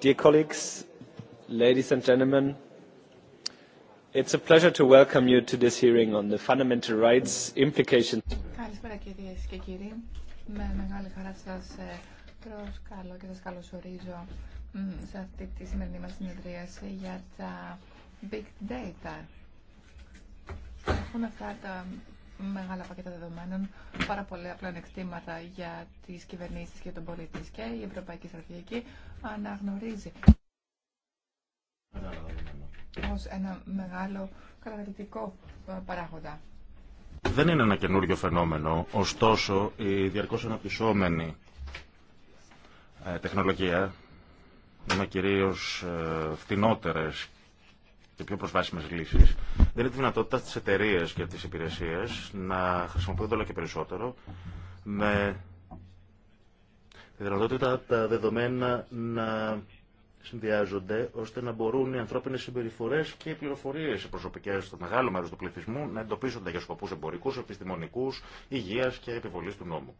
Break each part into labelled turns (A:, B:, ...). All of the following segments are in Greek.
A: Dear colleagues, ladies and gentlemen, it's a pleasure to welcome you to this hearing on the fundamental rights implications.
B: Καλησπέρα κυρίες και κύριοι. Με μεγάλη χαρά σας και σας καλωσορίζω σε αυτή τη σημερινή μας συνεδρίαση για τα big data. Έχουν αυτά τα μεγάλα πακέτα δεδομένων, πάρα πολλά πλανεκτήματα για τις κυβερνήσεις και τον πολίτη. Και η Ευρωπαϊκή Στρατηγική αναγνωρίζει ω ένα μεγάλο καταδυτικό ε, παράγοντα.
C: Δεν είναι ένα καινούριο φαινόμενο, ωστόσο η διαρκώς αναπτυσσόμενη ε, τεχνολογία με κυρίως ε, φτηνότερες και πιο προσβάσιμε λύσει, τη δυνατότητα στι εταιρείε και τι υπηρεσίε να χρησιμοποιούνται όλο και περισσότερο με τη δυνατότητα τα δεδομένα να συνδυάζονται ώστε να μπορούν οι ανθρώπινε συμπεριφορέ και οι πληροφορίε προσωπικέ στο μεγάλο μέρο του πληθυσμού να εντοπίζονται για σκοπού εμπορικού, επιστημονικού, υγεία και επιβολή του νόμου.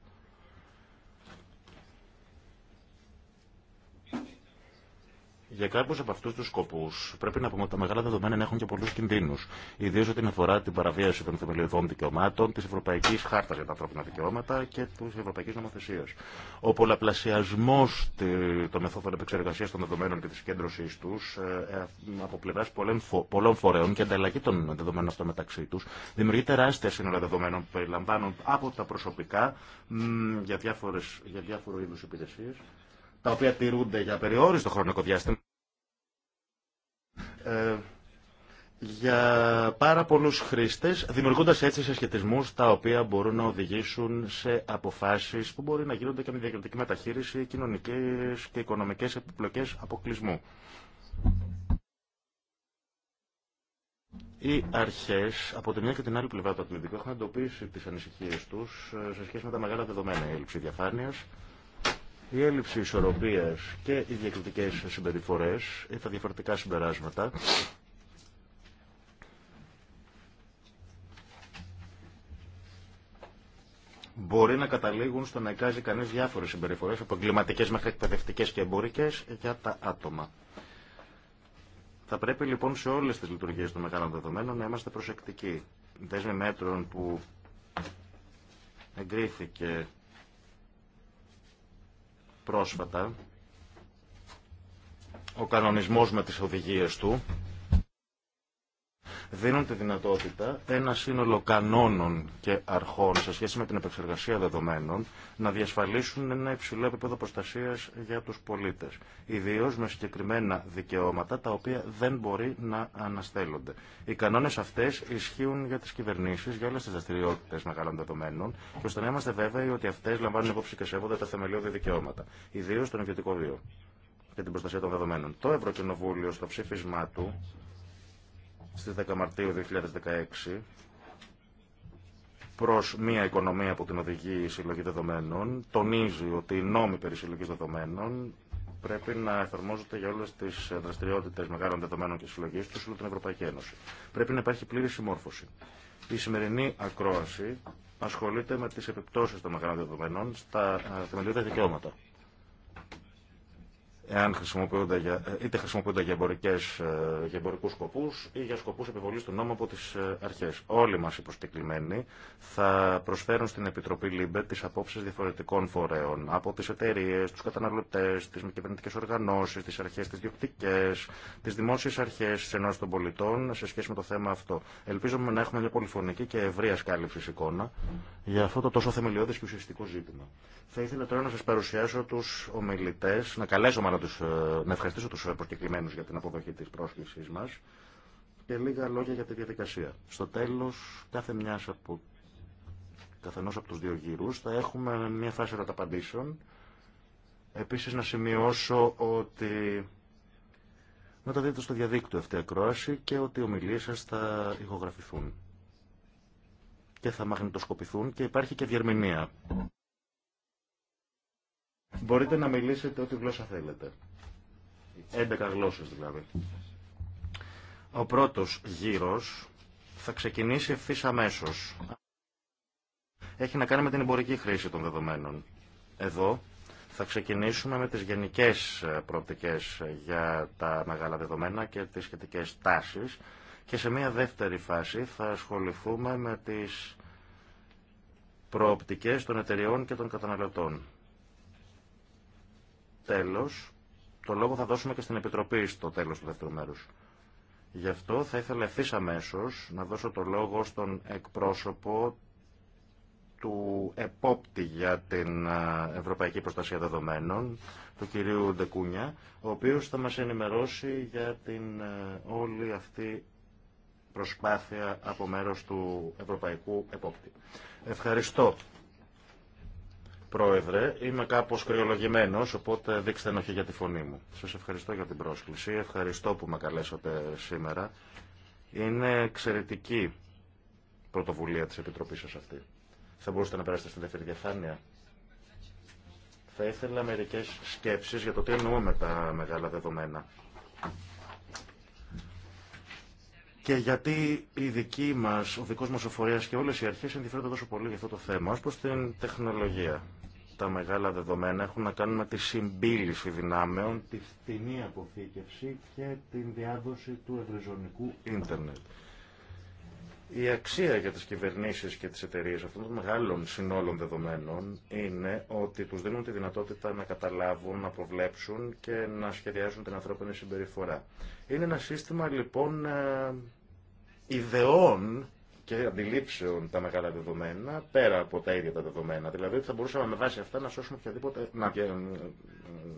C: Για κάποιου από αυτού του σκοπού πρέπει να πούμε ότι τα μεγάλα δεδομένα έχουν και πολλού κινδύνου. Ιδίω ό,τι αφορά την παραβίαση των θεμελιωδών δικαιωμάτων, τη Ευρωπαϊκή Χάρτα για τα ανθρώπινα δικαιώματα και τη Ευρωπαϊκή Νομοθεσία. Ο πολλαπλασιασμό των μεθόδων επεξεργασία των δεδομένων και τη κέντρωσή του ε, ε, από πλευρά πολλών φορέων και ανταλλαγή των δεδομένων αυτών μεταξύ του δημιουργεί τεράστια σύνορα δεδομένων που περιλαμβάνουν από τα προσωπικά για, για διάφορου είδου υπηρεσίε τα οποία τηρούνται για περιόριστο χρονικό διάστημα, ε, για πάρα πολλούς χρήστες, δημιουργώντας έτσι συσχετισμούς τα οποία μπορούν να οδηγήσουν σε αποφάσεις που μπορεί να γίνονται και με διακριτική μεταχείριση, κοινωνικές και οικονομικές επιπλοκές αποκλεισμού. Οι αρχές από τη μια και την άλλη πλευρά του Ατλαντικού, έχουν εντοπίσει τι ανησυχίε του ε, σε σχέση με τα μεγάλα δεδομένα. Η έλλειψη διαφάνεια, η έλλειψη ισορροπίας και οι διακριτικές συμπεριφορές ή ε, τα διαφορετικά συμπεράσματα μπορεί να καταλήγουν στο να εκάζει κανείς διάφορες συμπεριφορές από εγκληματικέ μέχρι εκπαιδευτικέ και εμπορικές ε, για τα άτομα. Θα πρέπει λοιπόν σε όλες τις λειτουργίες των μεγάλων δεδομένων να είμαστε προσεκτικοί. Δέσμη μέτρων που εγκρίθηκε πρόσφατα ο κανονισμός με τις οδηγίες του δίνουν τη δυνατότητα ένα σύνολο κανόνων και αρχών σε σχέση με την επεξεργασία δεδομένων να διασφαλίσουν ένα υψηλό επίπεδο προστασία για του πολίτε. Ιδίω με συγκεκριμένα δικαιώματα τα οποία δεν μπορεί να αναστέλλονται. Οι κανόνε αυτέ ισχύουν για τι κυβερνήσει, για όλε τι δραστηριότητε μεγάλων δεδομένων, ώστε να είμαστε βέβαιοι ότι αυτέ λαμβάνουν υπόψη και σέβονται τα θεμελιώδη δικαιώματα. Ιδίω στον ιδιωτικό βίο και την προστασία των δεδομένων. Το Ευρωκοινοβούλιο στο ψήφισμά του στις 10 Μαρτίου 2016 προς μια οικονομία που την οδηγεί η συλλογή δεδομένων, τονίζει ότι οι νόμοι περί συλλογής δεδομένων πρέπει να εφαρμόζονται για όλες τις δραστηριότητες μεγάλων δεδομένων και συλλογής του την Ευρωπαϊκή Ένωση. Πρέπει να υπάρχει πλήρη συμμόρφωση. Η σημερινή ακρόαση ασχολείται με τις επιπτώσεις των μεγάλων δεδομένων στα ε, θεμελιώδη δικαιώματα εάν χρησιμοποιούνται για, ε, είτε χρησιμοποιούνται για, εμπορικές, ε, για εμπορικούς σκοπούς ή για σκοπούς επιβολής του νόμου από τις ε, αρχές. Όλοι μας οι προσκεκλημένοι θα προσφέρουν στην Επιτροπή ΛΥΜΠΕ τις απόψεις διαφορετικών φορέων από τις εταιρείε, τους καταναλωτές, τις μη κυβερνητικές οργανώσεις, τις αρχές τις διοκτικές, τις δημόσιες αρχές της ενός των πολιτών σε σχέση με το θέμα αυτό. Ελπίζουμε να έχουμε μια πολυφωνική και ευρεία κάλυψης εικόνα για αυτό το τόσο θεμελιώδες και ουσιαστικό ζήτημα. Θα ήθελα τώρα να σας παρουσιάσω τους ομιλητές, να καλέσω μάλλον τους, ε, να ευχαριστήσω τους για την αποδοχή της πρόσκλησής μας και λίγα λόγια για τη διαδικασία. Στο τέλος, κάθε μιας από, καθενός από τους δύο γύρους θα έχουμε μια φάση ρωταπαντήσεων. Επίσης να σημειώσω ότι δείτε στο διαδίκτυο αυτή η ακρόαση και ότι οι ομιλίες σας θα ηχογραφηθούν και θα μαγνητοσκοπηθούν και υπάρχει και διερμηνία. Μπορείτε να μιλήσετε ό,τι γλώσσα θέλετε. 11 γλώσσες δηλαδή. Ο πρώτος γύρος θα ξεκινήσει ευθύ αμέσω. Έχει να κάνει με την εμπορική χρήση των δεδομένων. Εδώ θα ξεκινήσουμε με τις γενικές ε, προοπτικές ε, για τα μεγάλα δεδομένα και τις σχετικές τάσεις και σε μια δεύτερη φάση θα ασχοληθούμε με τις προοπτικές των εταιριών και των καταναλωτών. Τέλος, το λόγο θα δώσουμε και στην Επιτροπή στο τέλος του δεύτερου μέρους. Γι' αυτό θα ήθελα ευθύ αμέσω να δώσω το λόγο στον εκπρόσωπο του επόπτη για την Ευρωπαϊκή Προστασία Δεδομένων, του κυρίου Ντεκούνια, ο οποίος θα μας ενημερώσει για την όλη αυτή προσπάθεια από μέρος του Ευρωπαϊκού Επόπτη. Ευχαριστώ, Πρόεδρε, είμαι κάπω κρυολογημένο, οπότε δείξτε ενοχή για τη φωνή μου. Σα ευχαριστώ για την πρόσκληση, ευχαριστώ που με καλέσατε σήμερα. Είναι εξαιρετική πρωτοβουλία τη επιτροπή σα αυτή. Θα μπορούσατε να περάσετε στην δεύτερη διαφάνεια. Θα ήθελα μερικέ σκέψει για το τι εννοούμε με τα μεγάλα δεδομένα. Και γιατί η δική μα, ο δικός μας οφορία και όλε οι αρχέ ενδιαφέρονται τόσο πολύ για αυτό το θέμα, ω προ την τεχνολογία τα μεγάλα δεδομένα έχουν να κάνουν με τη συμπίληση δυνάμεων, τη φτηνή αποθήκευση και την διάδοση του ευρυζωνικού ίντερνετ. Η αξία για τις κυβερνήσεις και τις εταιρείες αυτών των μεγάλων συνόλων δεδομένων είναι ότι τους δίνουν τη δυνατότητα να καταλάβουν, να προβλέψουν και να σχεδιάζουν την ανθρώπινη συμπεριφορά. Είναι ένα σύστημα λοιπόν ε, ιδεών και αντιλήψεων τα μεγάλα δεδομένα, πέρα από τα ίδια τα δεδομένα. Δηλαδή ότι θα μπορούσαμε με βάση αυτά να, σώσουμε οποιαδήποτε, να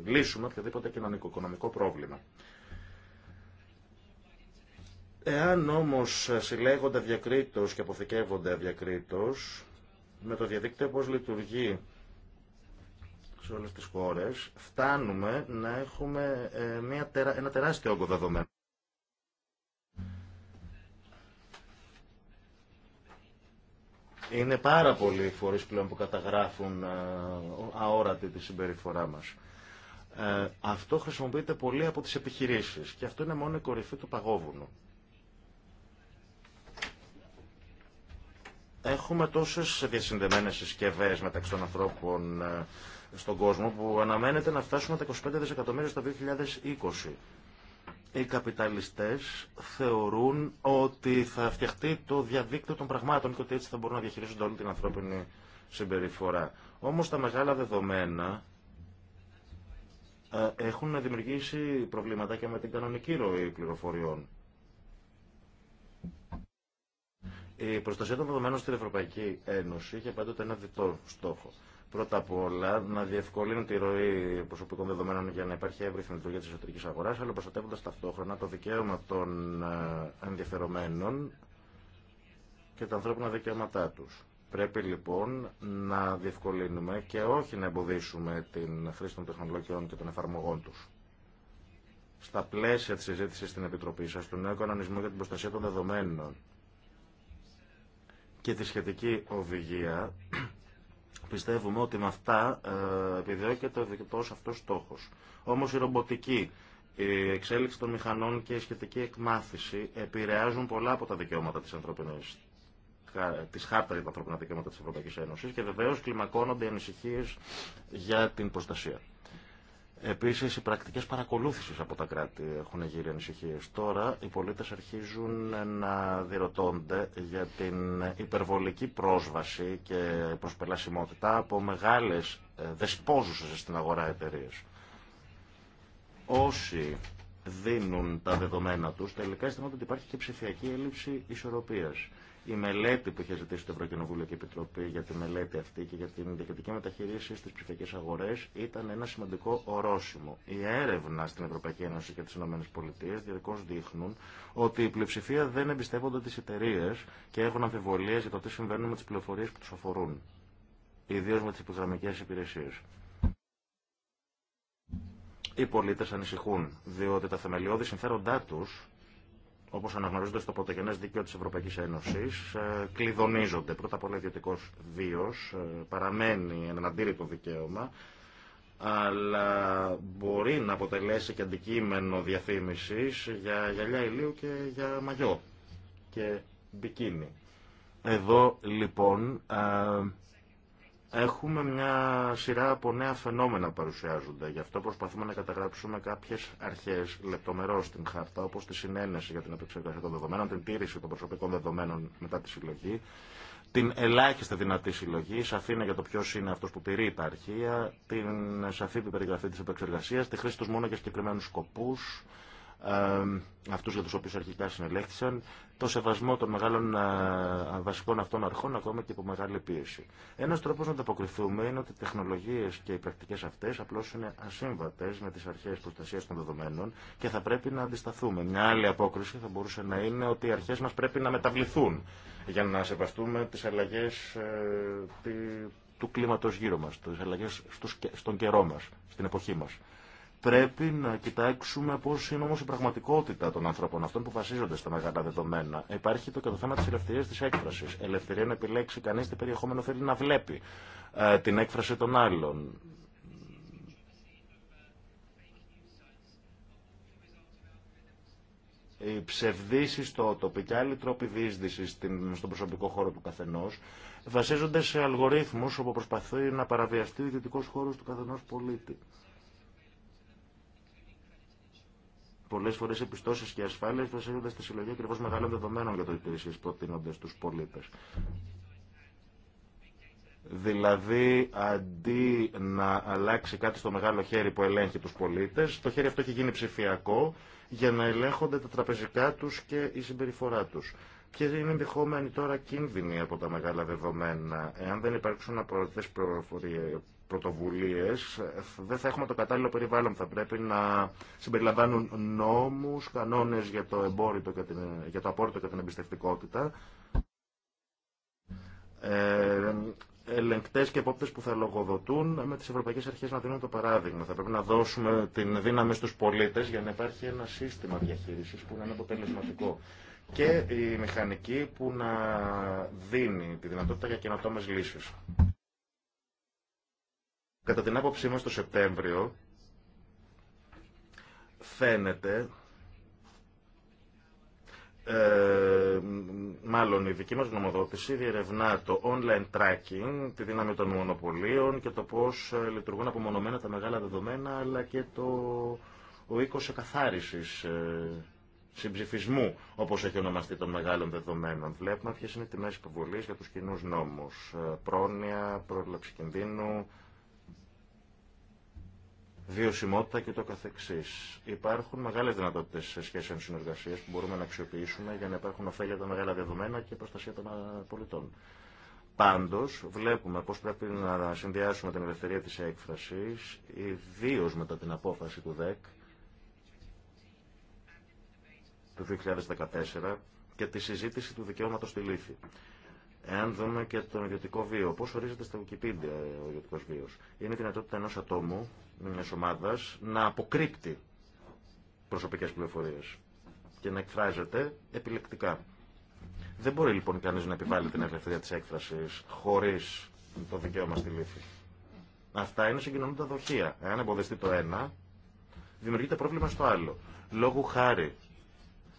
C: λυσουμε οποιοδήποτε κοινωνικο-οικονομικό πρόβλημα. Εάν όμως συλλέγονται διακρίτως και αποθηκεύονται διακρίτως, με το διαδίκτυο πώς λειτουργεί σε όλες τις χώρες, φτάνουμε να έχουμε ε, ένα τεράστιο όγκο δεδομένων. Είναι πάρα πολλοί οι φορείς πλέον που καταγράφουν ε, αόρατη τη συμπεριφορά μας. Ε, αυτό χρησιμοποιείται πολύ από τις επιχειρήσεις και αυτό είναι μόνο η κορυφή του παγόβουνου. Έχουμε τόσες διασυνδεμένες συσκευέ μεταξύ των ανθρώπων ε, στον κόσμο που αναμένεται να φτάσουμε τα 25 δισεκατομμύρια στο 2020 οι καπιταλιστές θεωρούν ότι θα φτιαχτεί το διαδίκτυο των πραγμάτων και ότι έτσι θα μπορούν να διαχειρίζονται όλη την ανθρώπινη συμπεριφορά. Όμως τα μεγάλα δεδομένα ε, έχουν δημιουργήσει προβλήματα και με την κανονική ροή πληροφοριών. Η προστασία των δεδομένων στην Ευρωπαϊκή Ένωση είχε πάντοτε ένα διτό στόχο. Πρώτα απ' όλα, να διευκολύνουν τη ροή προσωπικών δεδομένων για να υπάρχει εύρυθμη λειτουργία τη εσωτερική αγορά, αλλά προστατεύοντα ταυτόχρονα το δικαίωμα των ε, ενδιαφερομένων και τα ανθρώπινα δικαιώματά του. Πρέπει λοιπόν να διευκολύνουμε και όχι να εμποδίσουμε την χρήση των τεχνολογιών και των εφαρμογών του. Στα πλαίσια τη συζήτηση στην Επιτροπή σα, του νέου κανονισμού για την προστασία των δεδομένων και τη σχετική οδηγία, Πιστεύουμε ότι με αυτά ε, επιδιώκεται ο διεκτός αυτός στόχος. Όμως η ρομποτική, η εξέλιξη των μηχανών και η σχετική εκμάθηση επηρεάζουν πολλά από τα δικαιώματα της ανθρωπινής τη Χάρτα για τα Ανθρώπινα Δικαιώματα τη Ευρωπαϊκή Ένωση και βεβαίω κλιμακώνονται οι ανησυχίε για την προστασία. Επίση, οι πρακτικέ παρακολούθηση από τα κράτη έχουν γύρει ανησυχίε. Τώρα, οι πολίτε αρχίζουν να διρωτώνται για την υπερβολική πρόσβαση και προσπελασιμότητα από μεγάλε δεσπόζουσε στην αγορά εταιρείε. Όσοι δίνουν τα δεδομένα του, τελικά αισθάνονται ότι υπάρχει και ψηφιακή έλλειψη ισορροπία. Η μελέτη που είχε ζητήσει το Ευρωκοινοβούλιο και η Επιτροπή για τη μελέτη αυτή και για την διακριτική μεταχειρίση στι ψηφιακέ αγορέ ήταν ένα σημαντικό ορόσημο. Η έρευνα στην Ευρωπαϊκή Ένωση και τι ΗΠΑ διαρκώ δείχνουν ότι η πλειοψηφία δεν εμπιστεύονται τι εταιρείε και έχουν αμφιβολίε για το τι συμβαίνουν με τι πληροφορίε που του αφορούν. Ιδίω με τι υπογραμμικέ υπηρεσίε. Οι πολίτε ανησυχούν διότι τα θεμελιώδη συμφέροντά του όπω αναγνωρίζονται στο πρωτογενέ δίκαιο τη Ευρωπαϊκή Ένωση, ε, κλειδονίζονται. Πρώτα απ' όλα, ιδιωτικό βίο ε, παραμένει ένα αντίρρητο δικαίωμα, αλλά μπορεί να αποτελέσει και αντικείμενο διαφήμιση για γυαλιά ηλίου και για μαγιό και μπικίνι. Εδώ λοιπόν ε, Έχουμε μια σειρά από νέα φαινόμενα που παρουσιάζονται. Γι' αυτό προσπαθούμε να καταγράψουμε κάποιε αρχέ λεπτομερώ στην χάρτα, όπω τη συνένεση για την επεξεργασία των δεδομένων, την τήρηση των προσωπικών δεδομένων μετά τη συλλογή, την ελάχιστη δυνατή συλλογή, σαφήνεια για το ποιο είναι αυτό που τηρεί τα αρχεία, την σαφή περιγραφή τη επεξεργασία, τη χρήση του μόνο για συγκεκριμένου σκοπού, αυτούς για τους οποίους αρχικά συνελέχθησαν, το σεβασμό των μεγάλων ε, βασικών αυτών αρχών ακόμα και υπό μεγάλη πίεση. Ένας τρόπος να ανταποκριθούμε είναι ότι οι τεχνολογίες και οι πρακτικές αυτές απλώς είναι ασύμβατες με τις αρχέ προστασία των δεδομένων και θα πρέπει να αντισταθούμε. Μια άλλη απόκριση θα μπορούσε να είναι ότι οι αρχές μας πρέπει να μεταβληθούν για να σεβαστούμε τις αλλαγές ε, του κλίματος γύρω μας, τις αλλαγές στον καιρό μας, στην εποχή μας πρέπει να κοιτάξουμε πώ είναι όμω η πραγματικότητα των ανθρώπων αυτών που βασίζονται στα μεγάλα δεδομένα. Υπάρχει το και το θέμα τη ελευθερία τη έκφραση. Ελευθερία να επιλέξει κανεί τι περιεχόμενο θέλει να βλέπει. Ε, την έκφραση των άλλων. οι στο ιστότοποι και άλλοι τρόποι διείσδυση στον προσωπικό χώρο του καθενό, βασίζονται σε αλγορίθμους όπου προσπαθεί να παραβιαστεί ο ιδιωτικό χώρο του καθενό πολίτη. Πολλέ φορέ επιστώσει και οι ασφάλειε βασίζονται στη συλλογή ακριβώ μεγάλων δεδομένων για το υπηρεσίε προτείνοντα τους στου πολίτε. Δηλαδή, αντί να αλλάξει κάτι στο μεγάλο χέρι που ελέγχει τους πολίτες, το χέρι αυτό έχει γίνει ψηφιακό για να ελέγχονται τα τραπεζικά τους και η συμπεριφορά τους. Και είναι ενδεχόμενοι τώρα κίνδυνοι από τα μεγάλα δεδομένα, εάν δεν υπάρξουν απορροφητέ δεν θα έχουμε το κατάλληλο περιβάλλον. Θα πρέπει να συμπεριλαμβάνουν νόμους, κανόνες για το, εμπόριο την, για το απόρριτο και την εμπιστευτικότητα, ε, ελεγκτές και επόπτες που θα λογοδοτούν με τις ευρωπαϊκές αρχές να δίνουν το παράδειγμα. Θα πρέπει να δώσουμε την δύναμη στους πολίτες για να υπάρχει ένα σύστημα διαχείρισης που να είναι αποτελεσματικό και η μηχανική που να δίνει τη δυνατότητα για καινοτόμες λύσεις. Κατά την άποψή μας το Σεπτέμβριο φαίνεται ε, μάλλον η δική μας γνωμοδότηση διερευνά το online tracking, τη δύναμη των μονοπωλίων και το πώς ε, λειτουργούν απομονωμένα τα μεγάλα δεδομένα αλλά και το, ο οίκος εκαθάρισης ε, συμψηφισμού όπως έχει ονομαστεί των μεγάλων δεδομένων. Βλέπουμε ποιες είναι οι τιμές υποβολής για τους κοινού νόμους, ε, πρόνοια, πρόληψη κινδύνου, βιωσιμότητα και το καθεξής. Υπάρχουν μεγάλες δυνατότητες σε σχέση με συνεργασίες που μπορούμε να αξιοποιήσουμε για να υπάρχουν ωφέλεια τα μεγάλα δεδομένα και προστασία των πολιτών. Πάντως, βλέπουμε πώς πρέπει να συνδυάσουμε την ελευθερία της έκφρασης, ιδίω μετά την απόφαση του ΔΕΚ του 2014 και τη συζήτηση του δικαιώματος στη λύθη. Εάν δούμε και τον ιδιωτικό βίο, πώς ορίζεται στα Wikipedia ο ιδιωτικό βίος. Είναι η δυνατότητα ενό ατόμου μια ομάδα να αποκρύπτει προσωπικέ πληροφορίε και να εκφράζεται επιλεκτικά. Δεν μπορεί λοιπόν κανεί να επιβάλλει την ελευθερία τη έκφραση χωρί το δικαίωμα στη λύθη. Αυτά είναι συγκοινωνούντα δοχεία. Εάν εμποδιστεί το ένα, δημιουργείται πρόβλημα στο άλλο. Λόγω χάρη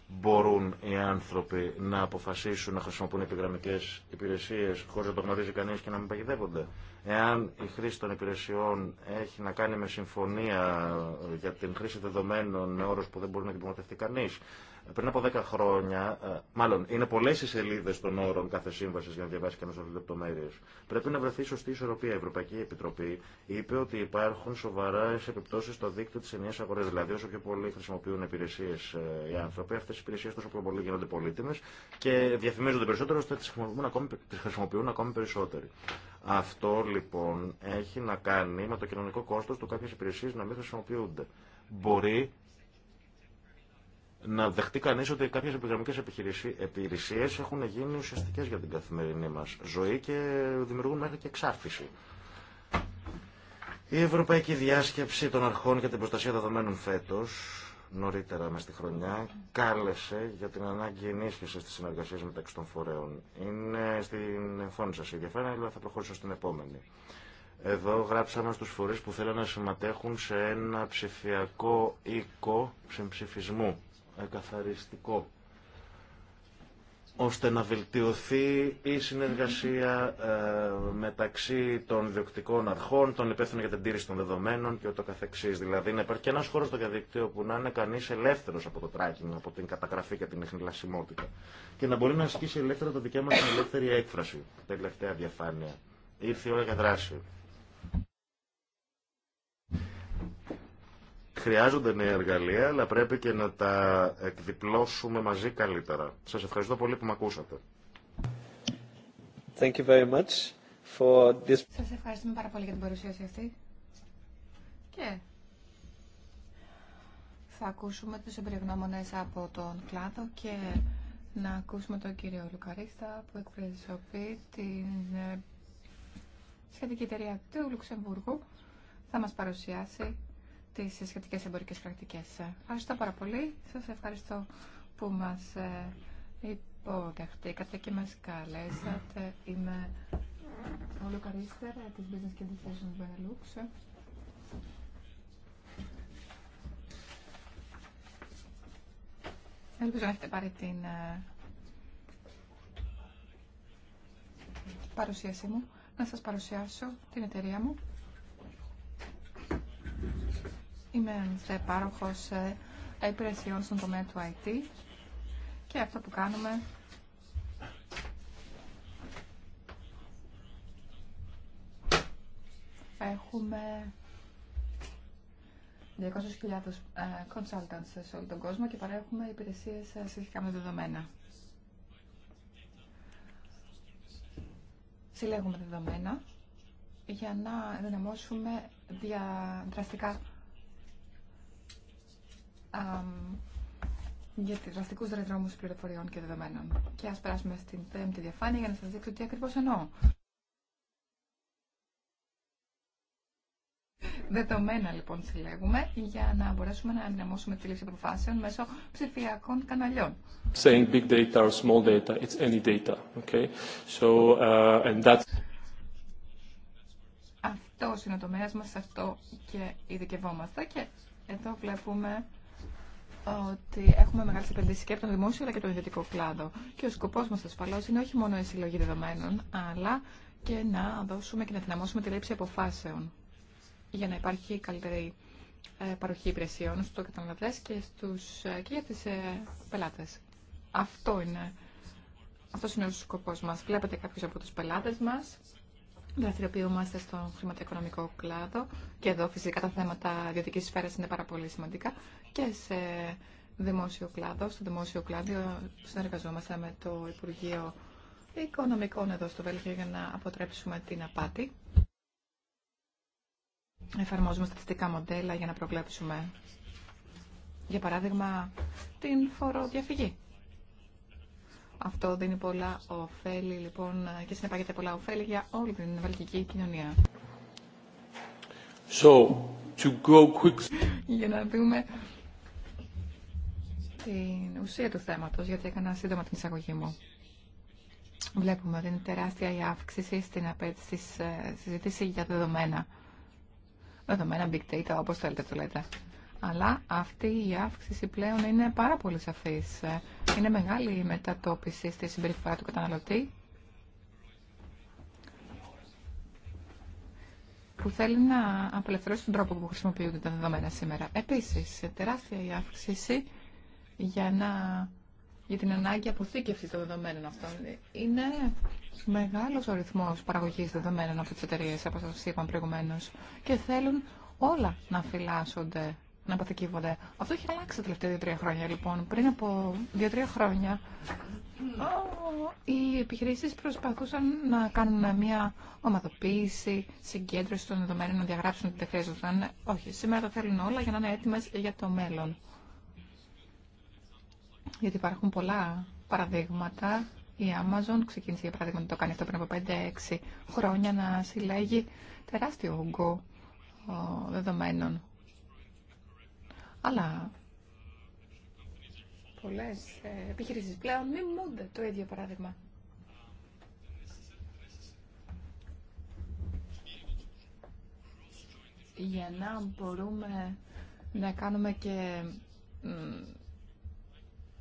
C: μπορούν οι άνθρωποι να αποφασίσουν να χρησιμοποιούν επιγραμμικέ υπηρεσίε χωρί να το γνωρίζει κανεί και να μην παγιδεύονται. Εάν η χρήση των υπηρεσιών έχει να κάνει με συμφωνία για την χρήση δεδομένων με όρου που δεν μπορεί να διαπραγματευτεί κανεί, πριν από 10 χρόνια, ε, μάλλον είναι πολλέ οι σελίδε των όρων κάθε σύμβαση για να διαβάσει κανεί αυτέ τι λεπτομέρειε. Πρέπει να βρεθεί σωστή ισορροπία. Η Ευρωπαϊκή Επιτροπή είπε ότι υπάρχουν σοβαρέ επιπτώσει στο δίκτυο τη ενιαία αγορά. Δηλαδή, όσο πιο πολύ χρησιμοποιούν υπηρεσίε ε, οι άνθρωποι, αυτέ οι υπηρεσίε τόσο πιο πολύ γίνονται πολύτιμε και διαφημίζονται περισσότερο, ώστε τι χρησιμοποιούν ακόμη περισσότεροι. Αυτό λοιπόν έχει να κάνει με το κοινωνικό κόστος του κάποιες υπηρεσίες να μην χρησιμοποιούνται. Μπορεί να δεχτεί κανείς ότι κάποιες επιγραμμικές υπηρεσίες έχουν γίνει ουσιαστικές για την καθημερινή μας ζωή και δημιουργούν μέχρι και εξάρτηση. Η Ευρωπαϊκή Διάσκεψη των Αρχών για την Προστασία Δεδομένων φέτος νωρίτερα με στη χρονιά κάλεσε για την ανάγκη ενίσχυση τη συνεργασία μεταξύ των φορέων. Είναι στην εμφάνιση σα ενδιαφέρον, αλλά θα προχωρήσω στην επόμενη. Εδώ γράψαμε στους φορείς που θέλουν να συμμετέχουν σε ένα ψηφιακό οίκο ψηφισμού, εκαθαριστικό ώστε να βελτιωθεί η συνεργασία ε, μεταξύ των διοκτικών αρχών, των υπεύθυνων για την τήρηση των δεδομένων και ούτω καθεξής. Δηλαδή να υπάρχει και ένας χώρος στο διαδίκτυο που να είναι κανείς ελεύθερος από το tracking, από την καταγραφή και την εχνηλασιμότητα και να μπορεί να ασκήσει ελεύθερα το δικαίωμα στην ελεύθερη έκφραση. Τελευταία διαφάνεια. Ήρθε η ώρα για δράση. Χρειάζονται νέα εργαλεία, αλλά πρέπει και να τα εκδιπλώσουμε μαζί καλύτερα. Σας ευχαριστώ πολύ που με ακούσατε. Thank you very much for this...
B: Σας ευχαριστούμε πάρα πολύ για την παρουσίαση αυτή. Και θα ακούσουμε τους εμπειρογνώμονες από τον κλάδο και να ακούσουμε τον κύριο Λουκαρίστα που εκπροσωπεί την ε, σχετική εταιρεία του Λουξεμβούργου. Θα μας παρουσιάσει τι σχετικέ εμπορικέ πρακτικέ. Ευχαριστώ πάρα πολύ. Σα ευχαριστώ που μας ε, υποδεχτήκατε και μα καλέσατε. Είμαι ο Λουκαρίστερ ε, τη Business και Decisions Benelux. Ελπίζω να έχετε πάρει την ε, παρουσίασή μου. Να σας παρουσιάσω την εταιρεία μου. Είμαι πάροχος ε, υπηρεσιών στον τομέα του IT και αυτό που κάνουμε έχουμε 200.000 ε, consultants σε όλο τον κόσμο και παρέχουμε υπηρεσίες ε, σχετικά με δεδομένα. Συλλέγουμε δεδομένα για να ενδυναμώσουμε διαδραστικά για τις δραστικούς πληροφοριών και δεδομένων. Και ας περάσουμε στην πέμπτη διαφάνεια για να σας δείξω τι ακριβώς εννοώ. Δεδομένα λοιπόν συλλέγουμε για να μπορέσουμε να ενδυναμώσουμε τη λήψη αποφάσεων μέσω ψηφιακών καναλιών.
D: Saying big data
C: or small data, it's any data. Okay? So, uh, and that's...
B: Αυτός είναι ο τομέας μας, αυτό και ειδικευόμαστε και εδώ βλέπουμε ότι έχουμε μεγάλε επενδύσει και από τον δημόσιο αλλά και τον ιδιωτικό κλάδο. Και ο σκοπό μα ασφαλώ είναι όχι μόνο η συλλογή δεδομένων, αλλά και να δώσουμε και να δυναμώσουμε τη λήψη αποφάσεων για να υπάρχει καλύτερη ε, παροχή υπηρεσιών στου καταναλωτέ και, ε, και για τις ε, πελάτε. Αυτό είναι, Αυτό είναι ο σκοπό μα. Βλέπετε κάποιου από του πελάτε μα. Δραστηριοποιούμαστε στον χρηματοοικονομικό κλάδο και εδώ φυσικά τα θέματα ιδιωτική σφαίρα είναι πάρα πολύ σημαντικά και σε δημόσιο κλάδο. Στο δημόσιο κλάδο συνεργαζόμαστε με το Υπουργείο Οικονομικών εδώ στο Βέλγιο για να αποτρέψουμε την απάτη. Εφαρμόζουμε στατιστικά μοντέλα για να προβλέψουμε, για παράδειγμα, την φοροδιαφυγή. Αυτό δίνει πολλά ωφέλη λοιπόν και συνεπάγεται πολλά ωφέλη για όλη την βαλτική κοινωνία.
D: So, to go quick...
B: για να δούμε την ουσία του θέματος, γιατί έκανα σύντομα την εισαγωγή μου. Βλέπουμε ότι είναι τεράστια η αύξηση στην απέτηση ε, συζήτηση για δεδομένα. Δεδομένα big data, όπως θέλετε το λέτε αλλά αυτή η αύξηση πλέον είναι πάρα πολύ σαφής. Είναι μεγάλη η μετατόπιση στη συμπεριφορά του καταναλωτή που θέλει να απελευθερώσει τον τρόπο που χρησιμοποιούνται τα δεδομένα σήμερα. Επίσης, τεράστια η αύξηση για, να... για την ανάγκη αποθήκευσης των δεδομένων αυτών. Είναι μεγάλος ο ρυθμός παραγωγής δεδομένων από τις εταιρείες, όπως σας είπαμε προηγουμένως, και θέλουν όλα να φυλάσσονται να αποθηκεύονται. Αυτό έχει αλλάξει τα τελευταία δύο-τρία χρόνια, λοιπόν. Πριν από δύο-τρία χρόνια, οι επιχειρήσει προσπαθούσαν να κάνουν μια ομαδοποίηση, συγκέντρωση των δεδομένων, να διαγράψουν τι δεν χρειάζονταν. Όχι, σήμερα τα θέλουν όλα για να είναι έτοιμε για το μέλλον. Γιατί υπάρχουν πολλά παραδείγματα. Η Amazon ξεκίνησε, για παράδειγμα, να το κάνει αυτό πριν από 5-6 χρόνια, να συλλέγει τεράστιο όγκο δεδομένων αλλά πολλές ε, επιχειρήσει πλέον μιμούνται το ίδιο παράδειγμα. για να μπορούμε να κάνουμε και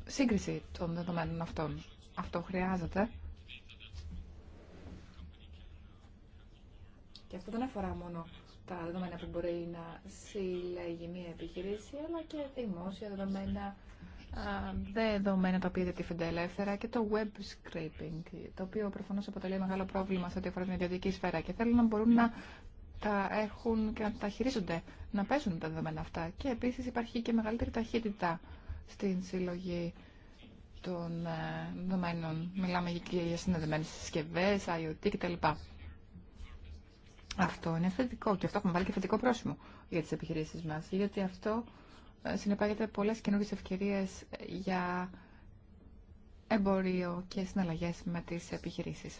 B: σύγκριση των δεδομένων αυτών. Αυτό χρειάζεται. Και αυτό δεν αφορά μόνο τα δεδομένα που μπορεί να συλλέγει μια επιχειρήση, αλλά και δημόσια δεδομένα, δεδομένα τα οποία διατίθενται ελεύθερα και το web scraping, το οποίο προφανώς αποτελεί μεγάλο πρόβλημα σε ό,τι αφορά την ιδιωτική σφαίρα και θέλουν να μπορούν να τα έχουν και να τα χειρίζονται, να παίζουν τα δεδομένα αυτά. Και επίσης υπάρχει και μεγαλύτερη ταχύτητα στην συλλογή των ε, δεδομένων. Μιλάμε για συνδεδεμένε συσκευέ, IoT κτλ. Αυτό είναι θετικό και αυτό έχουμε βάλει και θετικό πρόσημο για τις επιχειρήσεις μας, γιατί αυτό ε, συνεπάγεται πολλές καινούργιε ευκαιρίες για εμπορίο και συναλλαγές με τις επιχειρήσεις.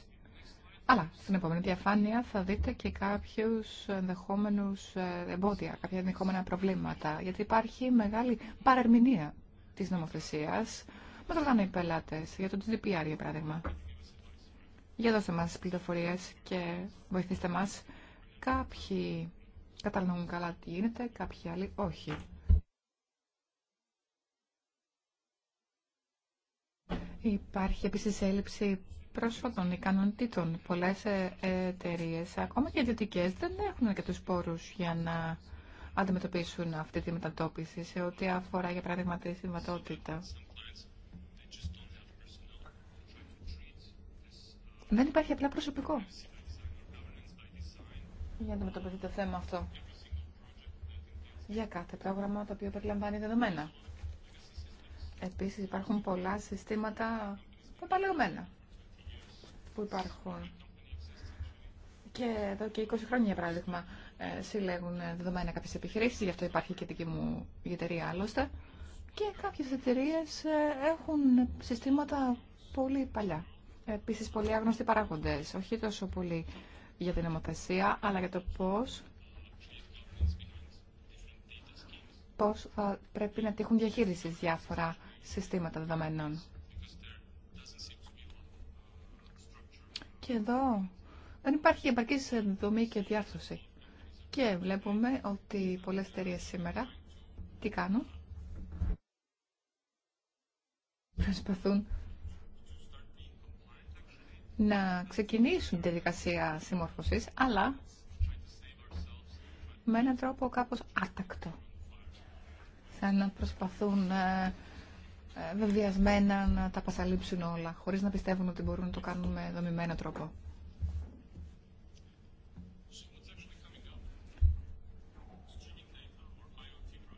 B: Αλλά στην επόμενη διαφάνεια θα δείτε και κάποιους ενδεχόμενους ε, εμπόδια, κάποια ενδεχόμενα προβλήματα, γιατί υπάρχει μεγάλη παρερμηνία της νομοθεσίας. Με να οι πελάτες για το GDPR, για παράδειγμα. Για δώστε μας πληροφορίες και βοηθήστε μας Κάποιοι καταλαβαίνουν καλά τι γίνεται, κάποιοι άλλοι όχι. Υπάρχει επίσης έλλειψη πρόσφατων ικανότητων. Πολλές ε, εταιρείε, ακόμα και ιδιωτικέ, δεν έχουν και τους πόρους για να αντιμετωπίσουν αυτή τη μετατόπιση σε ό,τι αφορά, για παράδειγμα, τη συμβατότητα.
A: Δεν υπάρχει απλά προσωπικό
B: για να αντιμετωπιστεί το θέμα αυτό για κάθε πρόγραμμα το οποίο περιλαμβάνει δεδομένα. Επίσης υπάρχουν πολλά συστήματα επαλαιωμένα που υπάρχουν. Και εδώ και 20 χρόνια, για παράδειγμα, ε, συλλέγουν δεδομένα κάποιες επιχειρήσεις, γι' αυτό υπάρχει και δική μου εταιρεία άλλωστε. Και κάποιες εταιρείε ε, έχουν συστήματα πολύ παλιά. Επίσης, πολλοί άγνωστοι παράγοντες, όχι τόσο πολύ για την νομοθεσία, αλλά για το πώς, πώς θα πρέπει να τύχουν διαχείριση διάφορα συστήματα δεδομένων. Και εδώ δεν υπάρχει επαρκή δομή και διάρθρωση. Και βλέπουμε ότι πολλές εταιρείε σήμερα τι κάνουν. Προσπαθούν να ξεκινήσουν τη δικασία συμμόρφωσης, αλλά με έναν τρόπο κάπως άτακτο. Σαν να προσπαθούν ε, ε, βεβαιασμένα να τα πασαλείψουν όλα, χωρίς να πιστεύουν ότι μπορούν να το κάνουν με δομημένο τρόπο.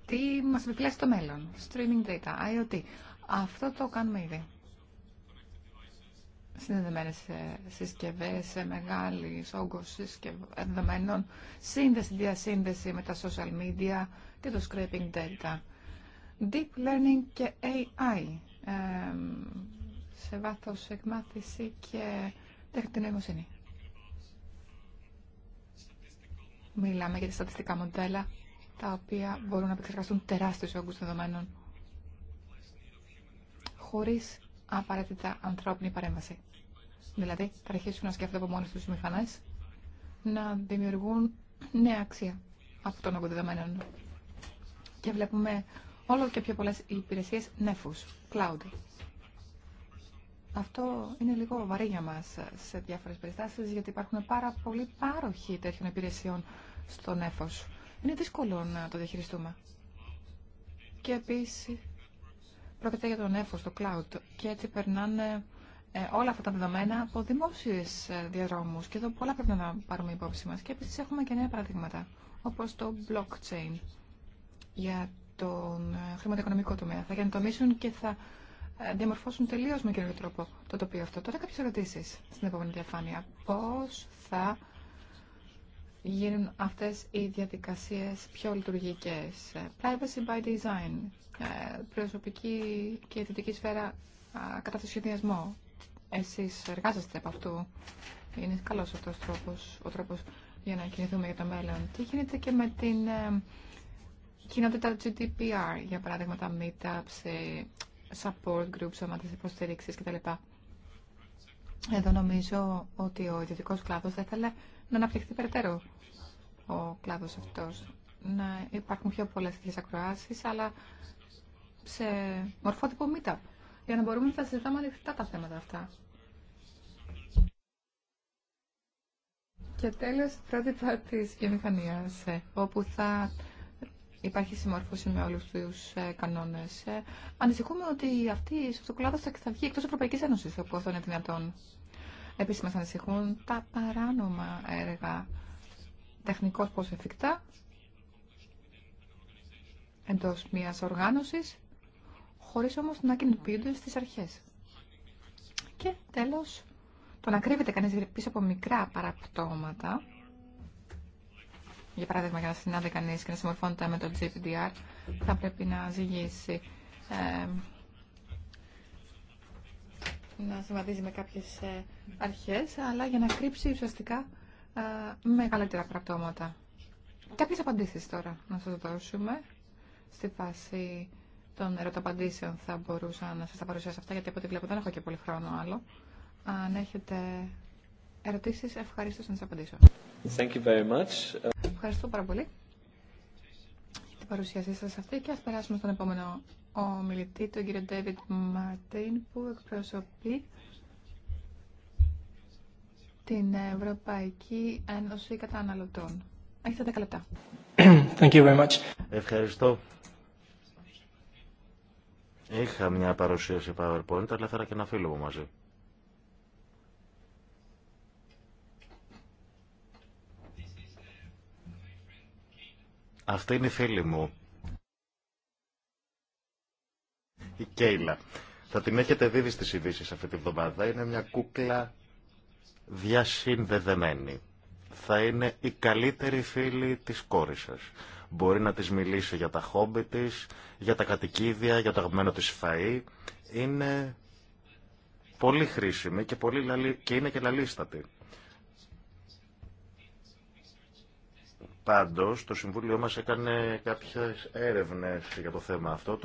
B: Τι μας επιπλέει το μέλλον. Streaming data, IoT. Αυτό το κάνουμε ήδη. Ε, συσκευέ σε μεγάλη όγκος δεδομένων, σύνδεση, διασύνδεση με τα social media και το scraping data. Deep learning και AI σε βάθος εκμάθηση και τέχνητη νοημοσύνη. Μιλάμε για τα στατιστικά μοντέλα, τα οποία μπορούν να επεξεργαστούν τεράστιους όγκους δεδομένων, χωρίς απαραίτητα ανθρώπινη παρέμβαση. Δηλαδή, θα αρχίσουν να σκέφτονται από μόνοι του οι μηχανέ να δημιουργούν νέα αξία από τον δεδομένων. Και βλέπουμε όλο και πιο πολλέ υπηρεσίε νεφου, cloud. Αυτό είναι λίγο βαρύ για μα σε διάφορε περιστάσει, γιατί υπάρχουν πάρα πολλοί πάροχοι τέτοιων υπηρεσιών στο νεφο. Είναι δύσκολο να το διαχειριστούμε. Και επίση, πρόκειται για το νεφο, το cloud, και έτσι περνάνε ε, όλα αυτά τα δεδομένα από δημόσιε ε, διαδρομού και εδώ πολλά πρέπει να πάρουμε υπόψη μα. Και επίση έχουμε και νέα παραδείγματα, όπω το blockchain για τον ε, χρηματοοικονομικό τομέα. Θα γεννητομήσουν και θα διαμορφώσουν τελείω με καινούριο τρόπο το τοπίο αυτό. Τώρα κάποιε ερωτήσει, στην επόμενη διαφάνεια. Πώ θα γίνουν αυτές οι διαδικασίες πιο λειτουργικές. Privacy by design, προσωπική και ιδιωτική σφαίρα κατά το σχεδιασμό, εσείς εργάζεστε από αυτού. Είναι καλός αυτός τρόπος, ο τρόπος για να κινηθούμε για το μέλλον. Τι γίνεται και με την ε, κοινότητα GDPR, για παράδειγμα τα meetups, ε, support groups, ομάδες υποστήριξης κτλ. Εδώ νομίζω ότι ο ιδιωτικό κλάδος θα ήθελε να αναπτυχθεί περαιτέρω ο κλάδος αυτός. Να υπάρχουν πιο πολλές τέτοιες ακροάσεις, αλλά σε μορφότυπο meetup, για να μπορούμε να συζητάμε ανοιχτά τα θέματα αυτά. και τέλος πρότυπα τη βιομηχανία, ε, όπου θα υπάρχει συμμόρφωση με όλους τους ε, κανόνες. Ε. Ανησυχούμε ότι αυτή η σοκολάτα θα βγει εκτός Ευρωπαϊκής Ένωσης, όπου αυτό είναι δυνατόν. Επίσης μας ανησυχούν τα παράνομα έργα, τεχνικώς πώς εφικτά, εντός μιας οργάνωσης, χωρίς όμως να κινητοποιούνται στις αρχές. Και τέλος, το να κρύβεται κανείς πίσω από μικρά παραπτώματα, για παράδειγμα για να συνάδει κανείς και να συμμορφώνεται με το GPDR, θα πρέπει να ζυγίσει, ε, να συμβαδίζει με κάποιες ε, αρχές, αλλά για να κρύψει ουσιαστικά ε, μεγαλύτερα παραπτώματα. Κάποιες απαντήσεις τώρα να σας δώσουμε στη φάση των ερωταπαντήσεων θα μπορούσα να σας τα παρουσιάσω αυτά, γιατί από ό,τι βλέπω δεν έχω και πολύ χρόνο άλλο. Αν έχετε ερωτήσεις, ευχαριστώ να σας απαντήσω. Thank you very much. Ευχαριστώ πάρα πολύ για την παρουσίασή σας αυτή και ας περάσουμε στον επόμενο ομιλητή, τον κύριο David Martin, που εκπροσωπεί την Ευρωπαϊκή Ένωση Καταναλωτών. Έχετε 10 λεπτά.
C: Thank you very much. Ευχαριστώ. Είχα μια παρουσίαση PowerPoint, αλλά έφερα και ένα φίλο μου μαζί. Αυτή είναι η φίλη μου. Η Κέιλα. Θα την έχετε δει στις ειδήσει αυτή τη βδομάδα. Είναι μια κούκλα διασυνδεδεμένη. Θα είναι η καλύτερη φίλη της κόρης σας. Μπορεί να της μιλήσει για τα χόμπι της, για τα κατοικίδια, για το αγαπημένο της φαΐ. Είναι πολύ χρήσιμη και, πολύ και είναι και λαλίστατη. Πάντως, το Συμβούλιο μας έκανε κάποιες έρευνες για το θέμα αυτό,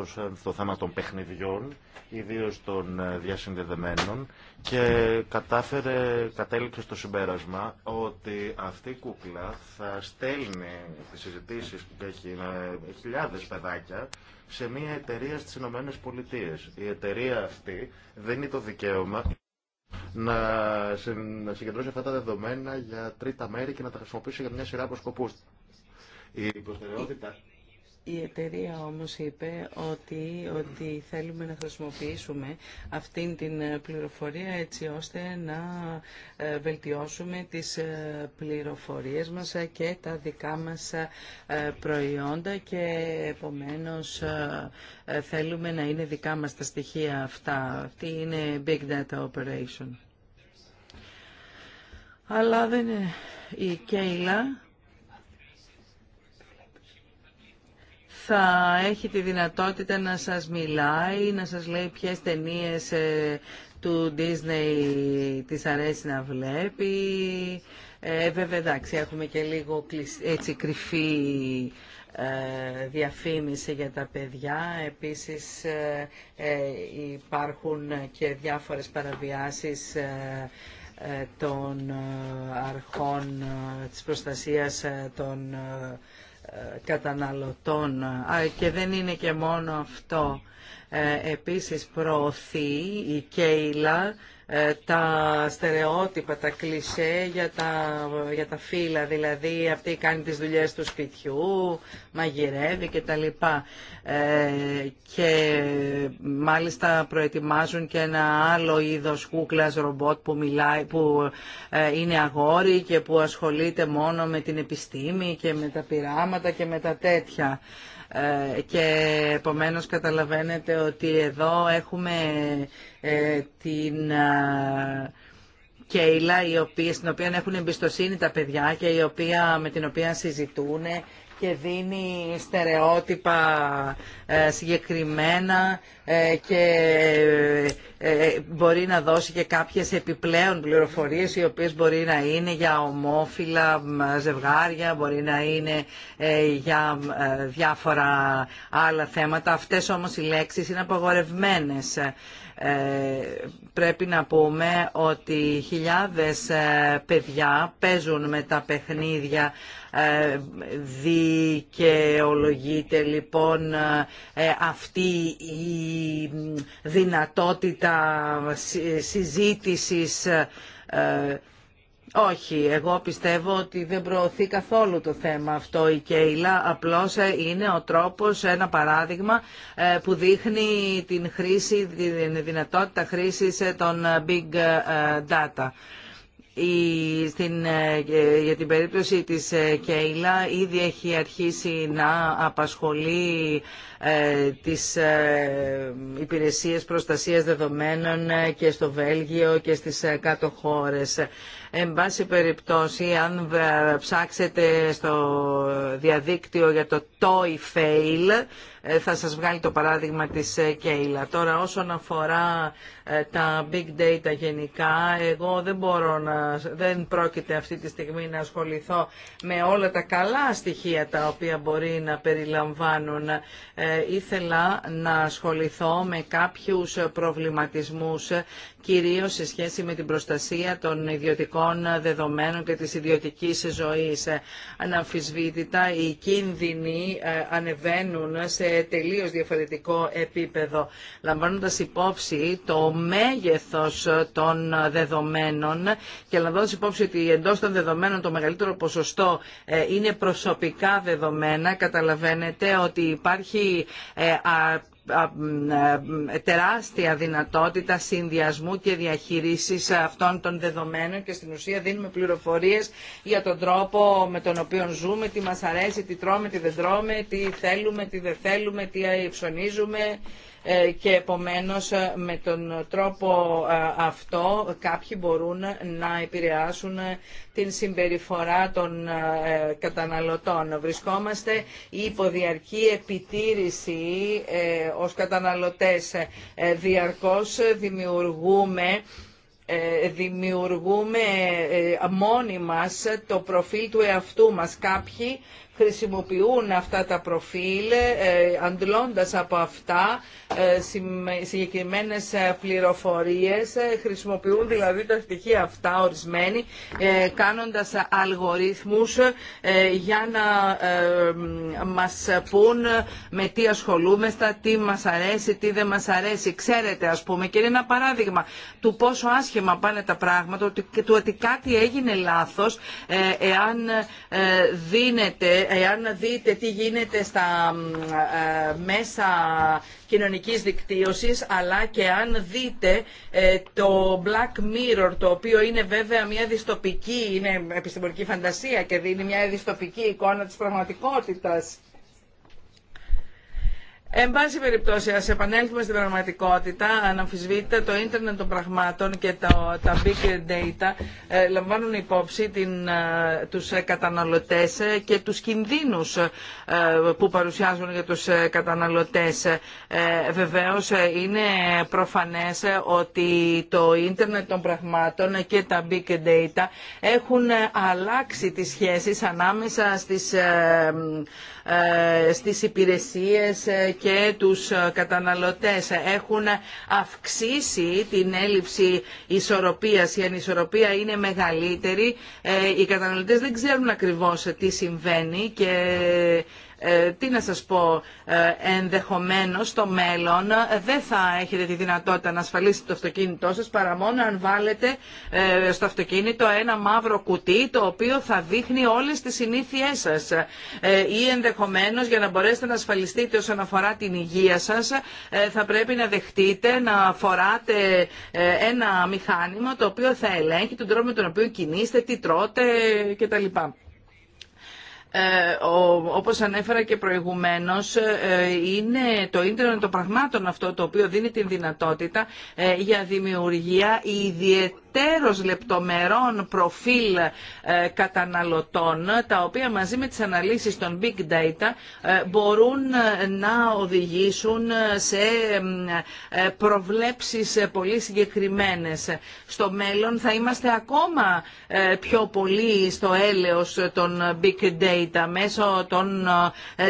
C: το, θέμα των παιχνιδιών, ιδίως των διασυνδεδεμένων και κατάφερε, κατέληξε στο συμπέρασμα ότι αυτή η κούκλα θα στέλνει τις συζητήσεις που έχει με χιλιάδες παιδάκια σε μια εταιρεία στις Ηνωμένες Πολιτείες. Η εταιρεία αυτή δίνει το δικαίωμα να συγκεντρώσει αυτά τα δεδομένα για τρίτα μέρη και να τα χρησιμοποιήσει για μια σειρά από σκοπούς. Η προτεραιότητα
D: η εταιρεία όμως είπε ότι, ότι θέλουμε να χρησιμοποιήσουμε αυτήν την ε, πληροφορία έτσι ώστε να ε, βελτιώσουμε τις ε, πληροφορίες μας και τα δικά μας προϊόντα και επομένως θέλουμε να είναι δικά μας τα στοιχεία αυτά. Αυτή είναι Big Data Operation. Αλλά δεν είναι η Κέιλα θα έχει τη δυνατότητα να σας μιλάει, να σας λέει ποιες ταινίες ε, του Disney της αρέσει να βλέπει. Ε, βέβαια, εντάξει, έχουμε και λίγο έτσι κρυφή ε, διαφήμιση για τα παιδιά. Επίσης ε, υπάρχουν και διάφορες παραβιάσεις των αρχών της προστασίας των καταναλωτών και δεν είναι και μόνο αυτό. Ε, επίσης προωθεί η Κέιλα ε, τα στερεότυπα, τα κλισέ για τα, για τα φύλλα, δηλαδή αυτή κάνει τις δουλειές του σπιτιού, μαγειρεύει κτλ. Ε, και μάλιστα προετοιμάζουν και ένα άλλο είδος κούκλας ρομπότ που, μιλάει, που ε, είναι αγόρι και που ασχολείται μόνο με την επιστήμη και με τα πειράματα και με τα τέτοια. Ε, και επομένως καταλαβαίνετε ότι εδώ έχουμε ε, την ε, Κέιλα η οποία, στην οποία έχουν εμπιστοσύνη τα παιδιά και η οποία, με την οποία συζητούν και δίνει στερεότυπα ε, συγκεκριμένα ε, και ε, μπορεί να δώσει και κάποιες επιπλέον πληροφορίες οι οποίες μπορεί να είναι για ομόφυλα ζευγάρια, μπορεί να είναι για διάφορα άλλα θέματα. Αυτές όμως οι λέξεις είναι απαγορευμένες. Πρέπει να πούμε ότι χιλιάδες παιδιά παίζουν με τα παιχνίδια ε, δικαιολογείται λοιπόν ε, αυτή η δυνατότητα συζήτησης ε, όχι, εγώ πιστεύω ότι δεν προωθεί καθόλου το θέμα αυτό η Κέιλα, απλώς είναι ο τρόπος, ένα παράδειγμα που δείχνει την χρήση, την δυνατότητα χρήσης των big data. Ε, ε, για την περίπτωση της ε, Κέιλα ήδη έχει αρχίσει να απασχολεί ε, τις ε, υπηρεσίες προστασίας δεδομένων ε, και στο Βέλγιο και στις κάτω χώρες. Εν πάση περιπτώσει, αν ψάξετε στο διαδίκτυο για το Toy Fail, θα σας βγάλει το παράδειγμα της Κέιλα. Τώρα όσον αφορά τα big data γενικά, εγώ δεν μπορώ να, δεν πρόκειται αυτή τη στιγμή να ασχοληθώ με όλα τα καλά στοιχεία τα οποία μπορεί να περιλαμβάνουν ήθελα να ασχοληθώ με κάποιους προβληματισμούς, κυρίως σε σχέση με την προστασία των ιδιωτικών δεδομένων και της ιδιωτικής ζωής. Αναμφισβήτητα, οι κίνδυνοι ε, ανεβαίνουν σε τελείως διαφορετικό επίπεδο. Λαμβάνοντας υπόψη το μέγεθος των δεδομένων και λαμβάνοντας υπόψη ότι εντός των δεδομένων το μεγαλύτερο ποσοστό ε, είναι προσωπικά δεδομένα, καταλαβαίνετε ότι υπάρχει ε, α, ε, τεράστια δυνατότητα συνδυασμού και διαχείρισης αυτών των δεδομένων και στην ουσία δίνουμε πληροφορίες για τον τρόπο με τον οποίο ζούμε, τι μας αρέσει, τι τρώμε, τι δεν τρώμε, τι θέλουμε, τι δεν θέλουμε, τι ψωνίζουμε ε, και επομένως ε, με τον τρόπο ε, αυτό κάποιοι μπορούν να επηρεάσουν την συμπεριφορά των καταναλωτών. Βρισκόμαστε υπό διαρκή επιτήρηση ως καταναλωτές διαρκώς δημιουργούμε δημιουργούμε μόνοι μας το προφίλ του εαυτού μας. Κάποιοι χρησιμοποιούν αυτά τα προφίλ, ε, αντλώντας από αυτά ε, συγκεκριμένες ε, πληροφορίες, χρησιμοποιούν δηλαδή τα στοιχεία αυτά ορισμένοι, κάνοντας αλγορίθμους για να μας πούν με τι ασχολούμαστε, τι μας αρέσει, τι δεν μας αρέσει. Ξέρετε ας πούμε και είναι ένα παράδειγμα του πόσο άσχημα πάνε τα πράγματα, του ότι κάτι έγινε λάθος εάν δίνεται εάν δείτε τι γίνεται στα ε, μέσα κοινωνικής δικτύωσης αλλά και αν δείτε ε, το Black Mirror το οποίο είναι βέβαια μια διστοπική, είναι επιστημονική φαντασία και δίνει μια διστοπική εικόνα της πραγματικότητας Εν πάση περιπτώσει, ας επανέλθουμε στην πραγματικότητα, αναμφισβήτητα το ίντερνετ των πραγμάτων και τα big data ε, λαμβάνουν υπόψη την, ε, τους ε, καταναλωτές και τους κινδύνους που παρουσιάζουν για τους καταναλωτές. Βεβαίως είναι προφανές ότι το ίντερνετ των πραγμάτων και τα big data έχουν αλλάξει τις σχέσεις ανάμεσα στις, στις υπηρεσίες και τους ε, καταναλωτές έχουν αυξήσει την έλλειψη ισορροπίας. Η ανισορροπία είναι μεγαλύτερη. Ε, οι καταναλωτές δεν ξέρουν ακριβώς τι συμβαίνει και ε, τι να σας πω, ε, ενδεχομένως στο μέλλον ε, δεν θα έχετε τη δυνατότητα να ασφαλίσετε το αυτοκίνητό σας παρά μόνο αν βάλετε στο αυτοκίνητο ένα μαύρο κουτί το οποίο θα δείχνει όλες τις συνήθειές σας ή ενδεχομένως για να μπορέσετε να ασφαλιστείτε όσον αφορά την υγεία σας θα πρέπει να δεχτείτε να φοράτε ένα μηχάνημα το οποίο θα ελέγχει τον τρόπο με τον οποίο κινείστε, τι τρώτε κτλ. Ε, όπως ανέφερα και προηγουμένως ε, είναι το ίντερνετ των πραγμάτων αυτό το οποίο δίνει την δυνατότητα ε, για δημιουργία ιδιαίτερα τέρος λεπτομερών προφίλ ε, καταναλωτών, τα οποία μαζί με τις αναλύσεις των big data ε, μπορούν ε, να οδηγήσουν σε προβλέψεις πολύ συγκεκριμένες. Στο μέλλον θα είμαστε ακόμα πιο πολύ στο έλεος των big data μέσω των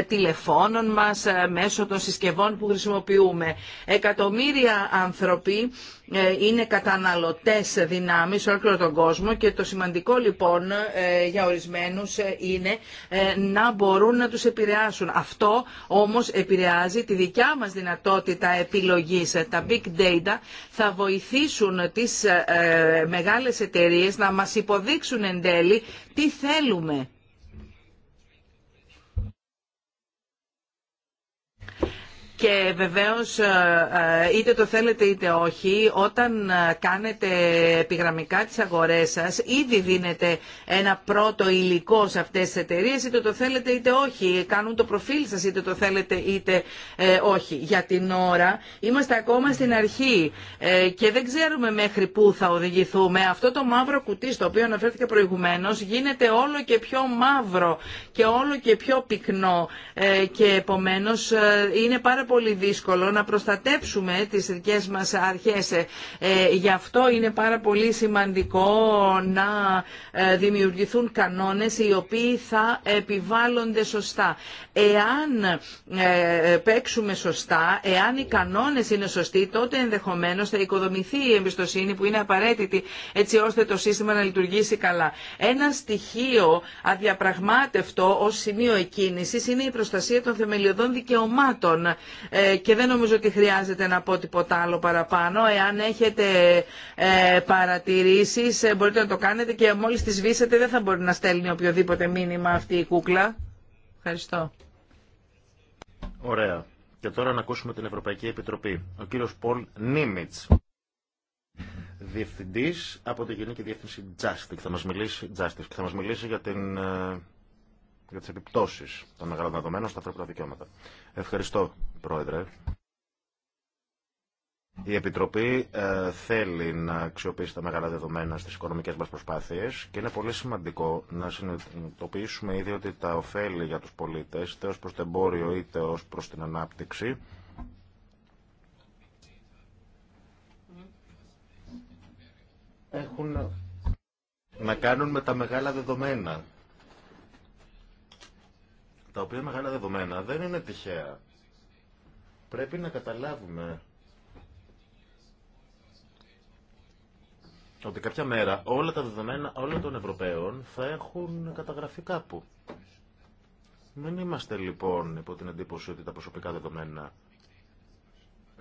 D: τηλεφώνων μας, μέσω των συσκευών που χρησιμοποιούμε. Εκατομμύρια άνθρωποι ε, είναι καταναλωτές δυνάμεις σε όλο τον κόσμο και το σημαντικό λοιπόν ε, για ορισμένους ε, είναι να μπορούν να τους επηρεάσουν. Αυτό όμως επηρεάζει τη δικιά μας δυνατότητα επιλογής. Τα big data θα βοηθήσουν τις μεγάλες εταιρείες να μας υποδείξουν εν τέλει τι θέλουμε. και βεβαίως ε, ε, είτε το θέλετε είτε όχι όταν ε, κάνετε επιγραμμικά τις αγορές σας ήδη δίνετε ένα πρώτο υλικό σε αυτές τις εταιρείε, είτε το θέλετε είτε όχι κάνουν το προφίλ σας είτε το θέλετε είτε όχι. Για την ώρα είμαστε ακόμα στην αρχή και δεν ξέρουμε μέχρι πού θα οδηγηθούμε. Αυτό το μαύρο κουτί στο οποίο αναφέρθηκε προηγουμένως γίνεται όλο και πιο μαύρο και όλο και πιο πυκνό και επομένως είναι πάρα πολύ δύσκολο να προστατέψουμε τις δικές μας αρχές. Ε, ε, γι' αυτό είναι πάρα πολύ σημαντικό να ε, δημιουργηθούν κανόνες οι οποίοι θα επιβάλλονται σωστά. Εάν παίξουμε σωστά, εάν οι κανόνες είναι σωστοί, τότε ενδεχομένως θα οικοδομηθεί η εμπιστοσύνη που είναι απαραίτητη έτσι ώστε το σύστημα να λειτουργήσει καλά. Ένα στοιχείο αδιαπραγμάτευτο ως σημείο εκκίνησης είναι η προστασία των θεμελιωδών δικαιωμάτων ε, και δεν νομίζω ότι χρειάζεται να πω τίποτα άλλο παραπάνω. Εάν έχετε ε, παρατηρήσεις ε, μπορείτε να το κάνετε και μόλις τη σβήσετε δεν θα μπορεί να στέλνει οποιοδήποτε μήνυμα αυτή η κούκλα. Ευχαριστώ.
C: Ωραία. Και τώρα να ακούσουμε την Ευρωπαϊκή Επιτροπή. Ο κύριος Πολ Νίμιτς, Διευθυντή από τη Γενική Διεύθυνση Justice, θα μα μιλήσει, Justice, θα μας μιλήσει για, την, για τις επιπτώσεις των μεγάλων στα ανθρώπινα δικαιώματα. Ευχαριστώ, Πρόεδρε. Η Επιτροπή ε, θέλει να αξιοποιήσει τα μεγάλα δεδομένα στις οικονομικές μας προσπάθειες και είναι πολύ σημαντικό να συνειδητοποιήσουμε ήδη ότι τα ωφέλη για τους πολίτες, είτε ως προς το εμπόριο είτε ως προς την ανάπτυξη, έχουν να κάνουν με τα μεγάλα δεδομένα. Τα οποία μεγάλα δεδομένα δεν είναι τυχαία Πρέπει να καταλάβουμε ότι κάποια μέρα όλα τα δεδομένα όλων των Ευρωπαίων θα έχουν καταγραφεί κάπου. Δεν είμαστε λοιπόν υπό την εντύπωση ότι τα προσωπικά δεδομένα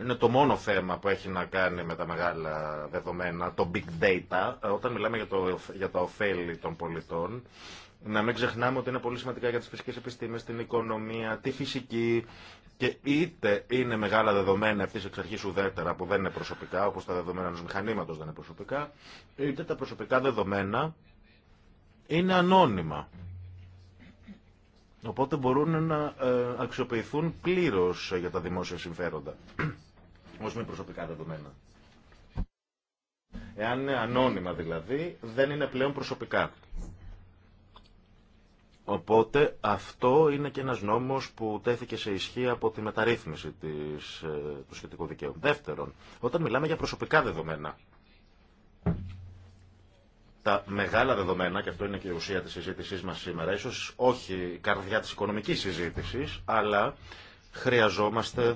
C: είναι το μόνο θέμα που έχει να κάνει με τα μεγάλα δεδομένα, το big data, όταν μιλάμε για, το, για τα ωφέλη των πολιτών. Να μην ξεχνάμε ότι είναι πολύ σημαντικά για τις φυσικές επιστήμες, την οικονομία, τη φυσική, και είτε είναι μεγάλα δεδομένα αυτή εξ αρχή ουδέτερα που δεν είναι προσωπικά, όπω τα δεδομένα ενό μηχανήματο δεν είναι προσωπικά, είτε τα προσωπικά δεδομένα είναι ανώνυμα. Οπότε μπορούν να ε, αξιοποιηθούν πλήρω για τα δημόσια συμφέροντα ω μη προσωπικά δεδομένα. Εάν είναι ανώνυμα δηλαδή, δεν είναι πλέον προσωπικά. Οπότε αυτό είναι και ένας νόμος που τέθηκε σε ισχύ από τη μεταρρύθμιση της, ε, του σχετικού δικαίου. Δεύτερον, όταν μιλάμε για προσωπικά δεδομένα, τα μεγάλα δεδομένα, και αυτό είναι και η ουσία της συζήτησής μας σήμερα, ίσως όχι η καρδιά της οικονομικής συζήτησης, αλλά χρειαζόμαστε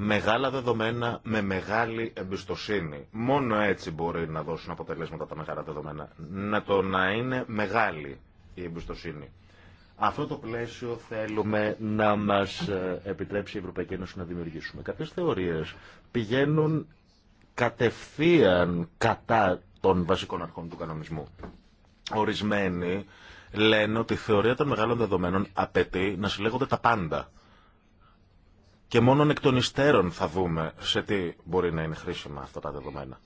C: μεγάλα δεδομένα με μεγάλη εμπιστοσύνη. Μόνο έτσι μπορεί να δώσουν αποτελέσματα τα μεγάλα δεδομένα. Να το να είναι μεγάλη η εμπιστοσύνη. Αυτό το πλαίσιο θέλουμε να μας ε, επιτρέψει η Ευρωπαϊκή Ένωση να δημιουργήσουμε. Κάποιες θεωρίες πηγαίνουν κατευθείαν κατά των βασικών αρχών του κανονισμού. Ορισμένοι λένε ότι η θεωρία των μεγάλων δεδομένων απαιτεί να συλλέγονται τα πάντα και μόνον εκ των υστέρων θα δούμε σε τι μπορεί να είναι χρήσιμα αυτά τα δεδομένα.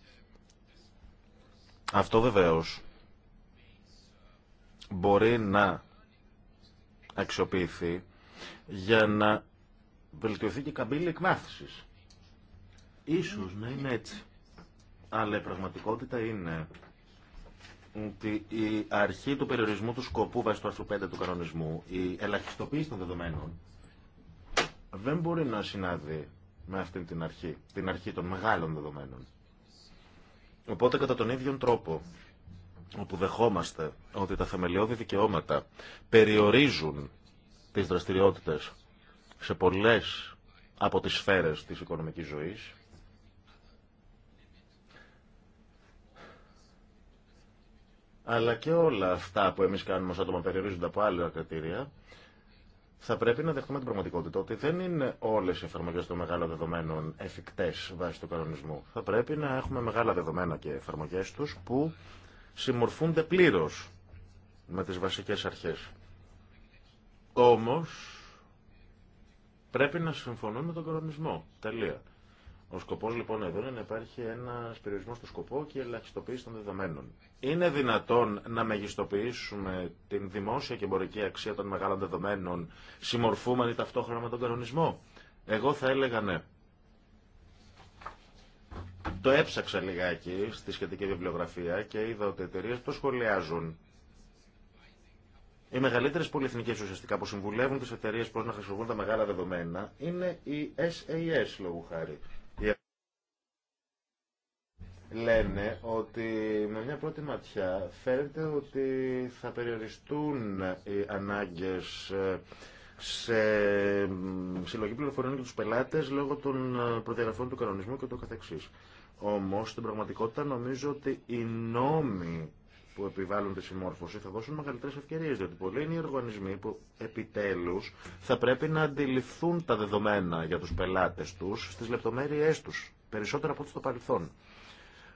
C: Αυτό βεβαίως μπορεί να αξιοποιηθεί για να βελτιωθεί και η καμπύλη εκμάθησης. Ίσως να είναι έτσι. Αλλά η πραγματικότητα είναι ότι η αρχή του περιορισμού του σκοπού βάσει του άρθρου του κανονισμού, η ελαχιστοποίηση των δεδομένων, δεν μπορεί να συνάδει με αυτή την αρχή, την αρχή των μεγάλων δεδομένων. Οπότε κατά τον ίδιο τρόπο όπου δεχόμαστε ότι τα θεμελιώδη δικαιώματα περιορίζουν τις δραστηριότητες σε πολλές από τις σφαίρες της οικονομικής ζωής, αλλά και όλα αυτά που εμείς κάνουμε ως άτομα περιορίζονται από άλλα κριτήρια, θα πρέπει να δεχτούμε την πραγματικότητα ότι δεν είναι όλες οι εφαρμογέ των μεγάλων δεδομένων εφικτές βάσει του κανονισμού. Θα πρέπει να έχουμε μεγάλα δεδομένα και εφαρμογέ του που συμμορφούνται πλήρως με τις βασικές αρχές. Όμως πρέπει να συμφωνούν με τον κανονισμό. Τελεία. Ο σκοπό λοιπόν εδώ είναι να υπάρχει ένα περιορισμό στο σκοπό και η ελαχιστοποίηση των δεδομένων. Είναι δυνατόν να μεγιστοποιήσουμε την δημόσια και εμπορική αξία των μεγάλων δεδομένων συμμορφούμενοι ταυτόχρονα με τον κανονισμό. Εγώ θα έλεγα ναι. Το έψαξα λιγάκι στη σχετική βιβλιογραφία και είδα ότι εταιρείε το σχολιάζουν. Οι μεγαλύτερε πολυεθνικές ουσιαστικά που συμβουλεύουν τι εταιρείε πώ να χρησιμοποιούν τα μεγάλα δεδομένα είναι η SAS λόγου χάρη λένε ότι με μια πρώτη ματιά φαίνεται ότι θα περιοριστούν οι ανάγκες ε, σε συλλογή πληροφοριών για τους πελάτες λόγω των ε, προδιαγραφών του κανονισμού και το καθεξής. Όμως, στην πραγματικότητα νομίζω ότι οι νόμοι που επιβάλλουν τη συμμόρφωση θα δώσουν μεγαλύτερε ευκαιρίε. Διότι πολλοί είναι οι οργανισμοί που επιτέλους θα πρέπει να αντιληφθούν τα δεδομένα για τους πελάτες τους στις λεπτομέρειές τους, Περισσότερο από ό,τι στο παρελθόν.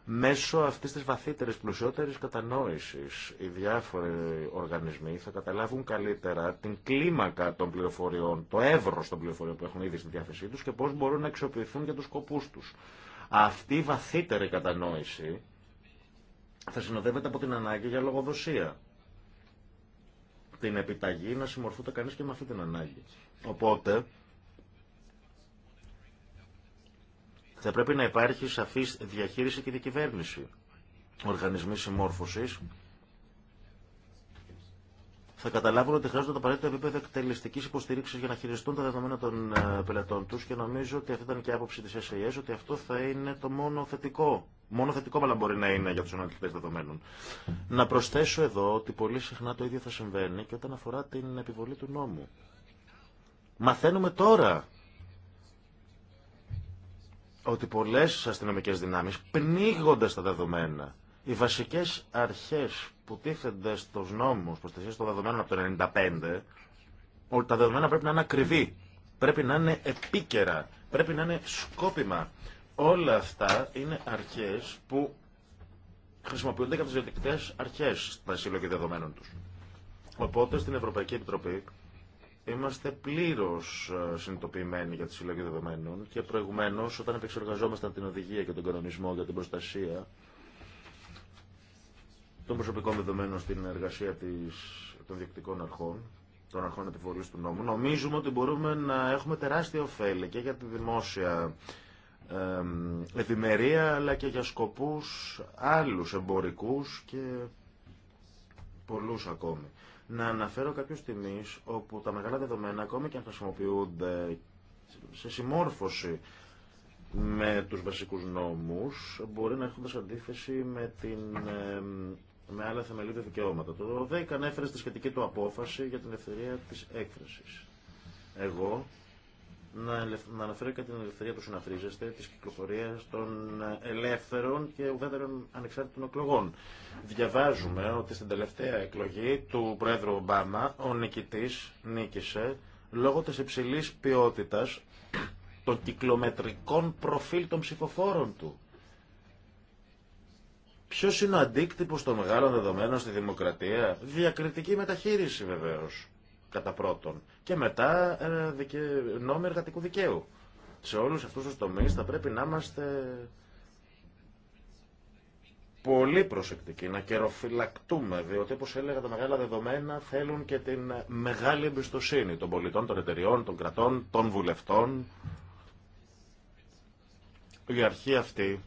C: Μέσω αυτής της βαθύτερης πλουσιότερης κατανόησης οι διάφοροι οργανισμοί θα καταλάβουν καλύτερα την κλίμακα των πληροφοριών, το εύρος των πληροφοριών που έχουν ήδη στη διάθεσή τους και πώς μπορούν να αξιοποιηθούν για τους σκοπούς τους. Αυτή η βαθύτερη κατανόηση θα συνοδεύεται από την ανάγκη για λογοδοσία. Την επιταγή να συμμορφούνται κανείς και με αυτή την ανάγκη. Οπότε, Θα πρέπει να υπάρχει σαφή διαχείριση και διακυβέρνηση. Οργανισμοί συμμόρφωση θα καταλάβουν ότι χρειάζονται το απαραίτητο επίπεδο εκτελεστική υποστήριξη για να χειριστούν τα δεδομένα των ε, πελατών του και νομίζω ότι αυτή ήταν και η άποψη τη SAS ότι αυτό θα είναι το μόνο θετικό. Μόνο θετικό, αλλά μπορεί να είναι για του αναλυτέ δεδομένων. Να προσθέσω εδώ ότι πολύ συχνά το ίδιο θα συμβαίνει και όταν αφορά την επιβολή του νόμου. Μαθαίνουμε τώρα ότι πολλές αστυνομικές δυνάμεις πνίγονται στα δεδομένα. Οι βασικές αρχές που τίθενται στους νόμους προστασίας των δεδομένων από το 1995, ότι τα δεδομένα πρέπει να είναι ακριβή, πρέπει να είναι επίκαιρα, πρέπει να είναι σκόπιμα. Όλα αυτά είναι αρχές που χρησιμοποιούνται για τις αρχές στα συλλογή δεδομένων τους. Οπότε στην Ευρωπαϊκή Επιτροπή Είμαστε πλήρω ε, συνειδητοποιημένοι για τη συλλογή δεδομένων και προηγουμένω, όταν επεξεργαζόμασταν την οδηγία και τον κανονισμό για την προστασία των προσωπικών δεδομένων στην εργασία της, των διεκτικών αρχών, των αρχών επιβολή του νόμου, νομίζουμε ότι μπορούμε να έχουμε τεράστια ωφέλη και για τη δημόσια ευημερία, αλλά και για σκοπούς άλλους εμπορικούς και πολλούς ακόμη. Να αναφέρω κάποιου τιμής όπου τα μεγάλα δεδομένα, ακόμη και αν χρησιμοποιούνται σε συμμόρφωση με τους βασικούς νόμους, μπορεί να έρχονται σε αντίθεση με, την, με άλλα θεμελίδια δικαιώματα. Το ΔΕΚ ανέφερε στη σχετική του απόφαση για την ευθερία της έκφρασης. Εγώ να αναφέρω και την ελευθερία του συναφρίζεστε τη κυκλοφορία των ελεύθερων και ουδέτερων ανεξάρτητων εκλογών. Διαβάζουμε ότι στην τελευταία εκλογή του Πρόεδρου Ομπάμα ο νικητή νίκησε λόγω τη υψηλή ποιότητα των κυκλομετρικών προφίλ των ψηφοφόρων του. Ποιο είναι ο αντίκτυπο των μεγάλων δεδομένων στη δημοκρατία, διακριτική μεταχείριση βεβαίω κατά πρώτον. Και μετά ε, νόμοι εργατικού δικαίου. Σε όλους αυτούς τους τομείς θα πρέπει να είμαστε πολύ προσεκτικοί, να καιροφυλακτούμε, διότι όπως έλεγα τα μεγάλα δεδομένα θέλουν και την μεγάλη εμπιστοσύνη των πολιτών, των εταιριών, των κρατών, των βουλευτών. Η αρχή αυτή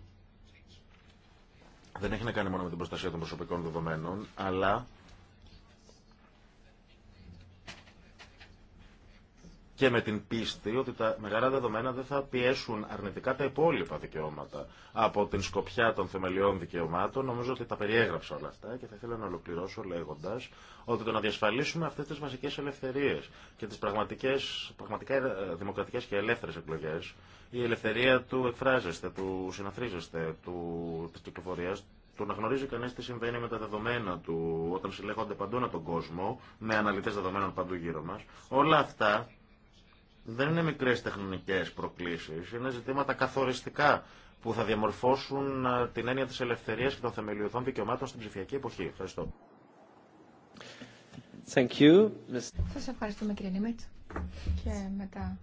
C: δεν έχει να κάνει μόνο με την προστασία των προσωπικών δεδομένων, αλλά και με την πίστη ότι τα μεγάλα δεδομένα δεν θα πιέσουν αρνητικά τα υπόλοιπα δικαιώματα. Από την σκοπιά των θεμελιών δικαιωμάτων, νομίζω ότι τα περιέγραψα όλα αυτά και θα ήθελα να ολοκληρώσω λέγοντα ότι το να διασφαλίσουμε αυτέ τι βασικέ ελευθερίε και τι πραγματικά ε, δημοκρατικέ και ελεύθερε εκλογέ, η ελευθερία του εκφράζεστε, του συναθρίζεστε, τη κυκλοφορία, κυκλοφορίας, το να γνωρίζει κανεί τι συμβαίνει με τα δεδομένα του όταν συλλέγονται παντού τον κόσμο, με αναλυτέ δεδομένων παντού γύρω μα, όλα αυτά δεν είναι μικρές τεχνικές προκλήσεις, είναι ζητήματα καθοριστικά που θα διαμορφώσουν την έννοια της ελευθερίας και των θεμελιωδών δικαιωμάτων στην ψηφιακή εποχή. Ευχαριστώ.
A: Thank you.
B: Σας ευχαριστούμε κύριε Νίμιτς. Και μετά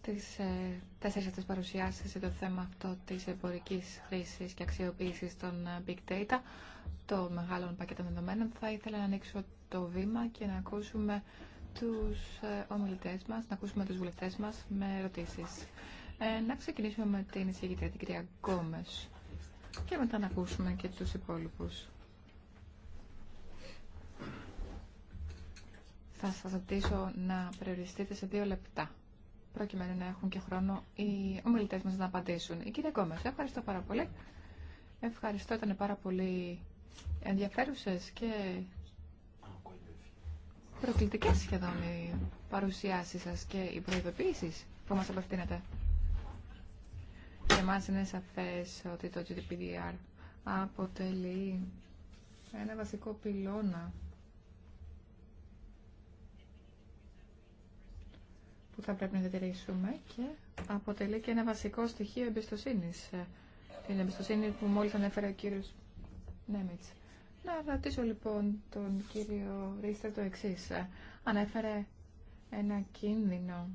B: τις ε, τέσσερις αυτές παρουσιάσεις για το θέμα αυτό της εμπορικής χρήσης και αξιοποίησης των ε, Big Data, των μεγάλων πακέτων δεδομένων, θα ήθελα να ανοίξω το βήμα και να ακούσουμε τους ε, ομιλητές μας, να ακούσουμε τους βουλευτές μας με ερωτήσεις. Ε, να ξεκινήσουμε με την εισηγητρία, την κυρία Γκόμες. Και μετά να ακούσουμε και τους υπόλοιπους. Θα σας ζητήσω να περιοριστείτε σε δύο λεπτά, προκειμένου να έχουν και χρόνο οι ομιλητές μας να απαντήσουν. Η κυρία Γκόμες, ευχαριστώ πάρα πολύ. Ευχαριστώ, ήταν πάρα πολύ ενδιαφέρουσες και προκλητικέ σχεδόν οι παρουσιάσει σα και οι προειδοποίησει που μα απευθύνετε. Για μα είναι σαφέ ότι το GDPR αποτελεί ένα βασικό πυλώνα που θα πρέπει να διατηρήσουμε και αποτελεί και ένα βασικό στοιχείο εμπιστοσύνη, ε, Την εμπιστοσύνη που μόλις ανέφερε ο κύριος Νέμιτς. Να ρωτήσω λοιπόν τον κύριο Ρίστερ το εξή. Ανέφερε ένα κίνδυνο.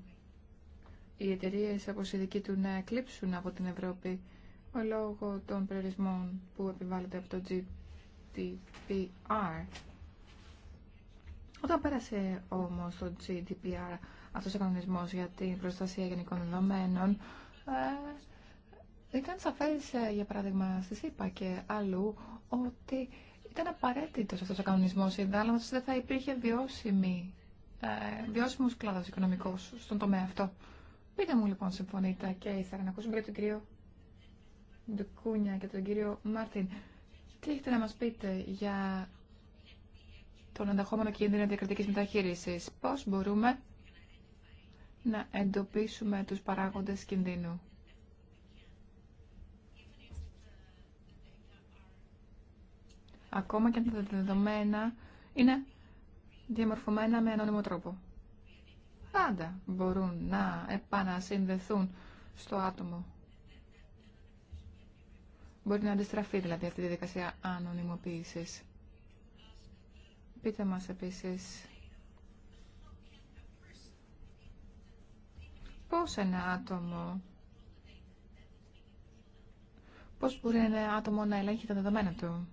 B: Οι εταιρείε όπω η δική του να εκλείψουν από την Ευρώπη ο λόγω των περιορισμών που επιβάλλονται από το GDPR. Όταν πέρασε όμως το GDPR αυτό ο κανονισμό για την προστασία γενικών δεδομένων, ε, ήταν σαφέ, ε, για παράδειγμα, στη ΣΥΠΑ και αλλού, ότι ήταν απαραίτητο αυτό ο κανονισμός, ιδάλλοντας δεν θα υπήρχε βιώσιμη, ε, βιώσιμος κλάδος στον τομέα αυτό. Πείτε μου λοιπόν συμφωνείτε και ήθελα να ακούσουμε και τον κύριο Ντουκούνια και τον κύριο Μάρτιν. Τι έχετε να μα πείτε για τον ενδεχόμενο κίνδυνο διακριτική μεταχείριση, Πώ μπορούμε να εντοπίσουμε τους παράγοντες κινδύνου. ακόμα και αν τα δεδομένα είναι διαμορφωμένα με ανώνυμο τρόπο. Πάντα μπορούν να επανασυνδεθούν στο άτομο. Μπορεί να αντιστραφεί δηλαδή αυτή η διαδικασία ανωνυμοποίησης. Πείτε μας επίσης πώς ένα άτομο πώς μπορεί ένα άτομο να ελέγχει τα δεδομένα του.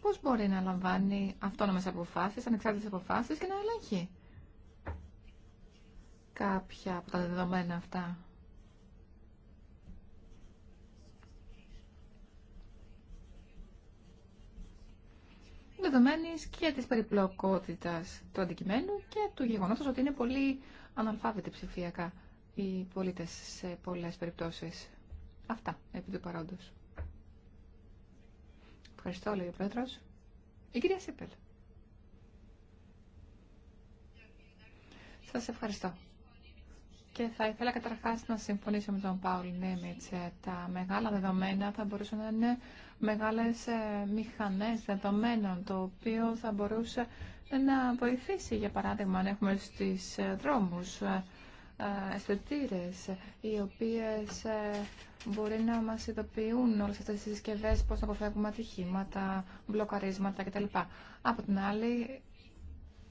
B: πώς μπορεί να λαμβάνει αυτόνομες αποφάσεις, ανεξάρτητες αποφάσεις και να ελέγχει κάποια από τα δεδομένα αυτά. Δεδομένη και τη περιπλοκότητα του αντικειμένου και του γεγονότο ότι είναι πολύ αναλφάβητη ψηφιακά οι πολίτε σε πολλέ περιπτώσει. Αυτά επί του παρόντος. Ευχαριστώ, λέει ο πρόεδρο. Η κυρία Σίπελ. Σα ευχαριστώ. Και θα ήθελα καταρχά να συμφωνήσω με τον Πάουλ Νέμιτ. Ε, τα μεγάλα δεδομένα θα μπορούσαν να είναι μεγάλε μηχανέ δεδομένων, το οποίο θα μπορούσε να βοηθήσει, για παράδειγμα, αν έχουμε στι ε, δρόμου ε, αισθητήρε, οι οποίες ε, μπορεί να μας ειδοποιούν όλες αυτές τις συσκευές πώς να αποφεύγουμε ατυχήματα, μπλοκαρίσματα κτλ. Από την άλλη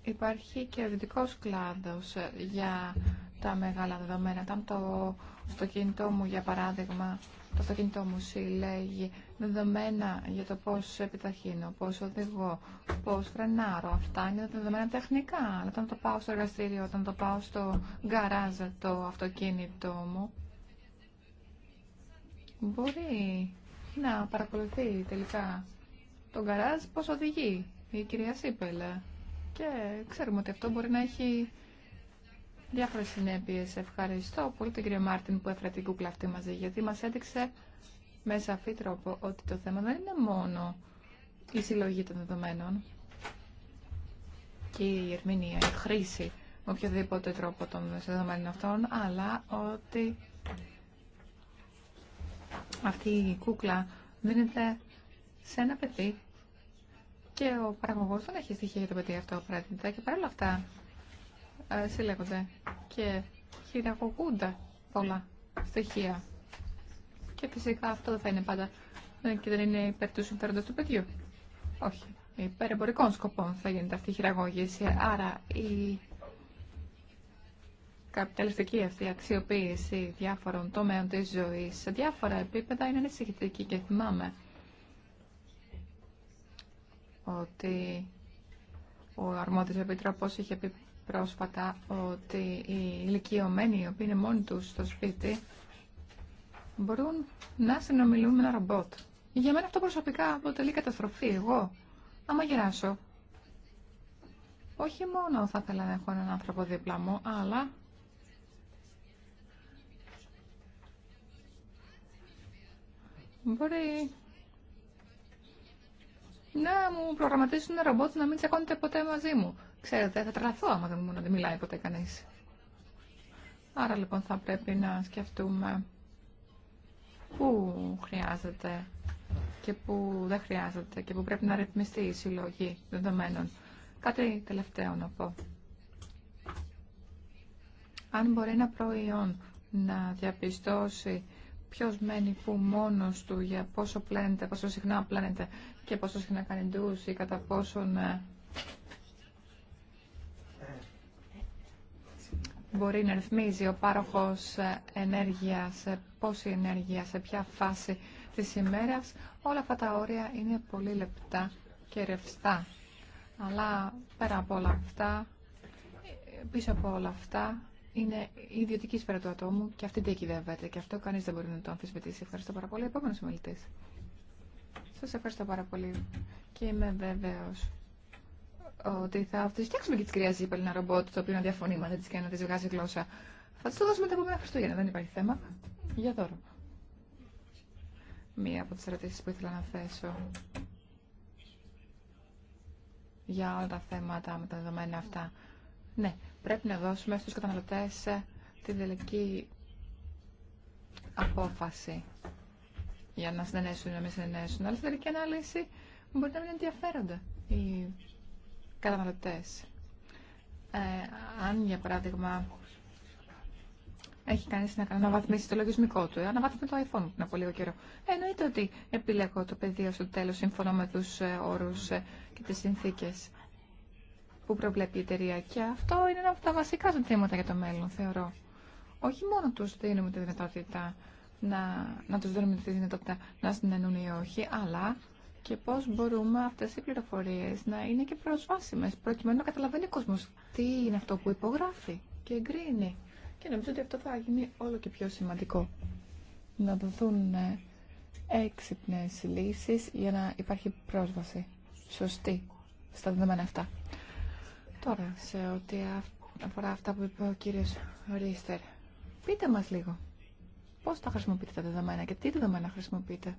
B: υπάρχει και ο δυτικός κλάδος ε, για τα μεγάλα δεδομένα. Όταν το στο κινητό μου, για παράδειγμα, το αυτοκίνητό μου συλλέγει δεδομένα για το πώς επιταχύνω, πώς οδηγώ, πώς φρενάρω. Αυτά είναι δεδομένα τεχνικά. Αλλά όταν το πάω στο εργαστήριο, όταν το πάω στο γκαράζ το αυτοκίνητό μου, μπορεί να παρακολουθεί τελικά το γκαράζ πώς οδηγεί η κυρία Σίπελε. Και ξέρουμε ότι αυτό μπορεί να έχει διάφορε συνέπειε. Ευχαριστώ πολύ τον κύριο Μάρτιν που έφερε την κούκλα αυτή μαζί, γιατί μα έδειξε με σαφή τρόπο ότι το θέμα δεν είναι μόνο η συλλογή των δεδομένων και η ερμηνεία, η χρήση με οποιοδήποτε τρόπο των δεδομένων αυτών, αλλά ότι αυτή η κούκλα δίνεται σε ένα παιδί και ο παραγωγός δεν έχει στοιχεία για το παιδί αυτό πράγματι και παρόλα αυτά συλλέγονται και χειραγωγούνται πολλά στοιχεία. Και φυσικά αυτό δεν θα είναι πάντα ε, και δεν είναι υπέρ του συμφέροντος του παιδιού. Όχι. Υπέρ εμπορικών σκοπών θα γίνεται αυτή η χειραγώγηση. Άρα η καπιταλιστική αυτή αξιοποίηση διάφορων τομέων της ζωής σε διάφορα επίπεδα είναι ανησυχητική και θυμάμαι ότι ο αρμόδιος επιτροπός είχε πει πρόσφατα ότι οι ηλικιωμένοι, οι οποίοι είναι μόνοι τους στο σπίτι, μπορούν να συνομιλούν με ένα ρομπότ. Για μένα αυτό προσωπικά αποτελεί καταστροφή. Εγώ, άμα γυράσω, όχι μόνο θα ήθελα να έχω έναν άνθρωπο δίπλα μου, αλλά μπορεί να μου προγραμματίσουν ένα ρομπότ να μην τσακώνεται ποτέ μαζί μου. Ξέρετε, θα τρελαθώ άμα δεν μου μιλάει ποτέ κανείς. Άρα λοιπόν θα πρέπει να σκεφτούμε πού χρειάζεται και πού δεν χρειάζεται και πού πρέπει να ρυθμιστεί η συλλογή δεδομένων. Κάτι τελευταίο να πω. Αν μπορεί ένα προϊόν να διαπιστώσει ποιος μένει που μόνος του για πόσο πλένεται, πόσο συχνά πλένεται και πόσο συχνά κάνει ντους ή κατά πόσον ε, μπορεί να ρυθμίζει ο πάροχος ε, ενέργειας, ε, πόση ενέργεια, σε ποια φάση της ημέρας, όλα αυτά τα όρια είναι πολύ λεπτά και ρευστά. Αλλά πέρα από όλα αυτά, πίσω από όλα αυτά, είναι η ιδιωτική σφαίρα του ατόμου και αυτή διακυβεύεται και αυτό κανείς δεν μπορεί να το αμφισβητήσει. Ευχαριστώ πάρα πολύ. Επόμενος μιλητής. Σας ευχαριστώ πάρα πολύ και είμαι βέβαιος ότι θα φτιάξουμε και τη κυρία Ζήπελ ένα ρομπότ το οποίο να διαφωνεί μαζί τη και να τη βγάζει γλώσσα. Θα τη το δώσουμε τα επόμενα Χριστούγεννα, δεν υπάρχει θέμα. Για δώρο. Μία από τι ερωτήσει που ήθελα να θέσω για όλα τα θέματα με τα δεδομένα αυτά. Ναι, πρέπει να δώσουμε στους καταναλωτές ε, την τελική απόφαση για να συνενέσουν ή να μην συνενέσουν. Αλλά στην τελική ανάλυση μπορεί να μην ενδιαφέρονται οι Καταναλωτέ. Ε, αν, για παράδειγμα, έχει κανεί να αναβαθμίσει το λογισμικό του, ε, αναβαθμίσει το iPhone πριν από λίγο καιρό. Ε, εννοείται ότι επιλέγω το πεδίο στο τέλο, σύμφωνα με τους ε, όρου ε, και τι συνθήκε που προβλέπει η εταιρεία. Και αυτό είναι ένα από τα βασικά ζητήματα για το μέλλον, θεωρώ. Όχι μόνο του δίνουμε τη δυνατότητα να, να δίνουμε τη δυνατότητα να συνενούν ή όχι, αλλά και πώς μπορούμε αυτές οι πληροφορίες να είναι και προσβάσιμες προκειμένου να καταλαβαίνει ο κόσμος τι είναι αυτό που υπογράφει και εγκρίνει. Και νομίζω ότι αυτό θα γίνει όλο και πιο σημαντικό. Να δοθούν ε, έξυπνες λύσεις για να υπάρχει πρόσβαση σωστή στα δεδομένα αυτά. Τώρα, σε ό,τι αφορά αυτά που είπε ο κύριος Ρίστερ, πείτε μας λίγο πώς τα χρησιμοποιείτε τα δεδομένα και τι δεδομένα χρησιμοποιείτε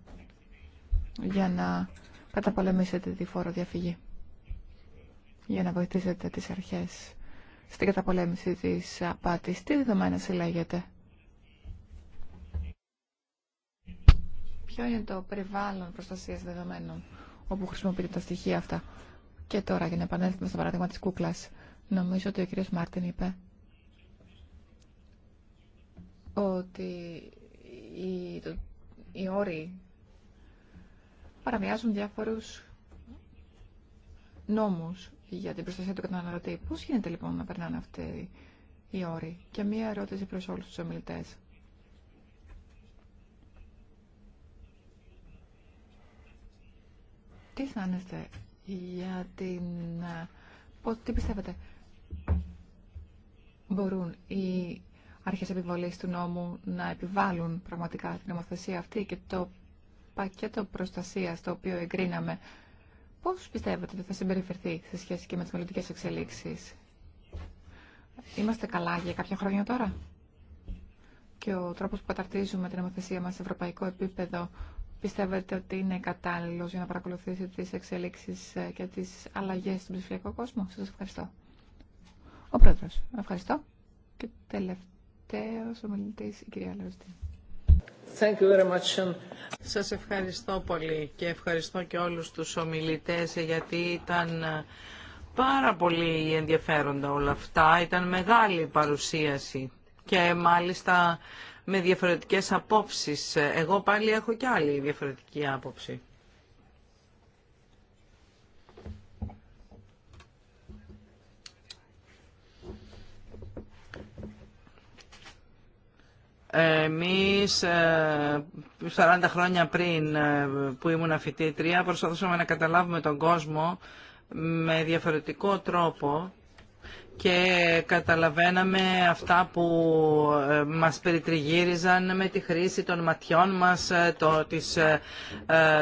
B: για να καταπολεμήσετε τη φοροδιαφυγή, για να βοηθήσετε τις αρχές στην καταπολέμηση της απάτης. Τι δεδομένα συλλέγεται. Ποιο είναι το περιβάλλον προστασίας δεδομένων όπου χρησιμοποιείται τα στοιχεία αυτά. Και τώρα για να επανέλθουμε στο παράδειγμα της κούκλας. Νομίζω ότι ο κύριος Μάρτιν είπε ότι οι, οι όροι παραβιάζουν διάφορου νόμου για την προστασία του καταναλωτή. Πώ γίνεται λοιπόν να περνάνε αυτοί οι όροι. Και μία ερώτηση προ όλου του ομιλητέ. Τι αισθάνεστε για την... Πώς, τι πιστεύετε μπορούν οι αρχές επιβολής του νόμου να επιβάλλουν πραγματικά την νομοθεσία αυτή και το πακέτο προστασίας το οποίο εγκρίναμε, πώς πιστεύετε ότι θα συμπεριφερθεί σε σχέση και με τις μελλοντικέ εξελίξεις. Είμαστε καλά για κάποια χρόνια τώρα. Και ο τρόπος που καταρτίζουμε την νομοθεσία μας σε ευρωπαϊκό επίπεδο πιστεύετε ότι είναι κατάλληλος για να παρακολουθήσει τις εξελίξεις ε, και τις αλλαγές στον ψηφιακό κόσμο. Σας ευχαριστώ. Ο Πρόεδρος, ευχαριστώ. Και τελευταίος ομιλητής, η κυρία Λεωστίνη. Thank
D: Σας ευχαριστώ πολύ και ευχαριστώ και όλους τους ομιλητές γιατί ήταν ε, πάρα πολύ ενδιαφέροντα όλα αυτά. Ήταν μεγάλη παρουσίαση και μάλιστα με διαφορετικές απόψεις. Εγώ πάλι έχω και άλλη διαφορετική άποψη. Εμείς 40 ε, χρόνια πριν ε, που ήμουν φοιτήτρια προσπαθούσαμε να καταλάβουμε τον κόσμο με διαφορετικό τρόπο και καταλαβαίναμε αυτά που ε, μας περιτριγύριζαν με τη χρήση των ματιών μας,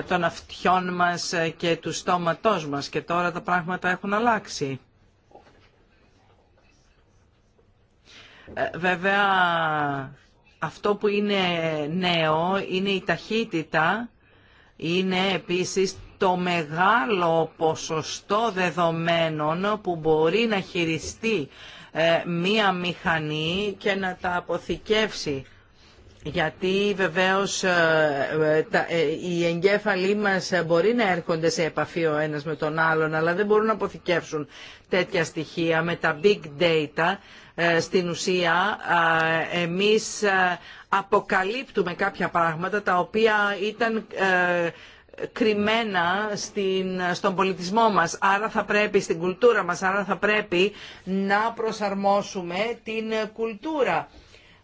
D: των αυτιών μας και του στόματός μας και τώρα τα πράγματα έχουν αλλάξει. Βέβαια αυτό που είναι νέο είναι η ταχύτητα, είναι επίσης το μεγάλο ποσοστό δεδομένων που μπορεί να χειριστεί ε, μία μηχανή και να τα αποθηκεύσει γιατί βεβαίως ε, ε, ε, οι εγκέφαλοι μας μπορεί να έρχονται σε επαφή ο ένας με τον άλλον, αλλά δεν μπορούν να αποθηκεύσουν τέτοια στοιχεία με τα big data. Στην ουσία εμείς αποκαλύπτουμε κάποια πράγματα τα οποία ήταν κρυμμένα στην, στον πολιτισμό μας, άρα θα πρέπει στην κουλτούρα μας, άρα θα πρέπει να προσαρμόσουμε την κουλτούρα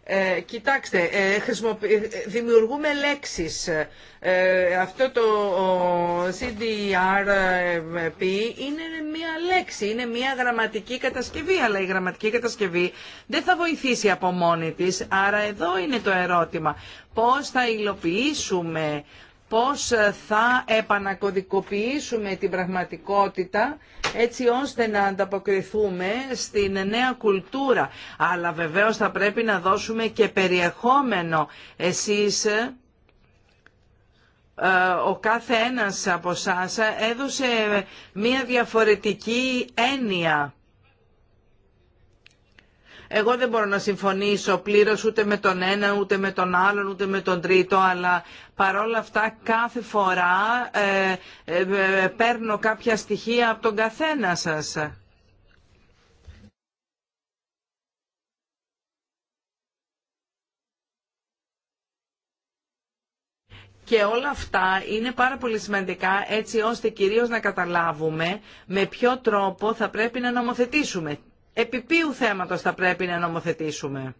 D: ε, κοιτάξτε, ε, ε, δημιουργούμε λέξεις. αυτό το CDRP είναι μία λέξη, είναι μία γραμματική κατασκευή, αλλά η γραμματική κατασκευή δεν θα βοηθήσει από μόνη της. Άρα εδώ είναι το ερώτημα. Πώς θα υλοποιήσουμε πώς θα επανακωδικοποιήσουμε την πραγματικότητα έτσι ώστε να ανταποκριθούμε στην νέα κουλτούρα. Αλλά βεβαίως θα πρέπει να δώσουμε και περιεχόμενο. Εσείς ε, ο κάθε ένας από σας, ε, έδωσε μία διαφορετική έννοια εγώ δεν μπορώ να συμφωνήσω πλήρως ούτε με τον ένα, ούτε με τον άλλον, ούτε με τον τρίτο, αλλά παρόλα αυτά κάθε φορά ε, ε, ε, παίρνω κάποια στοιχεία από τον καθένα σας. Και όλα αυτά είναι πάρα πολύ σημαντικά έτσι ώστε κυρίως να καταλάβουμε με ποιο τρόπο θα πρέπει να νομοθετήσουμε επιπίου θέματος θα πρέπει να νομοθετήσουμε.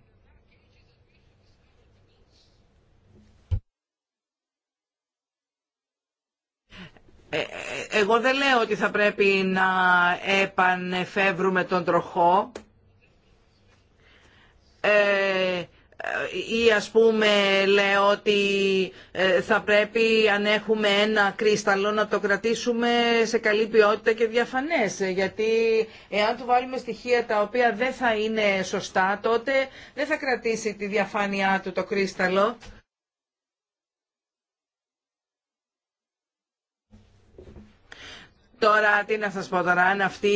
D: Ε, ε, εγώ δεν λέω ότι θα πρέπει να επανεφεύρουμε τον τροχό. Ε, ή ας πούμε λέω ότι ε, θα πρέπει αν έχουμε ένα κρίσταλο να το κρατήσουμε σε καλή ποιότητα και διαφανές γιατί εάν του βάλουμε στοιχεία τα οποία δεν θα είναι σωστά τότε δεν θα κρατήσει τη διαφάνειά του το κρίσταλο. Τώρα, τι να σας πω τώρα, αν αυτή,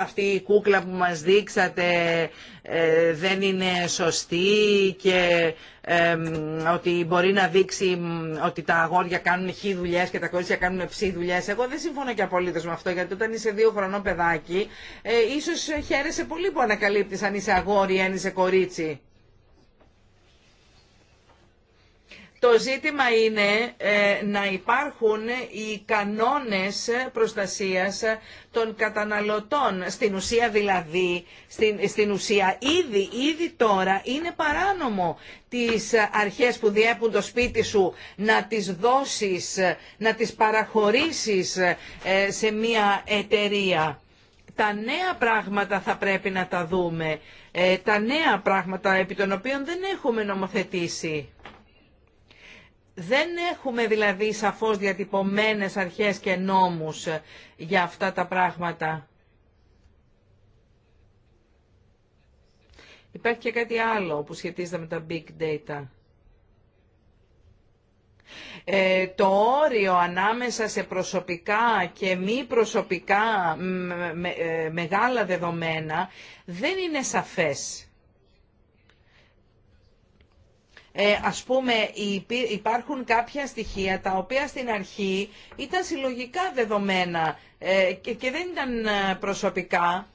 D: αυτή η κούκλα που μας δείξατε ε, δεν είναι σωστή και ότι μπορεί να δείξει ότι τα αγόρια κάνουν χι δουλειές και τα κορίτσια κάνουν ψι δουλειές, Εγώ δεν συμφωνώ και απολύτω με αυτό, γιατί όταν είσαι δύο χρονών παιδάκι, ε, ίσω χαίρεσαι πολύ που ανακαλύπτεις αν είσαι αγόρι ή αν είσαι κορίτσι. Το ζήτημα είναι ε, να υπάρχουν οι κανόνες προστασίας των καταναλωτών. Στην ουσία δηλαδή, στην, στην ουσία ήδη, ήδη τώρα είναι παράνομο τις αρχές που διέπουν το σπίτι σου να τις δώσεις, να τις παραχωρήσεις ε, σε μια εταιρεία. Τα νέα πράγματα θα πρέπει να τα δούμε. Ε, τα νέα πράγματα επί των οποίων δεν έχουμε νομοθετήσει. Δεν έχουμε δηλαδή σαφώς διατυπωμένες αρχές και νόμους για αυτά τα πράγματα. Υπάρχει και κάτι άλλο που σχετίζεται με τα big data. Ε, το όριο ανάμεσα σε προσωπικά και μη προσωπικά ε, μεγάλα δεδομένα δεν είναι σαφές. Ε, ας πούμε υπάρχουν κάποια στοιχεία τα οποία στην αρχή ήταν συλλογικά δεδομένα ε, και, και δεν ήταν ε, προσωπικά,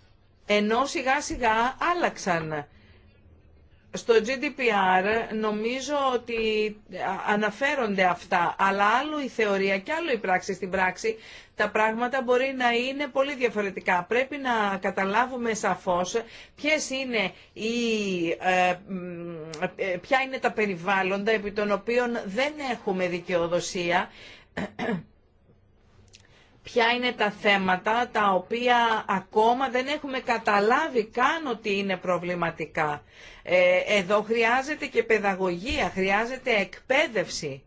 D: ενώ σιγά σιγά άλλαξαν στο GDPR νομίζω ότι αναφέρονται αυτά, αλλά άλλο η θεωρία και άλλο η πράξη. Στην πράξη τα πράγματα μπορεί να είναι πολύ διαφορετικά. Πρέπει να καταλάβουμε σαφώς ποιες είναι ε, ε, ποια είναι τα περιβάλλοντα επί των οποίων δεν έχουμε δικαιοδοσία ποια είναι τα θέματα τα οποία ακόμα δεν έχουμε καταλάβει καν ότι είναι προβληματικά. Ε, εδώ χρειάζεται και παιδαγωγία, χρειάζεται εκπαίδευση.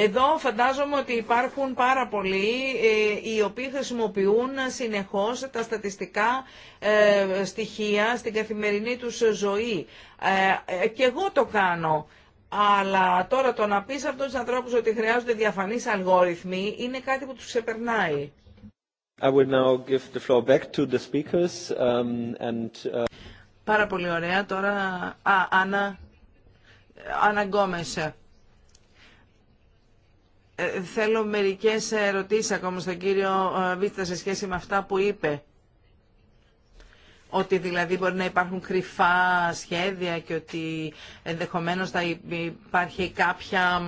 D: Εδώ φαντάζομαι ότι υπάρχουν πάρα πολλοί ε, οι οποίοι χρησιμοποιούν συνεχώς τα στατιστικά ε, στοιχεία στην καθημερινή τους ζωή. Ε, και εγώ το κάνω. Αλλά τώρα το να πεις αυτούς τους ανθρώπους ότι χρειάζονται διαφανείς αλγόριθμοι είναι κάτι που τους ξεπερνάει.
A: I now give the floor back to the speakers um, and. Uh,
D: πάρα πολύ ωραία. Τώρα, α, Άννα, Άννα ε, θέλω μερικές ερωτήσεις ακόμα στον κύριο ε, Βίτσα σε σχέση με αυτά που είπε ότι δηλαδή μπορεί να υπάρχουν κρυφά σχέδια και ότι ενδεχομένως θα υπάρχει κάποια,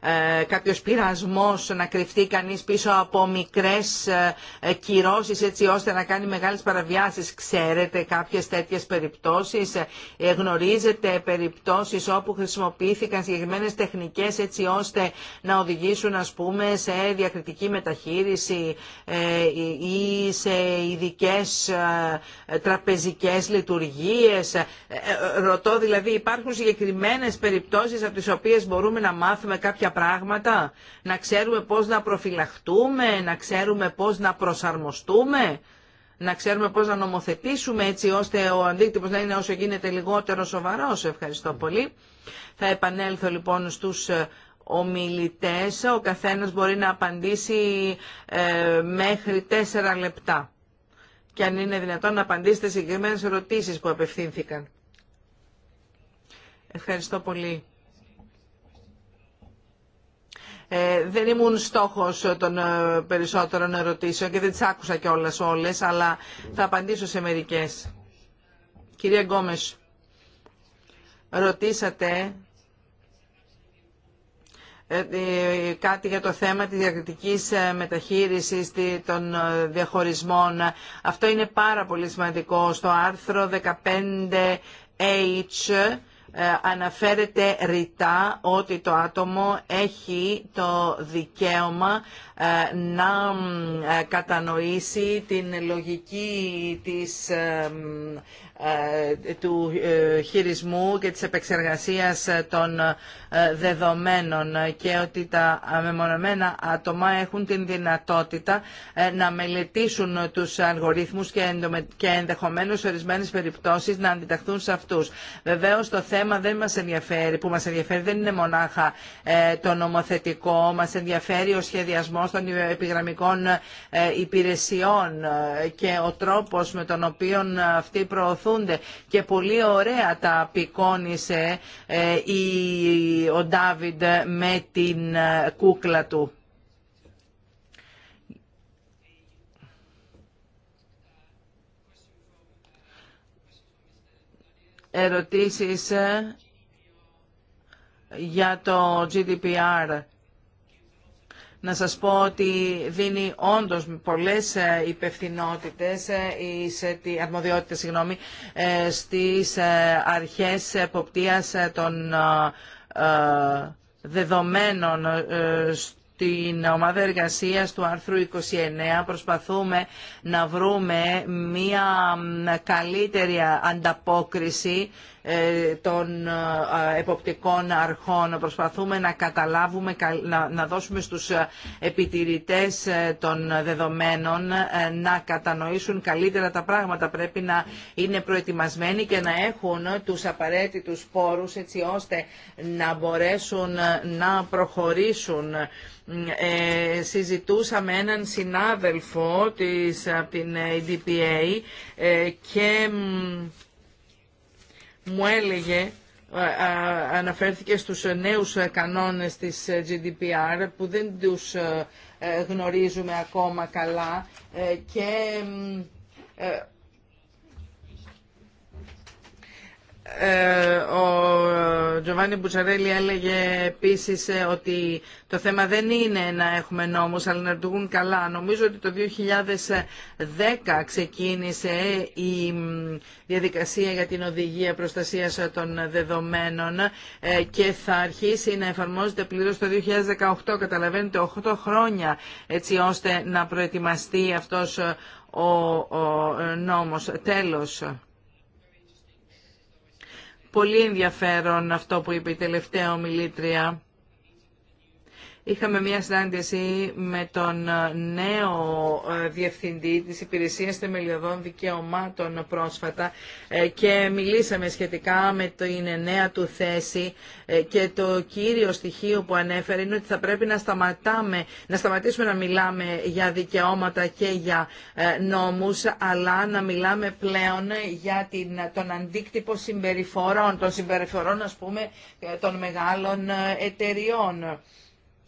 D: ε, κάποιος πειρασμός να κρυφτεί κανείς πίσω από μικρές ε, ε, κυρώσεις έτσι ώστε να κάνει μεγάλες παραβιάσεις. Ξέρετε κάποιες τέτοιες περιπτώσεις, ε, ε γνωρίζετε περιπτώσεις όπου χρησιμοποιήθηκαν συγκεκριμένε τεχνικές έτσι ώστε να οδηγήσουν ας πούμε σε διακριτική μεταχείριση ε, ή σε ε, ε, τραπεζικές λειτουργίες. Ε, ε, ρωτώ δηλαδή υπάρχουν συγκεκριμένες περιπτώσεις από τις οποίες μπορούμε να μάθουμε κάποια πράγματα, να ξέρουμε πώς να προφυλαχτούμε, να ξέρουμε πώς να προσαρμοστούμε να ξέρουμε πώς να νομοθετήσουμε έτσι ώστε ο αντίκτυπος να είναι όσο γίνεται λιγότερο σοβαρός. Ευχαριστώ πολύ. Θα επανέλθω λοιπόν στους ομιλητές. Ο καθένας μπορεί να απαντήσει μέχρι τέσσερα λεπτά και αν είναι δυνατόν να απαντήσετε συγκεκριμένε ερωτήσει που απευθύνθηκαν. Ευχαριστώ πολύ. Ε, δεν ήμουν στόχος των ε, περισσότερων ερωτήσεων και δεν τις άκουσα κιόλας όλες, αλλά θα απαντήσω σε μερικές. Κυρία Γκόμες, ρωτήσατε ε, ε, κάτι για το θέμα της διακριτικής ε, μεταχείρισης των διαχωρισμών. Αυτό είναι πάρα πολύ σημαντικό. Στο άρθρο 15H αναφέρεται ρητά ότι το άτομο έχει το δικαίωμα ε, να ε, κατανοήσει την λογική της, ε, του χειρισμού και της επεξεργασίας των δεδομένων και ότι τα μεμονωμένα άτομα έχουν την δυνατότητα να μελετήσουν τους αλγορίθμους και ενδεχομένως ορισμένες περιπτώσεις να αντιταχθούν σε αυτούς. Βεβαίως το θέμα δεν μας ενδιαφέρει, που μας ενδιαφέρει δεν είναι μονάχα το νομοθετικό, μας ενδιαφέρει ο σχεδιασμός των επιγραμμικών ε, υπηρεσιών ε, και ο τρόπος με τον οποίο αυτοί προωθούνται. Και πολύ ωραία τα απεικόνισε ε, ο Ντάβιντ με την κούκλα του. Ερωτήσεις για το GDPR να σας πω ότι δίνει όντως πολλές ε, υπευθυνότητες, ε, ε, αρμοδιότητες συγγνώμη, στις αρχές εποπτείας των δεδομένων στην ομάδα εργασίας του άρθρου 29 προσπαθούμε να βρούμε μια καλύτερη ανταπόκριση ε, των ε, εποπτικών αρχών. Προσπαθούμε να καταλάβουμε, να δώσουμε στους ε, επιτηρητές των δεδομένων να κατανοήσουν καλύτερα τα πράγματα. Πρέπει να είναι προετοιμασμένοι και να έχουν τους απαραίτητους πόρους έτσι ώστε να μπορέσουν να προχωρήσουν. συζητούσαμε έναν συνάδελφο της, από την DPA, και μου έλεγε, αναφέρθηκε στους νέους κανόνες της GDPR που δεν τους ε, γνωρίζουμε ακόμα καλά ε, και ε, Ε, ο Τζοβάνι Μπουτσαρέλη έλεγε επίση ε, ότι το θέμα δεν είναι να έχουμε νόμους αλλά να λειτουργούν καλά. Νομίζω ότι το 2010 ξεκίνησε η διαδικασία για την οδηγία προστασίας των δεδομένων ε, και θα αρχίσει να εφαρμόζεται πλήρως το 2018. Καταλαβαίνετε 8 χρόνια έτσι ώστε να προετοιμαστεί αυτός ο νόμος. Τέλος. Πολύ ενδιαφέρον αυτό που είπε η τελευταία ομιλήτρια. Είχαμε μια συνάντηση με τον ε, νέο ε, διευθυντή της Υπηρεσίας Θεμελιωδών Δικαιωμάτων πρόσφατα ε, και μιλήσαμε σχετικά με την νέα του θέση και το κύριο στοιχείο που ανέφερε είναι ότι θα πρέπει να, σταματάμε, να σταματήσουμε να μιλάμε για δικαιώματα και για νόμους αλλά να μιλάμε πλέον για την, τον αντίκτυπο συμπεριφορών, των συμπεριφορών ας πούμε των μεγάλων εταιριών.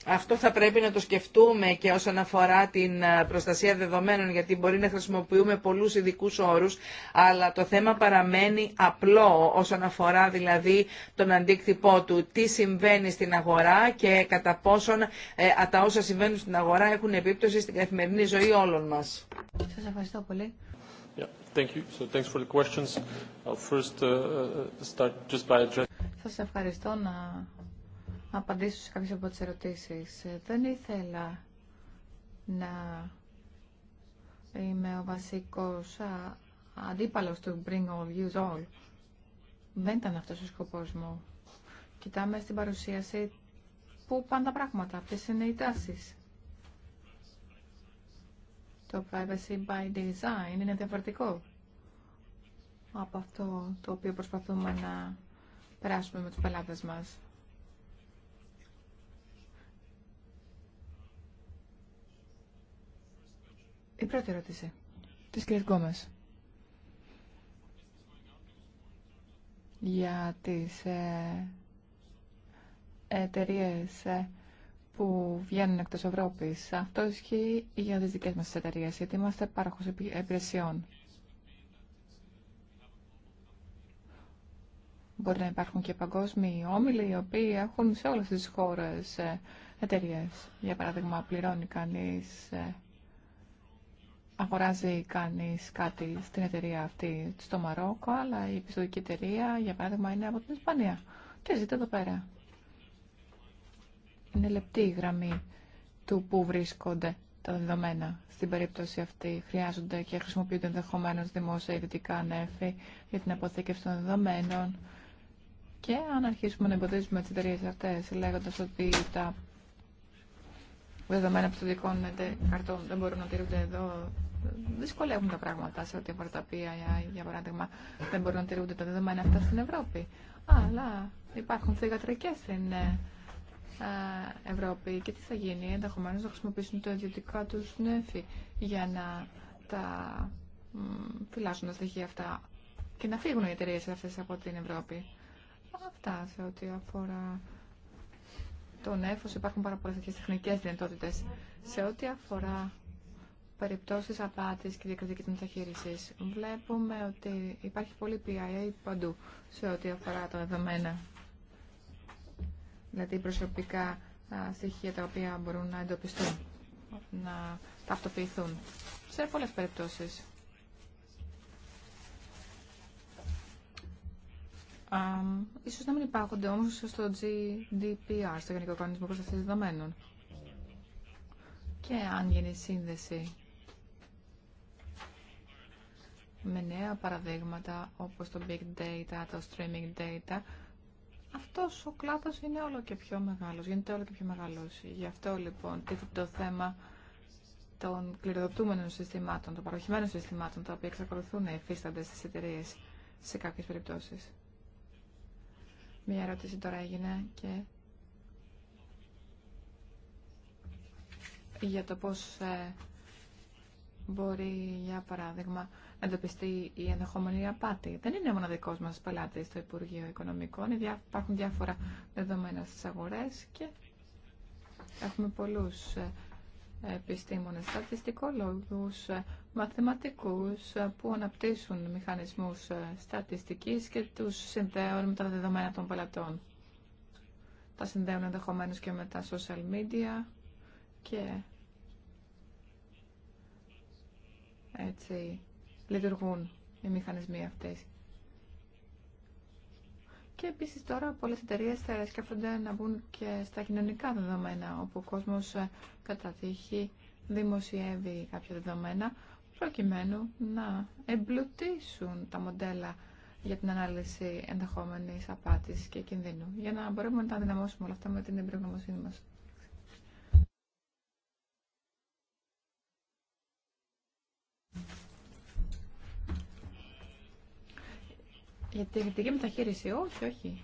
D: Αυτό θα πρέπει να το σκεφτούμε και όσον αφορά την ε, προστασία δεδομένων, γιατί μπορεί να χρησιμοποιούμε πολλούς ειδικού όρους, αλλά το θέμα παραμένει απλό όσον αφορά δηλαδή τον αντίκτυπό του, τι συμβαίνει στην αγορά και κατά πόσον ε, τα όσα συμβαίνουν στην αγορά έχουν επίπτωση στην καθημερινή ζωή όλων μας.
B: Σας ευχαριστώ πολύ. Σας ευχαριστώ να απαντήσω σε κάποιες από τις ερωτήσεις. Ε, δεν ήθελα να είμαι ο βασικός αντίπαλος του Bring All, Use All. Δεν ήταν αυτός ο σκοπός μου. Κοιτάμε στην παρουσίαση πού πάνε πράγματα, ποιε είναι οι τάσεις. Το privacy by design είναι διαφορετικό από αυτό το οποίο προσπαθούμε να περάσουμε με τους πελάτες μας. Η πρώτη ερώτηση τη κυρία Γκόμε. για τις ε, εταιρείε ε, που βγαίνουν εκτό Ευρώπη. Αυτό ισχύει για τι δικέ μα εταιρείε, γιατί είμαστε πάροχο υπηρεσιών. Μπορεί να υπάρχουν και παγκόσμιοι όμιλοι οι οποίοι έχουν σε όλες τις χώρες ε, εταιρείε. Για παράδειγμα, πληρώνει κανείς ε, αγοράζει κανείς κάτι στην εταιρεία αυτή στο Μαρόκο, αλλά η πιστοτική εταιρεία, για παράδειγμα, είναι από την Ισπανία. Τι ζείτε εδώ πέρα. Είναι λεπτή η γραμμή του που βρίσκονται τα δεδομένα. Στην περίπτωση αυτή χρειάζονται και χρησιμοποιούνται ενδεχομένω δημόσια ειδικά ανέφη για την αποθήκευση των δεδομένων. Και αν αρχίσουμε να εμποδίζουμε τι εταιρείε αυτέ λέγοντα ότι τα δεδομένα πιστοτικών καρτών δεν μπορούν να τηρούνται εδώ δυσκολεύουν τα πράγματα σε ό,τι αφορά τα οποία, για παράδειγμα, δεν μπορούν να τηρούνται τα δεδομένα αυτά στην Ευρώπη. Αλλά υπάρχουν θηγατρικέ στην ε, Ευρώπη και τι θα γίνει, ενδεχομένω να χρησιμοποιήσουν το ιδιωτικά του νεφι για να τα φυλάσσουν τα στοιχεία αυτά και να φύγουν οι εταιρείε αυτέ από την Ευρώπη. Αυτά σε ό,τι αφορά το νέφος υπάρχουν πάρα πολλέ τεχνικέ τεχνικές Σε ό,τι αφορά περιπτώσεις απάτης και διακριτικής μεταχείρισης. Βλέπουμε ότι υπάρχει πολύ PIA παντού σε ό,τι αφορά τα δεδομένα. Δηλαδή προσωπικά στοιχεία τα οποία μπορούν να εντοπιστούν, να ταυτοποιηθούν σε πολλές περιπτώσεις. ίσως να μην υπάρχονται όμως στο GDPR, στο Γενικό Κανονισμό Προστασίας Δεδομένων. Και αν γίνει σύνδεση με νέα παραδείγματα όπως το big data, το streaming data, αυτός ο κλάδος είναι όλο και πιο μεγάλος, γίνεται όλο και πιο μεγάλος. Γι' αυτό λοιπόν το θέμα των κληροδοτούμενων συστημάτων, των παροχημένων συστημάτων, τα οποία εξακολουθούν να υφίστανται στις εταιρείε σε κάποιες περιπτώσεις. Μία ερώτηση τώρα έγινε και για το πώς ε, μπορεί, για παράδειγμα, εντοπιστεί η ενδεχόμενη απάτη. Δεν είναι ο μοναδικό μα πελάτη στο Υπουργείο Οικονομικών. Υπάρχουν διάφορα δεδομένα στι αγορέ και έχουμε πολλού ε, επιστήμονε, στατιστικολόγου, ε, μαθηματικού ε, που αναπτύσσουν μηχανισμού στατιστική και του συνδέουν με τα δεδομένα των πελατών. Τα συνδέουν ενδεχομένω και με τα social media και έτσι λειτουργούν οι μηχανισμοί αυτές. Και επίσης τώρα πολλές εταιρείες σκέφτονται να μπουν και στα κοινωνικά δεδομένα, όπου ο κόσμος ε, κατά δημοσιεύει κάποια δεδομένα, προκειμένου να εμπλουτίσουν τα μοντέλα για την ανάλυση ενδεχόμενης απάτης και κινδύνου, για να μπορούμε να τα δυναμώσουμε όλα αυτά με την εμπειρογνωμοσύνη μας. Για τη τα μεταχείριση, όχι, όχι.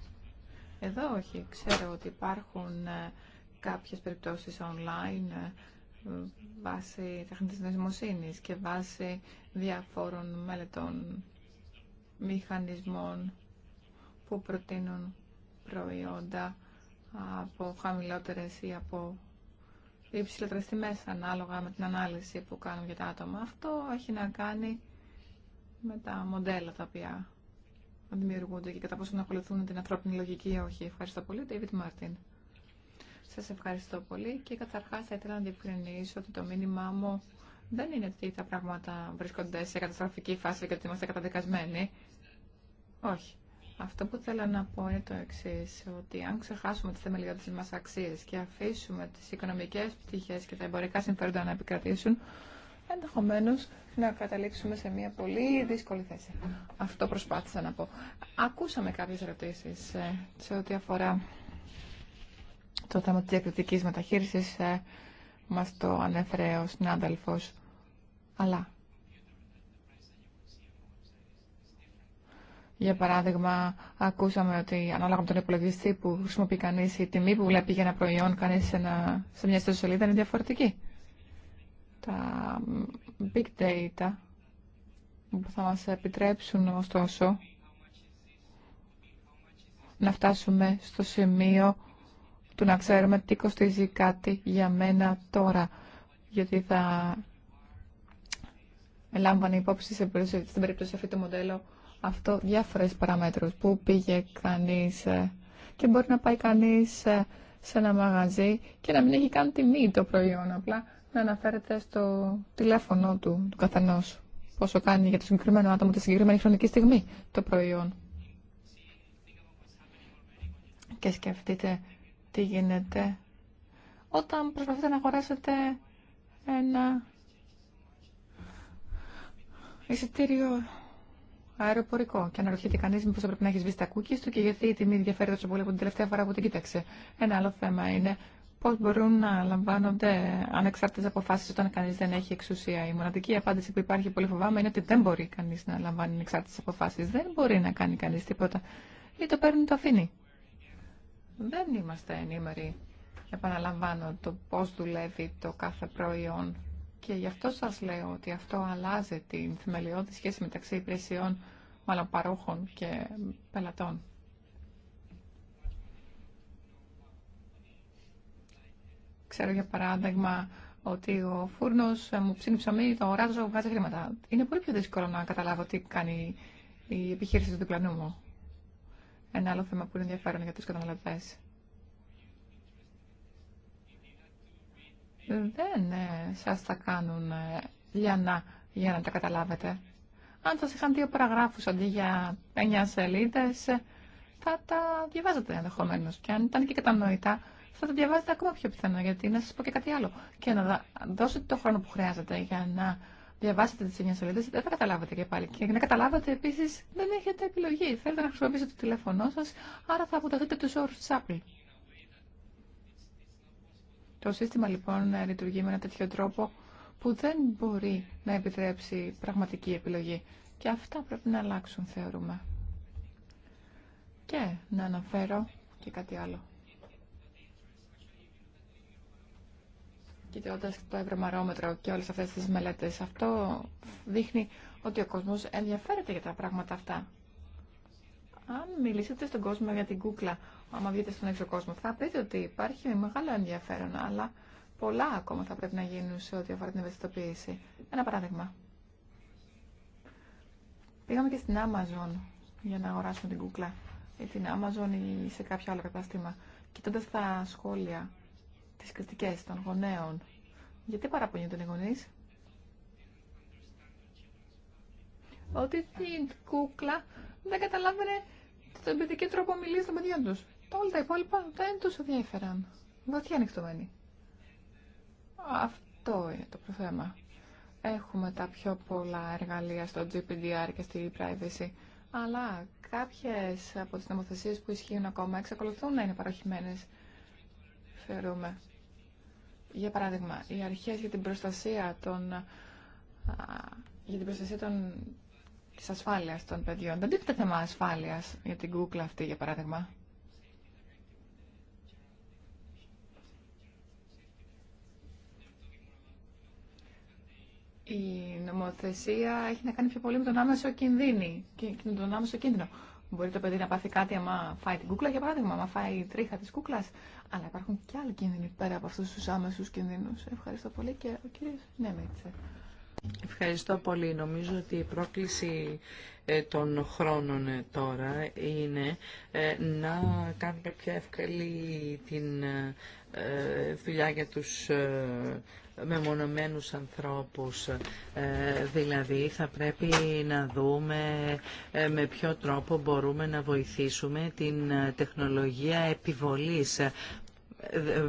B: Εδώ όχι. Ξέρω ότι υπάρχουν ε, κάποιες περιπτώσεις online ε, βάσει τεχνητής νοημοσύνης και βάσει διαφόρων μελετών μηχανισμών που προτείνουν προϊόντα από χαμηλότερες ή από υψηλότερες τιμές ανάλογα με την ανάλυση που κάνουν για τα άτομα. Αυτό έχει να κάνει με τα μοντέλα τα οποία δημιουργούνται και κατά πόσο να ακολουθούν την ανθρώπινη λογική ή όχι. Ευχαριστώ πολύ, David Martin. Σας ευχαριστώ πολύ και καταρχάς θα ήθελα να διευκρινίσω ότι το μήνυμά μου δεν είναι ότι τα πράγματα βρίσκονται σε καταστροφική φάση και ότι είμαστε καταδικασμένοι. Όχι. Αυτό που θέλω να πω είναι το εξή, ότι αν ξεχάσουμε τι θεμελιώδει μα αξίε και αφήσουμε τι οικονομικέ πτυχέ και τα εμπορικά συμφέροντα να επικρατήσουν, ενδεχομένω να καταλήξουμε σε μια πολύ δύσκολη θέση. Αυτό προσπάθησα να πω. Ακούσαμε κάποιες ερωτήσει ε, σε ό,τι αφορά το θέμα της διακριτικής μεταχείρισης. Ε, μα το ανέφερε ο συνάδελφο. Αλλά, για παράδειγμα, ακούσαμε ότι ανάλογα με τον υπολογιστή που χρησιμοποιεί κανεί η τιμή που βλέπει για ένα προϊόν κανείς σε, μια ιστοσελίδα είναι διαφορετική τα big data που θα μας επιτρέψουν ωστόσο να φτάσουμε στο σημείο του να ξέρουμε τι κοστίζει κάτι για μένα τώρα. Γιατί θα λάμβανε υπόψη στην περίπτωση αυτή του μοντέλου αυτό διάφορες παραμέτρους. Πού πήγε κανείς ε, και μπορεί να πάει κανείς ε, σε ένα μαγαζί και να μην έχει καν τιμή το προϊόν. Απλά να αναφέρεται στο τηλέφωνο του, του καθενό. Πόσο κάνει για το συγκεκριμένο άτομο τη συγκεκριμένη χρονική στιγμή το προϊόν. Και σκεφτείτε τι γίνεται όταν προσπαθείτε να αγοράσετε ένα εισιτήριο αεροπορικό και αναρωτιέται κανεί μήπω πρέπει να έχει βρει τα κούκκι του και γιατί η τιμή διαφέρει τόσο πολύ από την τελευταία φορά που την κοίταξε. Ένα άλλο θέμα είναι πώς μπορούν να λαμβάνονται ανεξάρτητες αποφάσεις όταν κανείς δεν έχει εξουσία. Η μοναδική απάντηση που υπάρχει πολύ φοβάμαι είναι ότι δεν μπορεί κανείς να λαμβάνει ανεξάρτητες αποφάσεις. Δεν μπορεί να κάνει κανείς τίποτα. Ή το παίρνει το αφήνει. Δεν είμαστε ενήμεροι. Επαναλαμβάνω το πώς δουλεύει το κάθε προϊόν. Και γι' αυτό σας λέω ότι αυτό αλλάζει την θεμελιώδη σχέση μεταξύ υπηρεσιών, μάλλον παρόχων και πελατών. Ξέρω για παράδειγμα ότι ο φούρνο ε, μου ψήνει ψωμί, το ράζω, βγάζει χρήματα. Είναι πολύ πιο δύσκολο να καταλάβω τι κάνει η επιχείρηση του διπλανού μου. Ένα άλλο θέμα που είναι ενδιαφέρον για του καταναλωτέ. Δεν ε, σα τα κάνουν ε, για να για να τα καταλάβετε. Αν σα είχαν δύο παραγράφου αντί για εννιά σελίδε, ε, θα τα διαβάζετε ενδεχομένω. Και αν ήταν και κατανοητά, θα το διαβάζετε ακόμα πιο πιθανό, γιατί να σα πω και κάτι άλλο. Και να δώσετε το χρόνο που χρειάζεται για να διαβάσετε τι 9 σελίδε, δεν θα καταλάβετε και πάλι. Και να καταλάβετε επίση δεν έχετε επιλογή. Θέλετε να χρησιμοποιήσετε το τηλέφωνό σα, άρα θα αποταθείτε του όρου τη Apple. Το σύστημα λοιπόν λειτουργεί με ένα τέτοιο τρόπο που δεν μπορεί να επιτρέψει πραγματική επιλογή. Και αυτά πρέπει να αλλάξουν, θεωρούμε. Και να αναφέρω και κάτι άλλο. κοιτώντα το ευρωμαρόμετρο και όλε αυτέ τι μελέτε, αυτό δείχνει ότι ο κόσμο ενδιαφέρεται για τα πράγματα αυτά. Αν μιλήσετε στον κόσμο για την κούκλα, άμα βγείτε στον έξω κόσμο, θα πείτε ότι υπάρχει μεγάλο ενδιαφέρον, αλλά πολλά ακόμα θα πρέπει να γίνουν σε ό,τι αφορά την ευαισθητοποίηση. Ένα παράδειγμα. Πήγαμε και στην Amazon για να αγοράσουμε την κούκλα. Ή την Amazon ή σε κάποιο άλλο κατάστημα. Κοιτώντα τα σχόλια τι κριτικέ των γονέων. Γιατί παραπονιούνται οι γονεί, Ότι την κούκλα δεν καταλάβαινε τον παιδικό τρόπο μιλήσει των παιδιών του. όλα τα υπόλοιπα δεν του ενδιαφέραν. Βαθιά ανοιχτωμένοι. Αυτό είναι το θέμα. Έχουμε τα πιο πολλά εργαλεία στο GPDR και στη privacy, αλλά κάποιες από τις νομοθεσίες που ισχύουν ακόμα εξακολουθούν να είναι παροχημένες, θεωρούμε. Για παράδειγμα, οι αρχέ για την προστασία των για την προστασία των, της ασφάλειας των παιδιών. Δεν τίθεται θέμα ασφάλειας για την Google αυτή, για παράδειγμα. Η νομοθεσία έχει να κάνει πιο πολύ με τον άμεσο Και τον άμεσο κίνδυνο. Μπορεί το παιδί να πάθει κάτι άμα φάει την κούκλα, για παράδειγμα, άμα φάει η τρίχα τη κούκλα. Αλλά υπάρχουν και άλλοι κίνδυνοι πέρα από αυτού του άμεσου κινδύνου. Ευχαριστώ πολύ και ο κύριο Νέμετσε.
D: Ευχαριστώ πολύ. Νομίζω ότι η πρόκληση ε, των χρόνων ε, τώρα είναι ε, να κάνουμε πιο εύκολη την δουλειά για τους μεμονωμένους ανθρώπους. Ε, δηλαδή θα πρέπει να δούμε ε, με ποιο τρόπο μπορούμε να βοηθήσουμε την ε, τεχνολογία επιβολής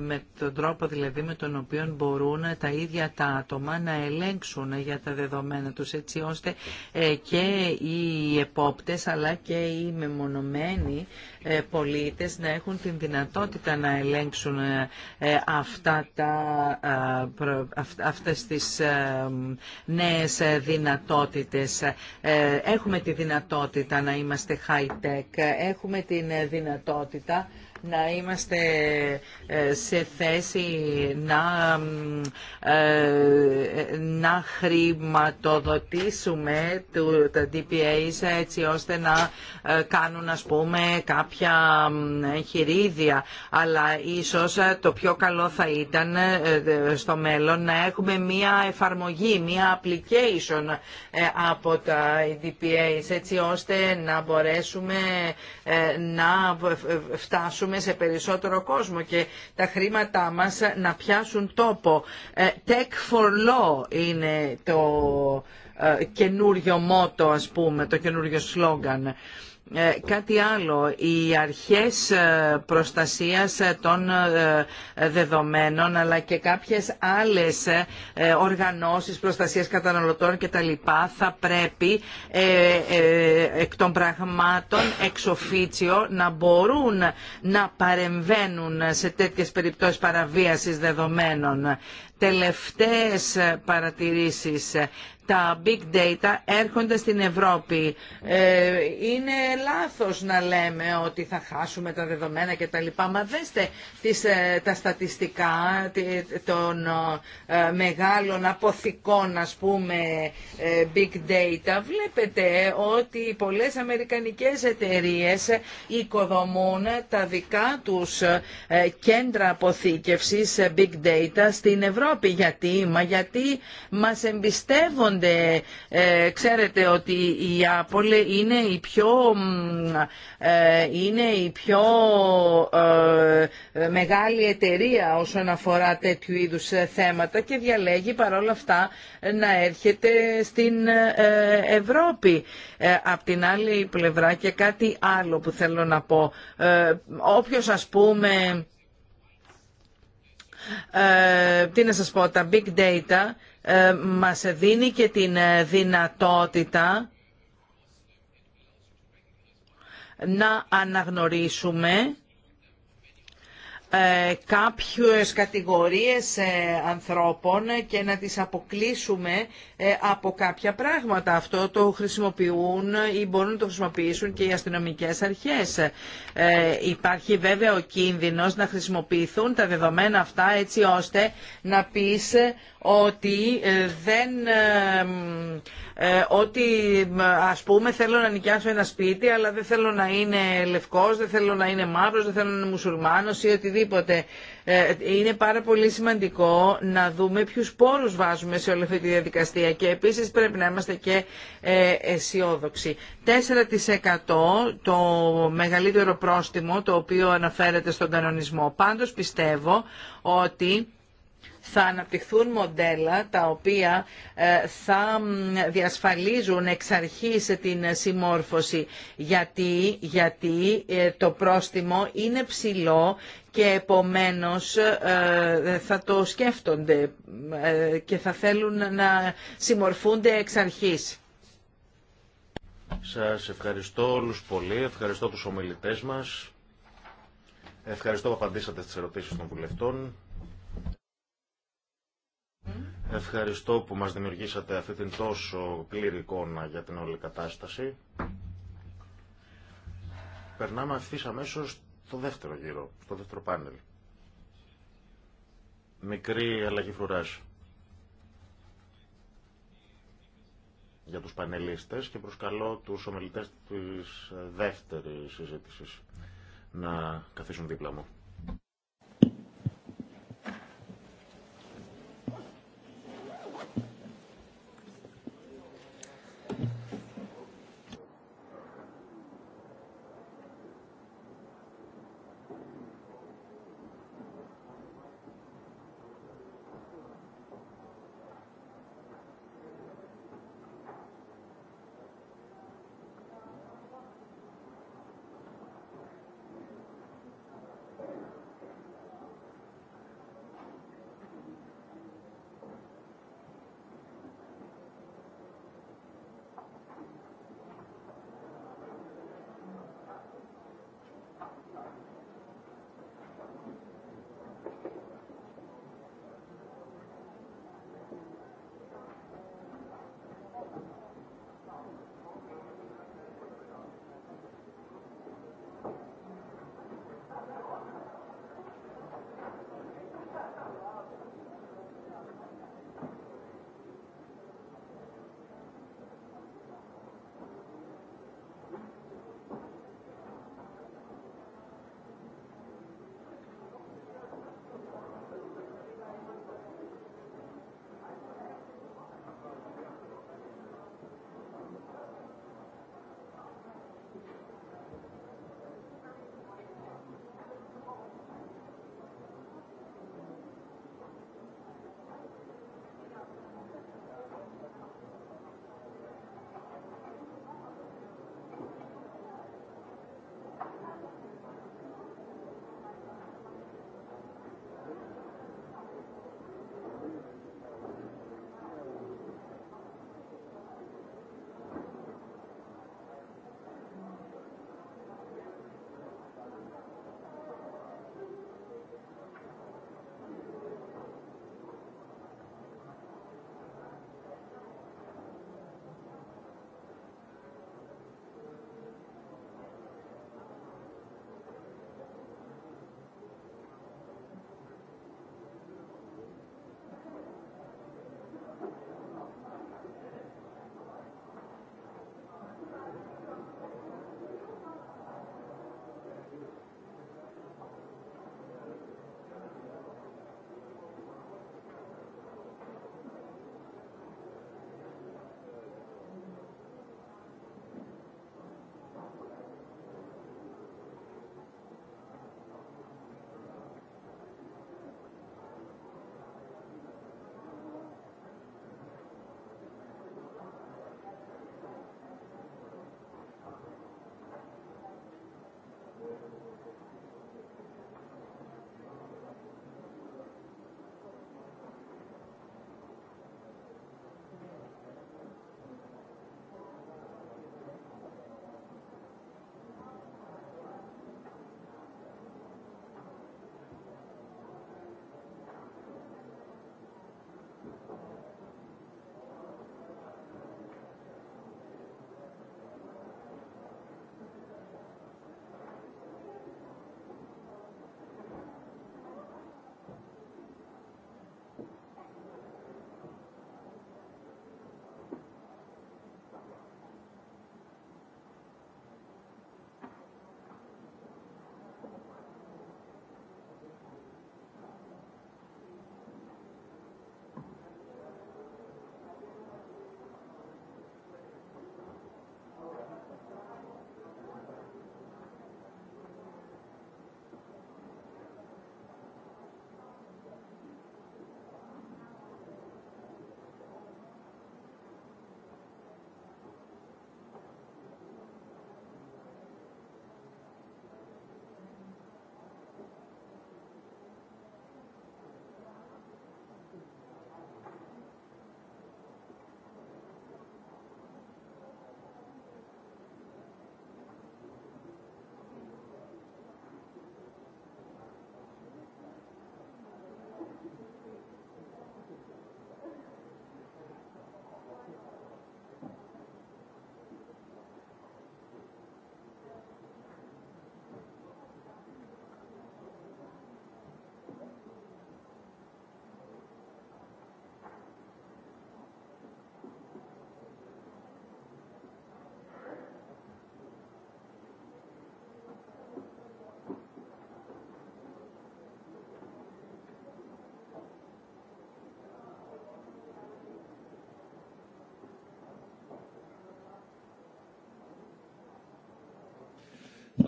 D: με τον τρόπο δηλαδή με τον οποίο μπορούν τα ίδια τα άτομα να ελέγξουν για τα δεδομένα τους έτσι ώστε ε, και οι επόπτες αλλά και οι μεμονωμένοι ε, πολίτες να έχουν την δυνατότητα να ελέγξουν ε, αυτά τα, αυτές τις νέες δυνατότητες. Έχουμε τη δυνατότητα να είμαστε high-tech, έχουμε την δυνατότητα να είμαστε ε, σε θέση να, ε, να χρηματοδοτήσουμε τα DPAs έτσι ώστε να ε, κάνουν ας πούμε κάποια χειρίδια. αλλά ίσως το πιο καλό θα ήταν στο μέλλον να έχουμε μία εφαρμογή, μία application από τα DPAs έτσι ώστε να μπορέσουμε να φτάσουμε φτάσουμε σε περισσότερο κόσμο και τα χρήματά μας να πιάσουν τόπο. Ε, tech for law είναι το ε, καινούριο μότο ας πούμε, το καινούριο σλόγγαν. Ε, κάτι άλλο, οι αρχές ε, προστασίας ε, των δεδομένων αλλά και κάποιες άλλες οργανώσεις προστασίας καταναλωτών και τα λοιπά θα πρέπει εκ των πραγμάτων εξοφίτσιο να μπορούν να παρεμβαίνουν σε τέτοιες περιπτώσεις παραβίασης δεδομένων τελευταίες παρατηρήσεις τα big data έρχονται στην Ευρώπη. Ε, είναι λάθος να λέμε ότι θα χάσουμε τα δεδομένα και τα λοιπά. Μα δέστε τις, ε, τα στατιστικά των ε, μεγάλων αποθηκών ας πούμε big data. Βλέπετε ότι πολλές αμερικανικές εταιρείες οικοδομούν τα δικά τους κέντρα αποθήκευσης big data στην Ευρώπη. Γιατί, μα γιατί μας εμπιστεύονται ε, ξέρετε ότι η Apple είναι η πιο, ε, είναι η πιο ε, μεγάλη εταιρεία όσον αφορά τέτοιου είδους θέματα και διαλέγει παρόλα αυτά να έρχεται στην Ευρώπη. Απ' την άλλη πλευρά και κάτι άλλο που θέλω να πω. Όποιος ας πούμε, τι να σας πω, τα big data ε, μας δίνει και την ε, δυνατότητα να αναγνωρίσουμε ε, κάποιες κατηγορίες ανθρώπων και να τις αποκλείσουμε από κάποια πράγματα. Αυτό το χρησιμοποιούν ή μπορούν να το χρησιμοποιήσουν και οι αστυνομικές αρχές. Υπάρχει βέβαια ο κίνδυνος να χρησιμοποιηθούν τα δεδομένα αυτά έτσι ώστε να πεις ότι ε, δεν ε, ε, ότι ας πούμε θέλω να νοικιάσω ένα σπίτι αλλά δεν θέλω να είναι λευκός, δεν θέλω να είναι μαύρος, δεν θέλω να είναι μουσουλμάνος ή οτιδήποτε. Είναι πάρα πολύ σημαντικό να δούμε ποιους πόρους βάζουμε σε όλη αυτή τη διαδικασία και επίσης πρέπει να είμαστε και αισιόδοξοι. 4% το μεγαλύτερο πρόστιμο το οποίο αναφέρεται στον κανονισμό. Πάντως πιστεύω ότι θα αναπτυχθούν μοντέλα τα οποία ε, θα διασφαλίζουν εξ αρχής την συμμόρφωση. Γιατί, γιατί ε, το πρόστιμο είναι ψηλό και επομένως ε, θα το σκέφτονται και θα θέλουν να συμμορφούνται εξ αρχής.
C: Σας ευχαριστώ όλους πολύ, ευχαριστώ τους ομιλητές μας, ευχαριστώ που απαντήσατε στις ερωτήσεις των βουλευτών. Ευχαριστώ που μας δημιουργήσατε αυτή την τόσο πλήρη εικόνα για την όλη κατάσταση. Περνάμε ευθύ αμέσω στο δεύτερο γύρο, στο δεύτερο πάνελ. Μικρή αλλαγή φρουράς για τους πανελίστες και προσκαλώ τους ομιλητές της δεύτερης συζήτησης να καθίσουν δίπλα μου.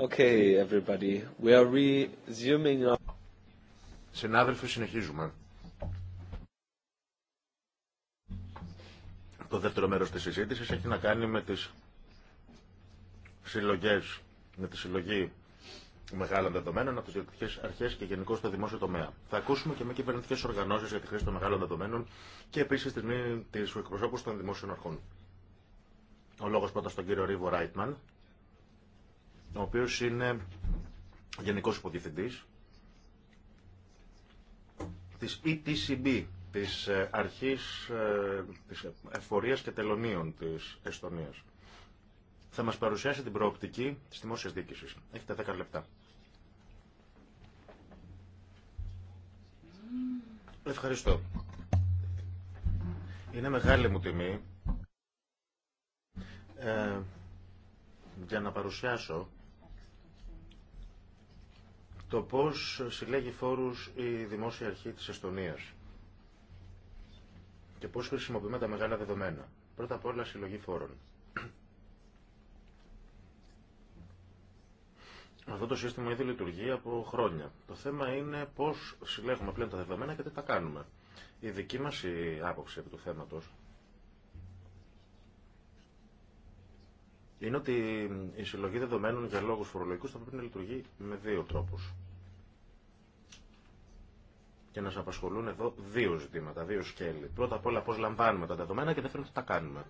A: Okay, everybody.
C: We are resuming our... Συνάδελφοι, συνεχίζουμε. Το δεύτερο μέρος της συζήτησης έχει να κάνει με τις συλλογές, με τη συλλογή μεγάλων δεδομένων από τι διοικητικέ αρχές και γενικώ στο δημόσιο τομέα. Θα ακούσουμε και με κυβερνητικέ οργανώσεις για τη χρήση των μεγάλων δεδομένων και επίση τις εκπροσώπου των δημόσιων αρχών. Ο λόγος πρώτα στον κύριο Ρίβο Ράιτμαν, ο οποίο είναι γενικός υποδιευθυντής της ETCB, της ε, αρχής ε, της εφορίας και τελωνίων της Εστονίας. Θα μας παρουσιάσει την προοπτική της δημόσια Δίκησης. Έχετε 10 λεπτά. Ευχαριστώ. Είναι μεγάλη μου τιμή ε, για να παρουσιάσω το πώς συλλέγει φόρους η Δημόσια Αρχή της Εστονίας και πώς χρησιμοποιούμε τα μεγάλα δεδομένα. Πρώτα απ' όλα συλλογή φόρων. Αυτό το σύστημα ήδη λειτουργεί από χρόνια. Το θέμα είναι πώς συλλέγουμε πλέον τα δεδομένα και τι τα κάνουμε. Η δική μας η άποψη επί του θέματος είναι ότι η συλλογή δεδομένων για λόγους φορολογικούς θα πρέπει να λειτουργεί με δύο τρόπους. Και να σας απασχολούν εδώ δύο ζητήματα, δύο σκέλη. Πρώτα απ' όλα πώς λαμβάνουμε τα δεδομένα και δεύτερον τι τα κάνουμε.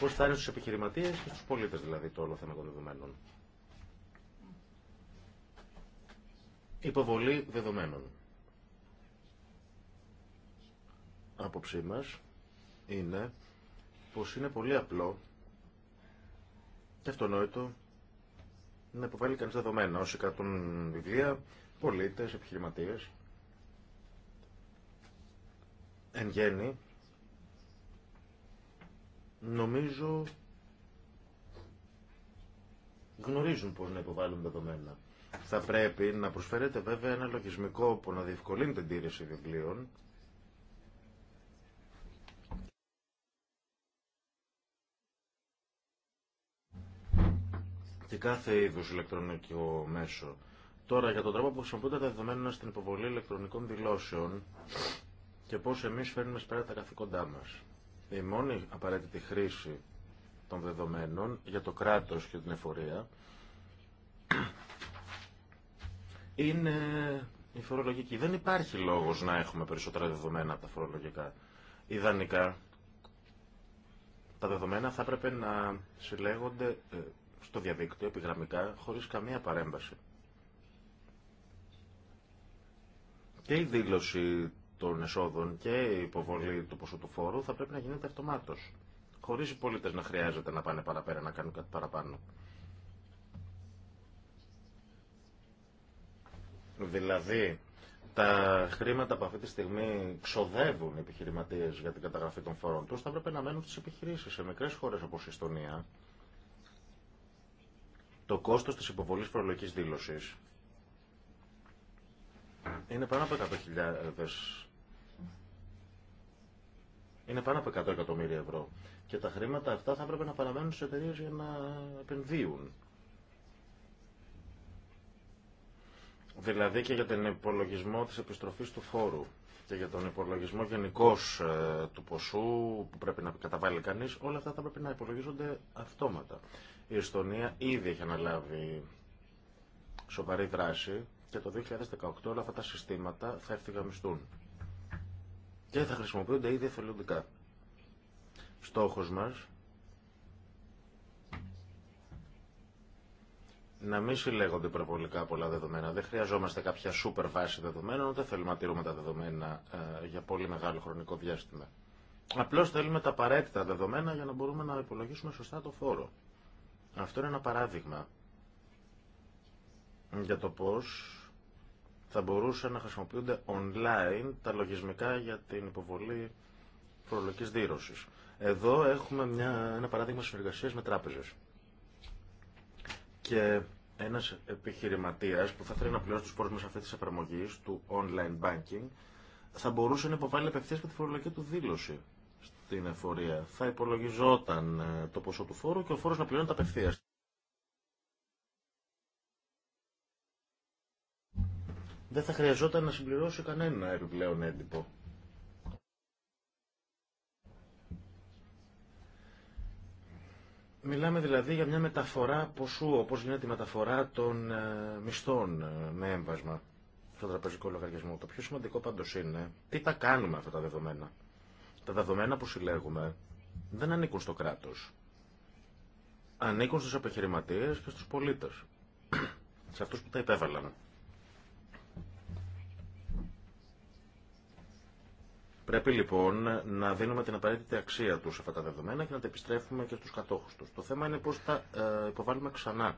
C: Πώς θα είναι στους επιχειρηματίες και στους πολίτες δηλαδή το όλο θέμα των δεδομένων. Υποβολή δεδομένων. Απόψή μας είναι πως είναι πολύ απλό και αυτονόητο να υποβάλει κανείς δεδομένα όσοι κρατούν βιβλία, πολίτες, επιχειρηματίες. Εν γέννη, νομίζω γνωρίζουν πώς να υποβάλουν δεδομένα. Θα πρέπει να προσφέρεται βέβαια ένα λογισμικό που να διευκολύνει την τήρηση βιβλίων και κάθε είδου ηλεκτρονικό μέσο. Τώρα για τον τρόπο που χρησιμοποιούνται τα δεδομένα στην υποβολή ηλεκτρονικών δηλώσεων και πώς εμεί φέρνουμε σπέρα τα καθήκοντά μα. Η μόνη απαραίτητη χρήση των δεδομένων για το κράτος και την εφορία είναι η φορολογική. Δεν υπάρχει λόγος να έχουμε περισσότερα δεδομένα από τα φορολογικά. Ιδανικά, τα δεδομένα θα έπρεπε να συλλέγονται ε, στο διαδίκτυο επιγραμμικά χωρίς καμία παρέμβαση. Και η δήλωση των εσόδων και η υποβολή του ποσού του φόρου θα πρέπει να γίνεται αυτομάτως. Χωρίς οι πολίτες να χρειάζεται να πάνε παραπέρα, να κάνουν κάτι παραπάνω. Δηλαδή, τα χρήματα που αυτή τη στιγμή ξοδεύουν οι επιχειρηματίε για την καταγραφή των φόρων του θα πρέπει να μένουν στι επιχειρήσει. Σε μικρέ χώρε όπω η Ιστονία, το κόστος της υποβολής φορολογικής δήλωσης είναι πάνω από 100.000 είναι πάνω από 100 εκατομμύρια ευρώ. Και τα χρήματα αυτά θα έπρεπε να παραμένουν στι εταιρείε για να επενδύουν. Δηλαδή και για τον υπολογισμό της επιστροφής του φόρου και για τον υπολογισμό γενικώ ε, του ποσού που πρέπει να καταβάλει κανείς, όλα αυτά θα πρέπει να υπολογίζονται αυτόματα. Η Εστονία ήδη έχει αναλάβει σοβαρή δράση και το 2018 όλα αυτά τα συστήματα θα ευθυγραμμιστούν και θα χρησιμοποιούνται ήδη εθελοντικά. Στόχος μας να μην συλλέγονται προβολικά πολλά δεδομένα. Δεν χρειαζόμαστε κάποια σούπερ βάση δεδομένων, δεν θέλουμε να τηρούμε τα δεδομένα ε, για πολύ μεγάλο χρονικό διάστημα. Απλώς θέλουμε τα απαραίτητα δεδομένα για να μπορούμε να υπολογίσουμε σωστά το φόρο. Αυτό είναι ένα παράδειγμα για το πώς θα μπορούσαν να χρησιμοποιούνται online τα λογισμικά για την υποβολή προλογικής δήρωσης. Εδώ έχουμε μια, ένα παράδειγμα συνεργασίας με τράπεζες. Και ένας επιχειρηματίας που θα θέλει να πληρώσει τους πόρους μας αυτής της εφαρμογή του online banking θα μπορούσε να υποβάλει απευθείας με τη φορολογική του δήλωση στην εφορία. Θα υπολογιζόταν ε, το ποσό του φόρου και ο φόρος να πληρώνεται απευθεία. Δεν θα χρειαζόταν να συμπληρώσει κανένα επιπλέον έντυπο. Μιλάμε δηλαδή για μια μεταφορά ποσού, όπως είναι τη μεταφορά των ε, μισθών ε, με έμβασμα στο τραπεζικό λογαριασμό. Το πιο σημαντικό πάντως είναι τι τα κάνουμε αυτά τα δεδομένα. Τα δεδομένα που συλλέγουμε δεν ανήκουν στο κράτος. Ανήκουν στους επιχειρηματίες και στους πολίτες. Σε αυτούς που τα υπέβαλαν. Πρέπει λοιπόν να δίνουμε την απαραίτητη αξία τους σε αυτά τα δεδομένα και να τα επιστρέφουμε και στους κατόχους τους. Το θέμα είναι πώς τα ε, υποβάλλουμε ξανά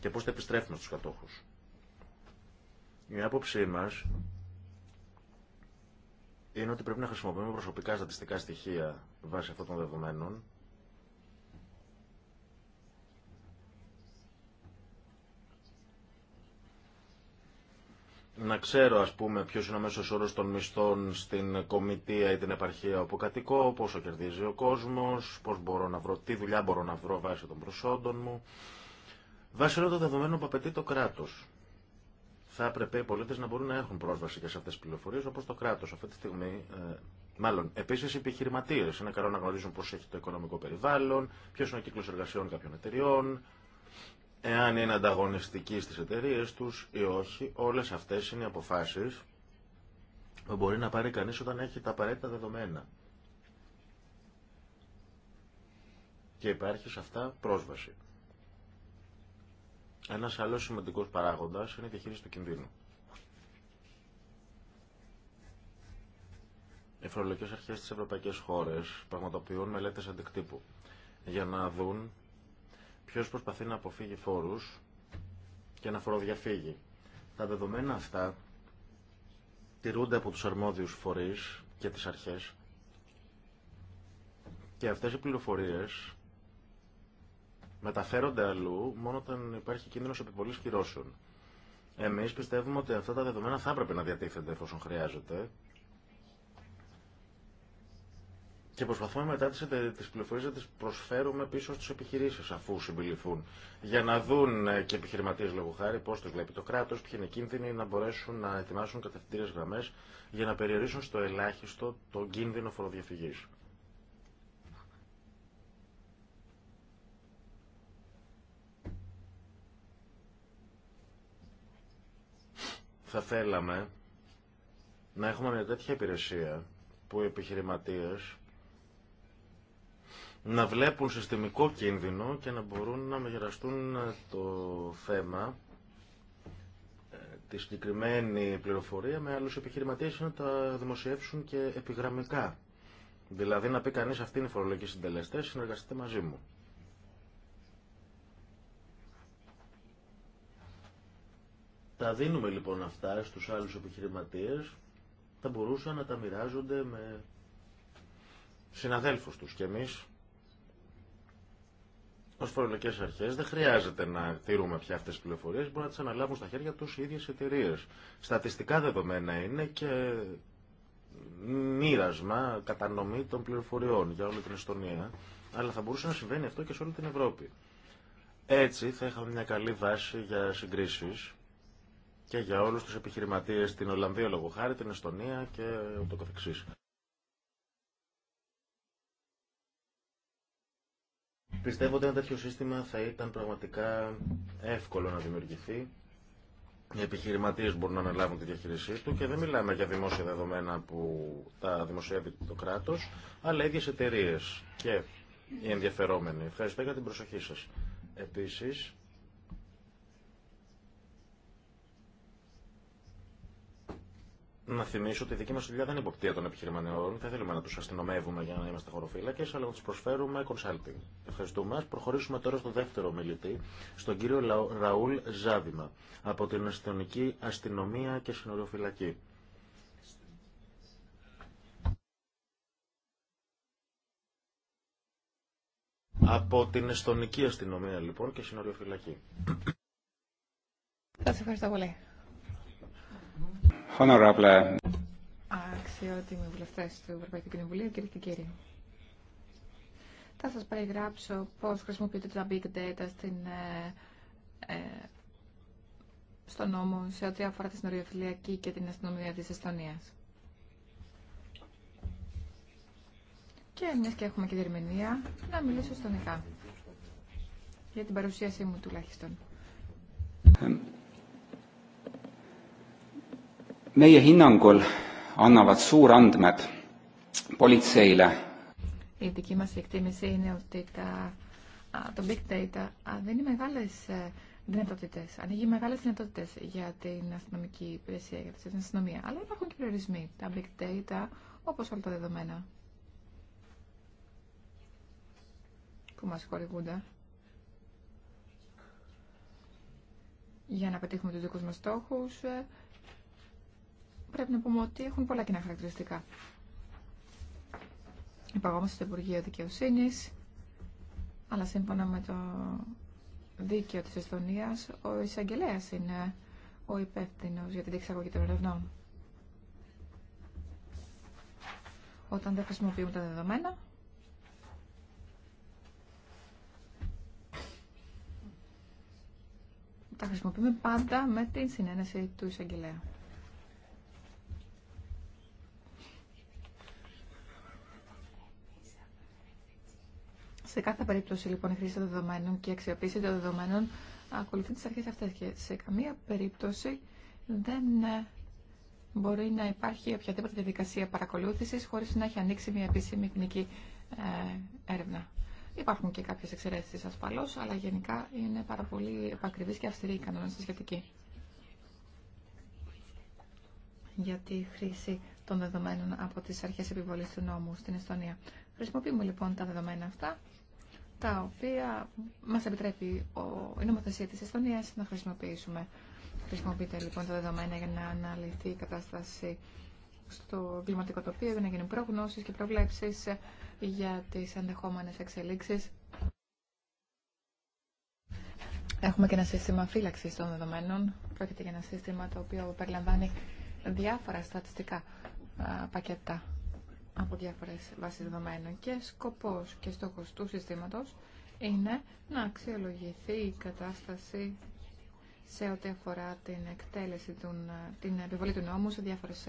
C: και πώς τα επιστρέφουμε στους κατόχους. Η άποψή μας είναι ότι πρέπει να χρησιμοποιούμε προσωπικά στατιστικά στοιχεία βάσει αυτών των δεδομένων να ξέρω ας πούμε ποιος είναι ο μέσος όρος των μισθών στην κομιτεία ή την επαρχία όπου κατοικώ, πόσο κερδίζει ο κόσμος, πώς μπορώ να βρω, τι δουλειά μπορώ να βρω βάσει των προσόντων μου. Βάσει όλων των δεδομένο που απαιτεί το κράτος θα έπρεπε οι πολίτε να μπορούν να έχουν πρόσβαση και σε αυτέ τι πληροφορίε όπω το κράτο, αυτή τη στιγμή ε, Μάλλον, επίση οι επιχειρηματίε είναι καλό να γνωρίζουν πώ έχει το οικονομικό περιβάλλον, ποιο είναι ο κύκλο εργασιών κάποιων εταιριών, εάν είναι ανταγωνιστικοί στι εταιρείε του ή όχι. Όλε αυτέ είναι οι αποφάσει που μπορεί να πάρει κανεί όταν έχει τα απαραίτητα δεδομένα. Και υπάρχει σε αυτά πρόσβαση. Ένα άλλο σημαντικό παράγοντας είναι η διαχείριση του κινδύνου. Οι φορολογικέ αρχέ της ευρωπαϊκής χώρες πραγματοποιούν μελέτες αντικτύπου για να δουν ποιο προσπαθεί να αποφύγει φόρους και να φοροδιαφύγει. Τα δεδομένα αυτά τηρούνται από τους αρμόδιους φορείς και τις αρχές και αυτέ οι πληροφορίε μεταφέρονται αλλού μόνο όταν υπάρχει κίνδυνο επιβολή κυρώσεων. Εμεί πιστεύουμε ότι αυτά τα δεδομένα θα έπρεπε να διατίθενται εφόσον χρειάζεται και προσπαθούμε μετά τι ε, πληροφορίε να τι προσφέρουμε πίσω στι επιχειρήσει αφού συμπληρωθούν, για να δουν ε, και επιχειρηματίε λόγω χάρη πώ τους βλέπει το κράτο. ποιοι είναι κίνδυνοι να μπορέσουν να ετοιμάσουν κατευθυντήρε γραμμέ για να περιορίσουν στο ελάχιστο τον κίνδυνο φοροδιαφυγή. Θα θέλαμε να έχουμε μια τέτοια υπηρεσία που οι επιχειρηματίες να βλέπουν συστημικό κίνδυνο και να μπορούν να μεγεραστούν το θέμα ε, τη συγκεκριμένη πληροφορία με άλλους επιχειρηματίες να τα δημοσιεύσουν και επιγραμμικά. Δηλαδή να πει κανείς αυτή είναι η φορολογική συντελεστέ, συνεργαστείτε μαζί μου. Τα δίνουμε λοιπόν αυτά στους άλλους επιχειρηματίες, θα μπορούσαν να τα μοιράζονται με συναδέλφους τους και εμείς Ω φορολογικέ αρχέ δεν χρειάζεται να τηρούμε πια αυτέ τι πληροφορίε, μπορούν να τι αναλάβουν στα χέρια του οι ίδιε εταιρείε. Στατιστικά δεδομένα είναι και μοίρασμα, κατανομή των πληροφοριών για όλη την Εστονία, αλλά θα μπορούσε να συμβαίνει αυτό και σε όλη την Ευρώπη. Έτσι θα είχαμε μια καλή βάση για συγκρίσει και για όλους τους επιχειρηματίες στην Ολλανδία λόγω χάρη, την Εστονία και ούτω καθεξής. Πιστεύω ότι ένα τέτοιο σύστημα θα ήταν πραγματικά εύκολο να δημιουργηθεί. Οι επιχειρηματίε μπορούν να αναλάβουν τη διαχείρισή του και δεν μιλάμε για δημόσια δεδομένα που τα δημοσιεύει το κράτο, αλλά ίδιε εταιρείε και οι ενδιαφερόμενοι. Ευχαριστώ για την προσοχή σα. Επίση, να θυμίσω ότι η δική μα δουλειά δεν είναι υποπτία των επιχειρηματιών. Δεν θέλουμε να του αστυνομεύουμε για να είμαστε χωροφύλακε, αλλά να του προσφέρουμε consulting. Ευχαριστούμε. Α προχωρήσουμε τώρα στο δεύτερο μιλητή, στον κύριο Ραούλ Ζάβημα, από την Αστυνομική Αστυνομία και Συνοριοφυλακή. Από την Εστονική Αστυνομία λοιπόν και Συνοριοφυλακή.
B: Σας ευχαριστώ πολύ. Honorable. Αξιότιμοι βουλευτέ του Ευρωπαϊκού Κοινοβουλίου, κυρίε και κύριοι. Θα σα περιγράψω πώ χρησιμοποιείται τα big data στην, ε, ε στον νόμο σε ό,τι αφορά τη συνοριοφυλακή και την αστυνομία τη Εστονία. Και μια και έχουμε και διερμηνία, να μιλήσω στον Για την παρουσίασή μου τουλάχιστον.
A: Ε, η
B: δική μας εκτίμηση είναι ότι το big data δίνει μεγάλες ανοίγει μεγάλες δυνατότητες για την αστυνομική υπηρεσία, για την αστυνομία. Αλλά υπάρχουν και περιορισμοί, τα big data, όπως όλα τα δεδομένα που μας χορηγούνται. Για να πετύχουμε τους δικούς μας στόχους, πρέπει να πούμε ότι έχουν πολλά κοινά χαρακτηριστικά. Υπαγόμαστε στο Υπουργείο Δικαιοσύνη, αλλά σύμφωνα με το δίκαιο τη Εστονίας, ο εισαγγελέα είναι ο υπεύθυνο για την εξαγωγή των ερευνών. Όταν δεν χρησιμοποιούμε τα δεδομένα, τα χρησιμοποιούμε πάντα με την συνένεση του εισαγγελέα. Σε κάθε περίπτωση λοιπόν η χρήση των δεδομένων και η αξιοποίηση των δεδομένων ακολουθεί τις αρχές αυτές και σε καμία περίπτωση δεν ε, μπορεί να υπάρχει οποιαδήποτε διαδικασία παρακολούθησης χωρίς να έχει ανοίξει μια επίσημη ε, έρευνα. Υπάρχουν και κάποιες εξαιρέσεις ασφαλώς, αλλά γενικά είναι πάρα πολύ επακριβής και αυστηρή η κανόνα στη σχετική για τη χρήση των δεδομένων από τις αρχές επιβολής του νόμου στην Εστονία. Χρησιμοποιούμε λοιπόν τα δεδομένα αυτά τα οποία μας επιτρέπει η νομοθεσία της Εστονίας να χρησιμοποιήσουμε. Χρησιμοποιείται λοιπόν τα δεδομένα για να αναλυθεί η κατάσταση στο κλιματικό τοπίο, για να γίνουν προγνώσεις και προβλέψεις για τις ενδεχόμενες εξελίξεις. Έχουμε και ένα σύστημα φύλαξη των δεδομένων. Πρόκειται για ένα σύστημα το οποίο περιλαμβάνει διάφορα στατιστικά πακέτα από διάφορες βάσεις δεδομένων και σκοπός και στόχος του συστήματος είναι να αξιολογηθεί η κατάσταση σε ό,τι αφορά την εκτέλεση, των, την επιβολή του νόμου σε διάφορες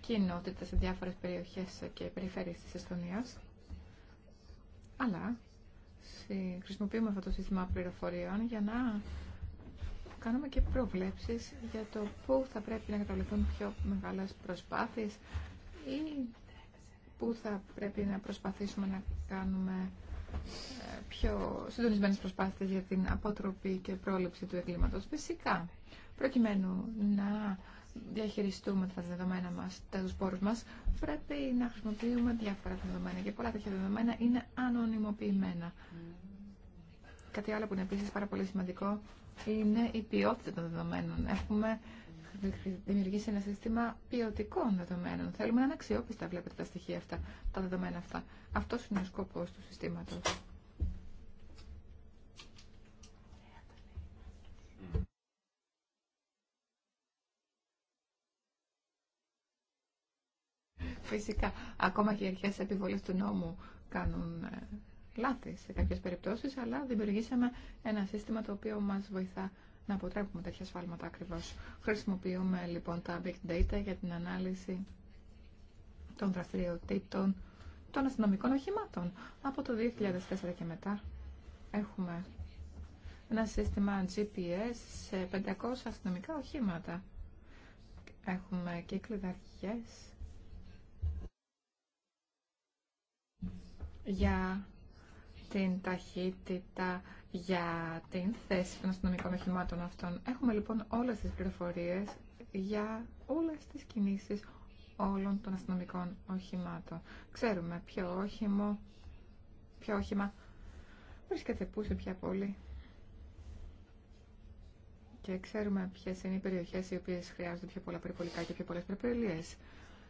B: κοινότητες, σε διάφορες περιοχές και περιφέρειες της Εστονίας. Αλλά χρησιμοποιούμε αυτό το σύστημα πληροφοριών για να κάνουμε και προβλέψεις για το πού θα πρέπει να καταβληθούν πιο μεγάλες προσπάθειες ή που θα πρέπει να προσπαθήσουμε να κάνουμε ε, πιο συντονισμένες προσπάθειες για την αποτροπή και πρόληψη του εγκλήματο. Φυσικά, προκειμένου να διαχειριστούμε τα δεδομένα μας, τους πόρους μας, πρέπει να χρησιμοποιούμε διάφορα δεδομένα και πολλά τέτοια δεδομένα είναι ανωνυμοποιημένα. Κάτι άλλο που είναι επίση πάρα πολύ σημαντικό είναι η ποιότητα των δεδομένων. Έχουμε δημιουργήσει ένα σύστημα ποιοτικών δεδομένων. Θέλουμε να είναι αξιόπιστα, βλέπετε, τα στοιχεία αυτά, τα δεδομένα αυτά. Αυτό είναι ο σκοπό του συστήματο. Φυσικά, ακόμα και οι αρχέ επιβολή του νόμου κάνουν ε, λάθη σε κάποιες περιπτώσεις, αλλά δημιουργήσαμε ένα σύστημα το οποίο μας βοηθά να αποτρέπουμε τέτοια σφάλματα ακριβώς. Χρησιμοποιούμε λοιπόν τα big data για την ανάλυση των δραστηριοτήτων των αστυνομικών οχημάτων. Από το 2004 και μετά έχουμε ένα σύστημα GPS σε 500 αστυνομικά οχήματα. Έχουμε και κλειδαριές για την ταχύτητα, για την θέση των αστυνομικών οχημάτων αυτών. Έχουμε λοιπόν όλες τις πληροφορίες για όλες τις κινήσεις όλων των αστυνομικών οχημάτων. Ξέρουμε ποιο όχημα, ποιο όχημα βρίσκεται πού σε ποια πόλη και ξέρουμε ποιε είναι οι περιοχέ οι οποίε χρειάζονται πιο πολλά περιπολικά και πιο πολλέ περιπολίε.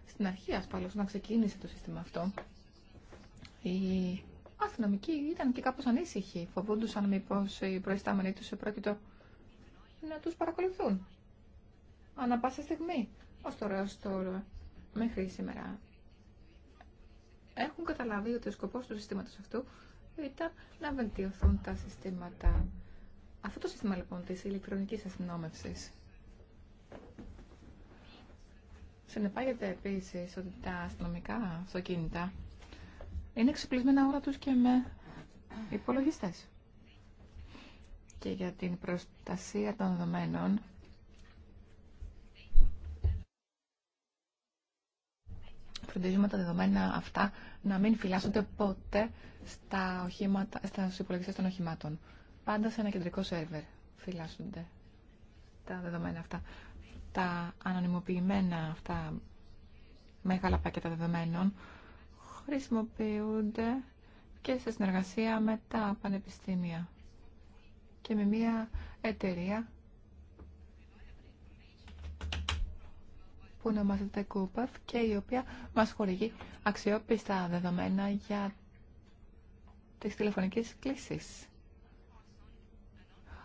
B: Στην αρχή, ασφαλώ, να ξεκίνησε το σύστημα αυτό, αστυνομικοί ήταν και κάπως ανήσυχοι. Φοβούντουσαν μήπως οι προϊστάμενοι τους επρόκειτο να τους παρακολουθούν. Ανά πάσα στιγμή, ως τώρα, ως τώρα, μέχρι σήμερα. Έχουν καταλάβει ότι ο σκοπός του συστήματος αυτού ήταν να βελτιωθούν τα συστήματα. Αυτό το σύστημα λοιπόν της ηλεκτρονικής αστυνόμευσης συνεπάγεται επίσης ότι τα αστυνομικά αυτοκίνητα είναι εξοπλισμένα όλα τους και με υπολογιστές. Και για την προστασία των δεδομένων, φροντίζουμε τα δεδομένα αυτά να μην φυλάσσονται ποτέ στα οχήματα, στα υπολογιστές των οχημάτων. Πάντα σε ένα κεντρικό σερβερ φυλάσσονται τα δεδομένα αυτά. Τα ανωνυμοποιημένα αυτά μεγάλα πακέτα δεδομένων χρησιμοποιούνται και σε συνεργασία με τα πανεπιστήμια και με μια εταιρεία που ονομάζεται Κούπαθ και η οποία μας χορηγεί αξιόπιστα δεδομένα για τις τηλεφωνικές κλήσεις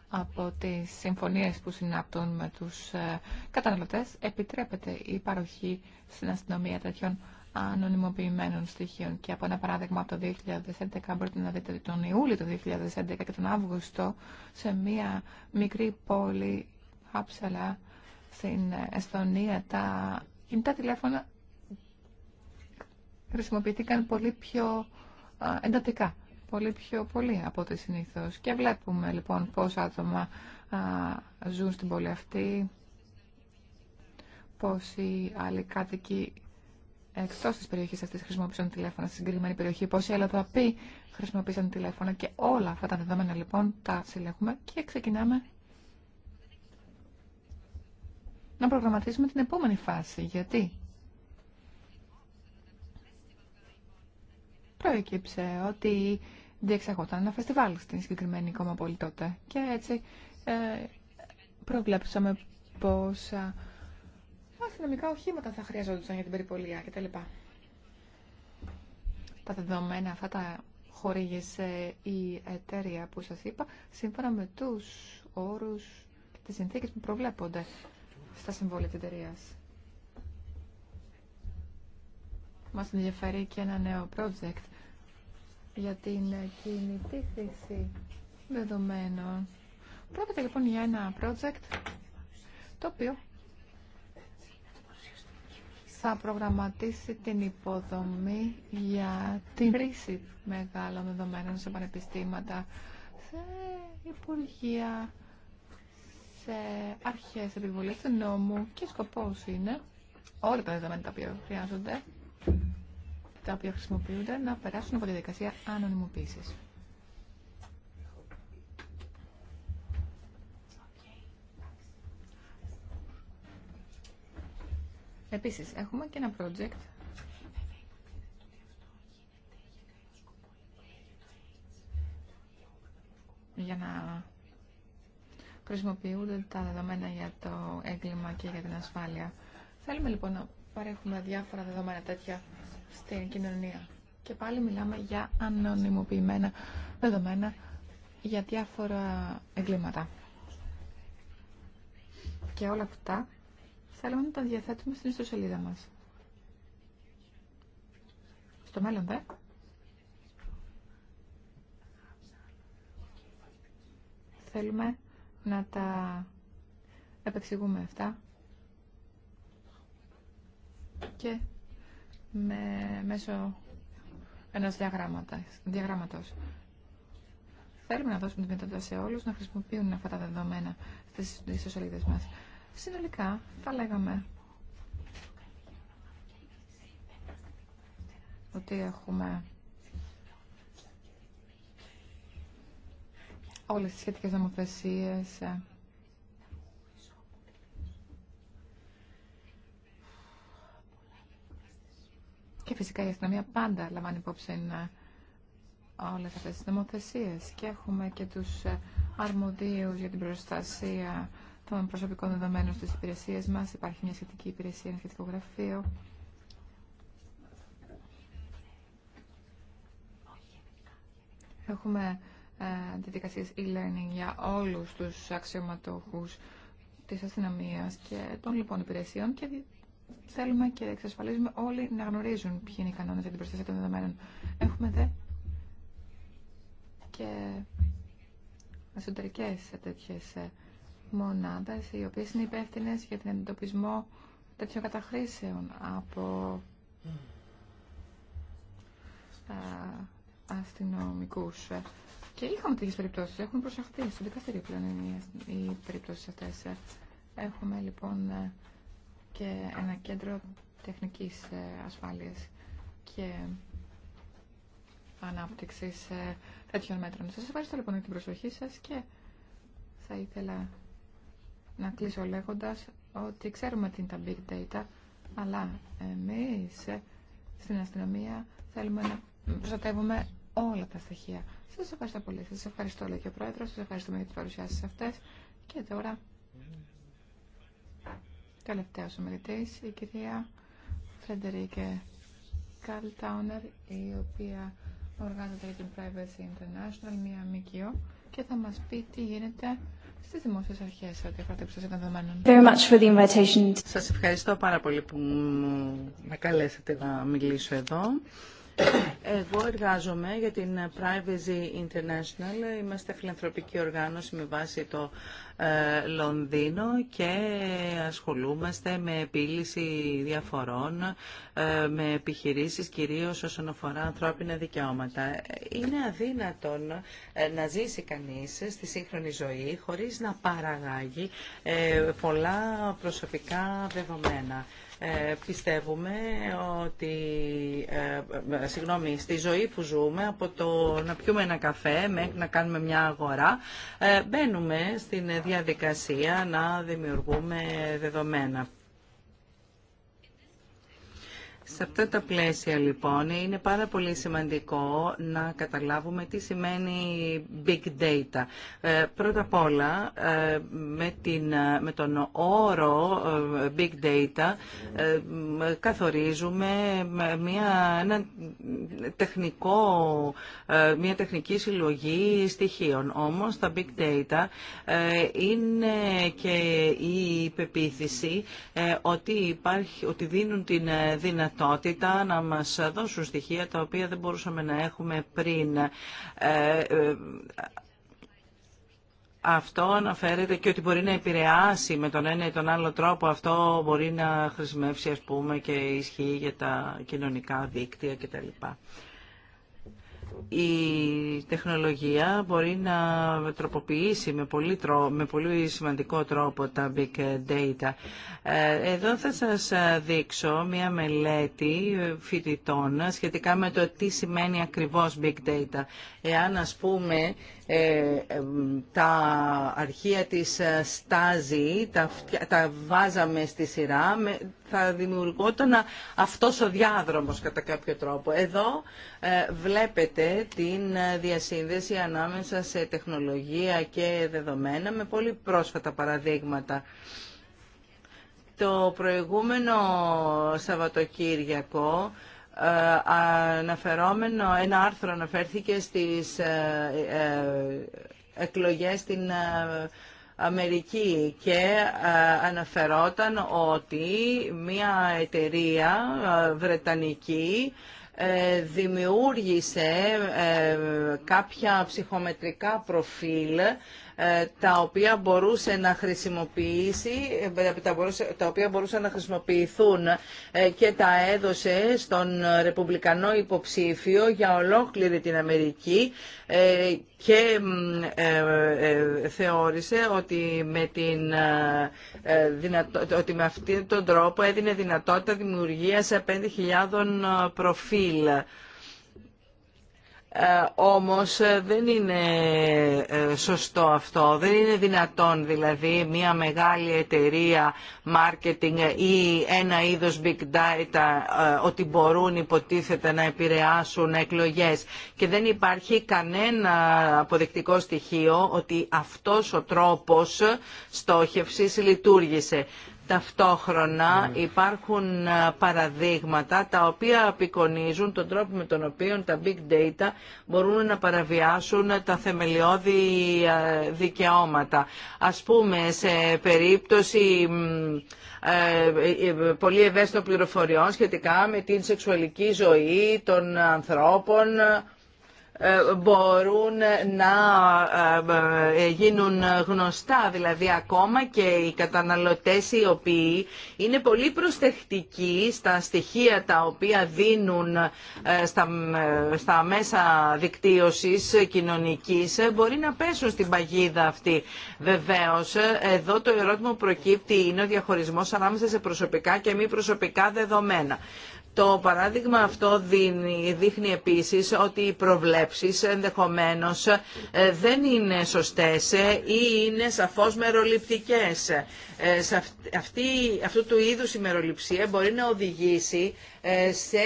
B: από τις συμφωνίες που συνάπτουν με τους ε, καταναλωτές επιτρέπεται η παροχή στην αστυνομία τέτοιων ανωνυμοποιημένων στοιχείων. Και από ένα παράδειγμα από το 2011 μπορείτε να δείτε τον Ιούλιο του 2011 και τον Αύγουστο σε μία μικρή πόλη Άψαλα στην Εσθονία τα κινητά τηλέφωνα χρησιμοποιήθηκαν πολύ πιο εντατικά, πολύ πιο πολύ από ό,τι συνήθως. Και βλέπουμε λοιπόν πόσα άτομα ζουν στην πόλη αυτή, πόσοι άλλοι κάτοικοι εκτό τη περιοχή αυτή χρησιμοποίησαν τηλέφωνα στη συγκεκριμένη περιοχή, πόσοι αλλοδαποί χρησιμοποίησαν τηλέφωνα και όλα αυτά τα δεδομένα λοιπόν τα συλλέγουμε και ξεκινάμε να προγραμματίσουμε την επόμενη φάση. Γιατί προέκυψε ότι διεξαγόταν ένα φεστιβάλ στην συγκεκριμένη κόμμα και έτσι ε, προβλέψαμε πόσα αστυνομικά οχήματα θα χρειαζόντουσαν για την περιπολία κτλ. Τα δεδομένα αυτά τα χορήγησε η εταιρεία που σας είπα σύμφωνα με τους όρους και τις συνθήκες που προβλέπονται στα συμβόλαια της εταιρεία. Μας ενδιαφέρει και ένα νέο project για την κινητή χρήση δεδομένων. Πρόκειται λοιπόν για ένα project το οποίο θα προγραμματίσει την υποδομή για την χρήση μεγάλων δεδομένων σε πανεπιστήματα, σε υπουργεία, σε αρχές επιβολής του νόμου και σκοπός είναι όλα τα δεδομένα τα οποία χρειάζονται, τα οποία χρησιμοποιούνται, να περάσουν από τη διαδικασία ανωνυμοποίησης. Επίσης, έχουμε και ένα project για να χρησιμοποιούνται τα δεδομένα για το έγκλημα και για την ασφάλεια. Θέλουμε λοιπόν να παρέχουμε διάφορα δεδομένα τέτοια στην κοινωνία. Και πάλι μιλάμε για ανωνυμοποιημένα δεδομένα για διάφορα εγκλήματα. Και όλα αυτά θέλουμε να τα διαθέτουμε στην ιστοσελίδα μας. Στο μέλλον, δε. Θέλουμε να τα επεξηγούμε αυτά και με, μέσω ενός διαγράμματος. Θέλουμε να δώσουμε τη δυνατότητα σε όλους να χρησιμοποιούν αυτά τα δεδομένα στις ιστοσελίδες μας συνολικά θα λέγαμε ότι έχουμε όλες τις σχετικές νομοθεσίες ε, και φυσικά η αστυνομία πάντα λαμβάνει υπόψη ε, όλες αυτές τις νομοθεσίες και έχουμε και τους ε, αρμοδίους για την προστασία των προσωπικών δεδομένων στις υπηρεσίες μας. Υπάρχει μια σχετική υπηρεσία, ένα σχετικό γραφείο. Έχουμε ε, διαδικασίες e-learning για όλους τους αξιωματούχους της αστυνομία και των λοιπόν υπηρεσιών και θέλουμε και εξασφαλίζουμε όλοι να γνωρίζουν ποιοι είναι οι κανόνες για την προστασία των δεδομένων. Έχουμε δε και εσωτερικέ τέτοιες ε, μονάδες οι οποίες είναι υπεύθυνε για την εντοπισμό τέτοιων καταχρήσεων από αστυνομικούς. Και είχαμε τέτοιες περιπτώσεις. Έχουν προσαχθεί στο δικαστήριο πλέον οι περιπτώσεις αυτές. Έχουμε λοιπόν και ένα κέντρο τεχνικής ε, ασφάλειας και ανάπτυξης ε, τέτοιων μέτρων. Σας ευχαριστώ λοιπόν για την προσοχή σας και θα ήθελα να κλείσω λέγοντας ότι ξέρουμε τι είναι τα big data, αλλά εμείς στην αστυνομία θέλουμε να προστατεύουμε όλα τα στοιχεία. Σας ευχαριστώ πολύ. Σας ευχαριστώ, λέει και ο Πρόεδρος. Σας ευχαριστούμε για τις παρουσιάσεις αυτές. Και τώρα, ο ομιλητής, η κυρία Φρεντερίκε Καλτάουνερ, η οποία οργάνωται για την Privacy International, μία ΜΚΟ, και θα μας πει τι γίνεται στις δημόσιες αρχές ό,τι αφορά την προστασία
D: Σας ευχαριστώ πάρα πολύ που με καλέσατε να μιλήσω εδώ.
B: Εγώ εργάζομαι
D: για την Privacy International. Είμαστε φιλανθρωπική οργάνωση με βάση το ε, Λονδίνο και ασχολούμαστε με επίλυση διαφορών ε, με επιχειρήσεις κυρίως όσον αφορά ανθρώπινα δικαιώματα. Είναι αδύνατον ε, να ζήσει κανείς στη σύγχρονη ζωή χωρίς να παραγάγει πολλά προσωπικά δεδομένα. Ε, πιστεύουμε ότι, ε, ε, συγγνώμη, στη ζωή που ζούμε, από το να πιούμε ένα καφέ μέχρι να κάνουμε μια αγορά, μπαίνουμε στην διαδικασία να δημιουργούμε δεδομένα. Σε αυτά τα πλαίσια λοιπόν είναι πάρα πολύ σημαντικό να καταλάβουμε τι σημαίνει big data. Ε, πρώτα απ' όλα ε, με, την, ε, με τον όρο big data καθορίζουμε μια, ένα τεχνικό, μια τεχνική συλλογή στοιχείων. Όμως τα big data είναι και η υπεποίθηση ότι, υπάρχει, ότι δίνουν την δυνατότητα δυνατότητα να μας δώσουν στοιχεία τα οποία δεν μπορούσαμε να έχουμε πριν. Ε, ε, αυτό αναφέρεται και ότι μπορεί να επηρεάσει με τον ένα ή τον άλλο τρόπο. Αυτό μπορεί να χρησιμεύσει, ας πούμε, και ισχύει για τα κοινωνικά δίκτυα κτλ η τεχνολογία μπορεί να τροποποιήσει με πολύ, με πολύ σημαντικό τρόπο τα big data. Ε, εδώ θα σας δείξω μια μελέτη φοιτητών σχετικά με το τι σημαίνει ακριβώς big data. Εάν ας πούμε ε, τα αρχεία της ε, Στάζη, τα, βάζαμε στη σειρά, θα δημιουργόταν αυτός ο διάδρομος κατά κάποιο τρόπο. Εδώ ε, βλέπετε την διασύνδεση ανάμεσα σε τεχνολογία και δεδομένα με πολύ πρόσφατα παραδείγματα. Το προηγούμενο Σαββατοκύριακο ε, αναφερόμενο, ένα άρθρο αναφέρθηκε στις ε, ε, εκλογές στην Αμερική και αναφερόταν ότι μια εταιρεία βρετανική δημιούργησε κάποια ψυχομετρικά προφίλ ε, τα οποία μπορούσε να χρησιμοποιήσει, ε, τα οποία μπορούσαν να χρησιμοποιηθούν ε, και τα έδωσε στον ρεπουμπλικανό υποψήφιο για ολόκληρη την Αμερική και θεώρησε ότι με, την, ότι με αυτόν τον τρόπο έδινε δυνατότητα δημιουργίας 5.000 προφίλ. Ε, όμως ε, δεν είναι ε, σωστό αυτό, δεν είναι δυνατόν δηλαδή μια μεγάλη εταιρεία marketing ή ένα είδος big data ότι μπορούν υποτίθεται να επηρεάσουν εκλογές και δεν υπάρχει κανένα αποδεικτικό στοιχείο ότι αυτός ο τρόπος στόχευσης λειτουργήσε. Ταυτόχρονα ναι. υπάρχουν παραδείγματα τα οποία απεικονίζουν τον τρόπο με τον οποίο τα big data μπορούν να παραβιάσουν τα θεμελιώδη δικαιώματα. Ας πούμε σε περίπτωση ε, ε, ε, πολύ ευαίσθητων πληροφοριών σχετικά με την σεξουαλική ζωή των ανθρώπων ε, μπορούν να ε, ε, γίνουν γνωστά. Δηλαδή ακόμα και οι καταναλωτές οι οποίοι είναι πολύ προστεκτικοί στα στοιχεία τα οποία δίνουν στα, στα μέσα δικτύωσης κοινωνικής μπορεί να πέσουν στην παγίδα αυτή. Βεβαίως εδώ το ερώτημα που προκύπτει είναι ο διαχωρισμός ανάμεσα σε προσωπικά και μη προσωπικά δεδομένα. Το παράδειγμα αυτό δίνει, δείχνει επίσης ότι οι προβλέψεις ενδεχομένως ε, δεν είναι σωστές ε, ή είναι σαφώς μεροληπτικές. Ε, αυτή, αυτού του είδους η μεροληψία μπορεί να οδηγήσει ε, σε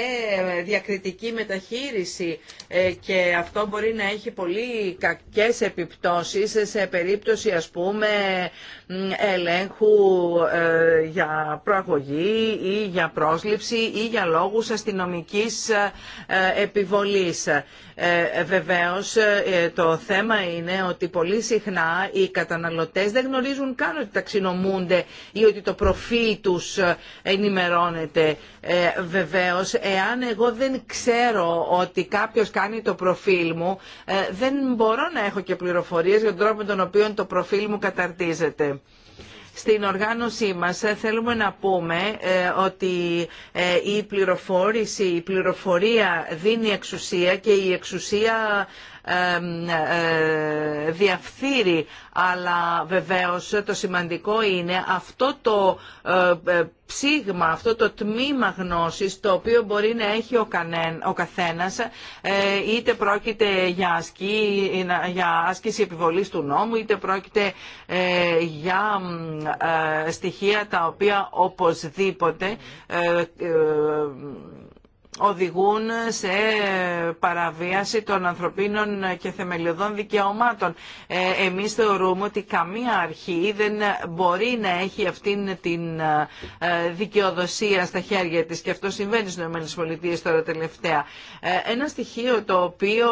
D: διακριτική μεταχείριση ε, και αυτό μπορεί να έχει πολύ κακές επιπτώσεις σε περίπτωση ας πούμε ελέγχου ε, για προαγωγή ή για πρόσληψη ή για λόγους αστυνομικής επιβολής. Βεβαίως το θέμα είναι ότι πολύ συχνά οι καταναλωτές δεν γνωρίζουν καν ότι ταξινομούνται ή ότι το προφίλ τους ενημερώνεται. Βεβαίω, εάν εγώ δεν ξέρω ότι κάποιος κάνει το προφίλ μου ε, δεν μπορώ να έχω και πληροφορίες για τον τρόπο με τον οποίο το προφίλ μου καταρτίζεται. Στην οργάνωσή μας ε, θέλουμε να πούμε ε, ότι η πληροφόρηση, η πληροφορία δίνει εξουσία και η εξουσία ε, ε, διαφθείρει. Αλλά βεβαίως το σημαντικό είναι αυτό το ε, ψήγμα, αυτό το τμήμα γνώσης το οποίο μπορεί να έχει ο, κανέν, ο καθένας είτε πρόκειται για, ασκή, για άσκηση επιβολής του νόμου είτε πρόκειται για στοιχεία τα οποία οπωσδήποτε οδηγούν σε παραβίαση των ανθρωπίνων και θεμελιωδών δικαιωμάτων. Ε, εμείς θεωρούμε ότι καμία αρχή δεν μπορεί να έχει αυτήν την ε, δικαιοδοσία στα χέρια της και αυτό συμβαίνει στις ΗΠΑ τώρα τελευταία. Ε, ένα στοιχείο το οποίο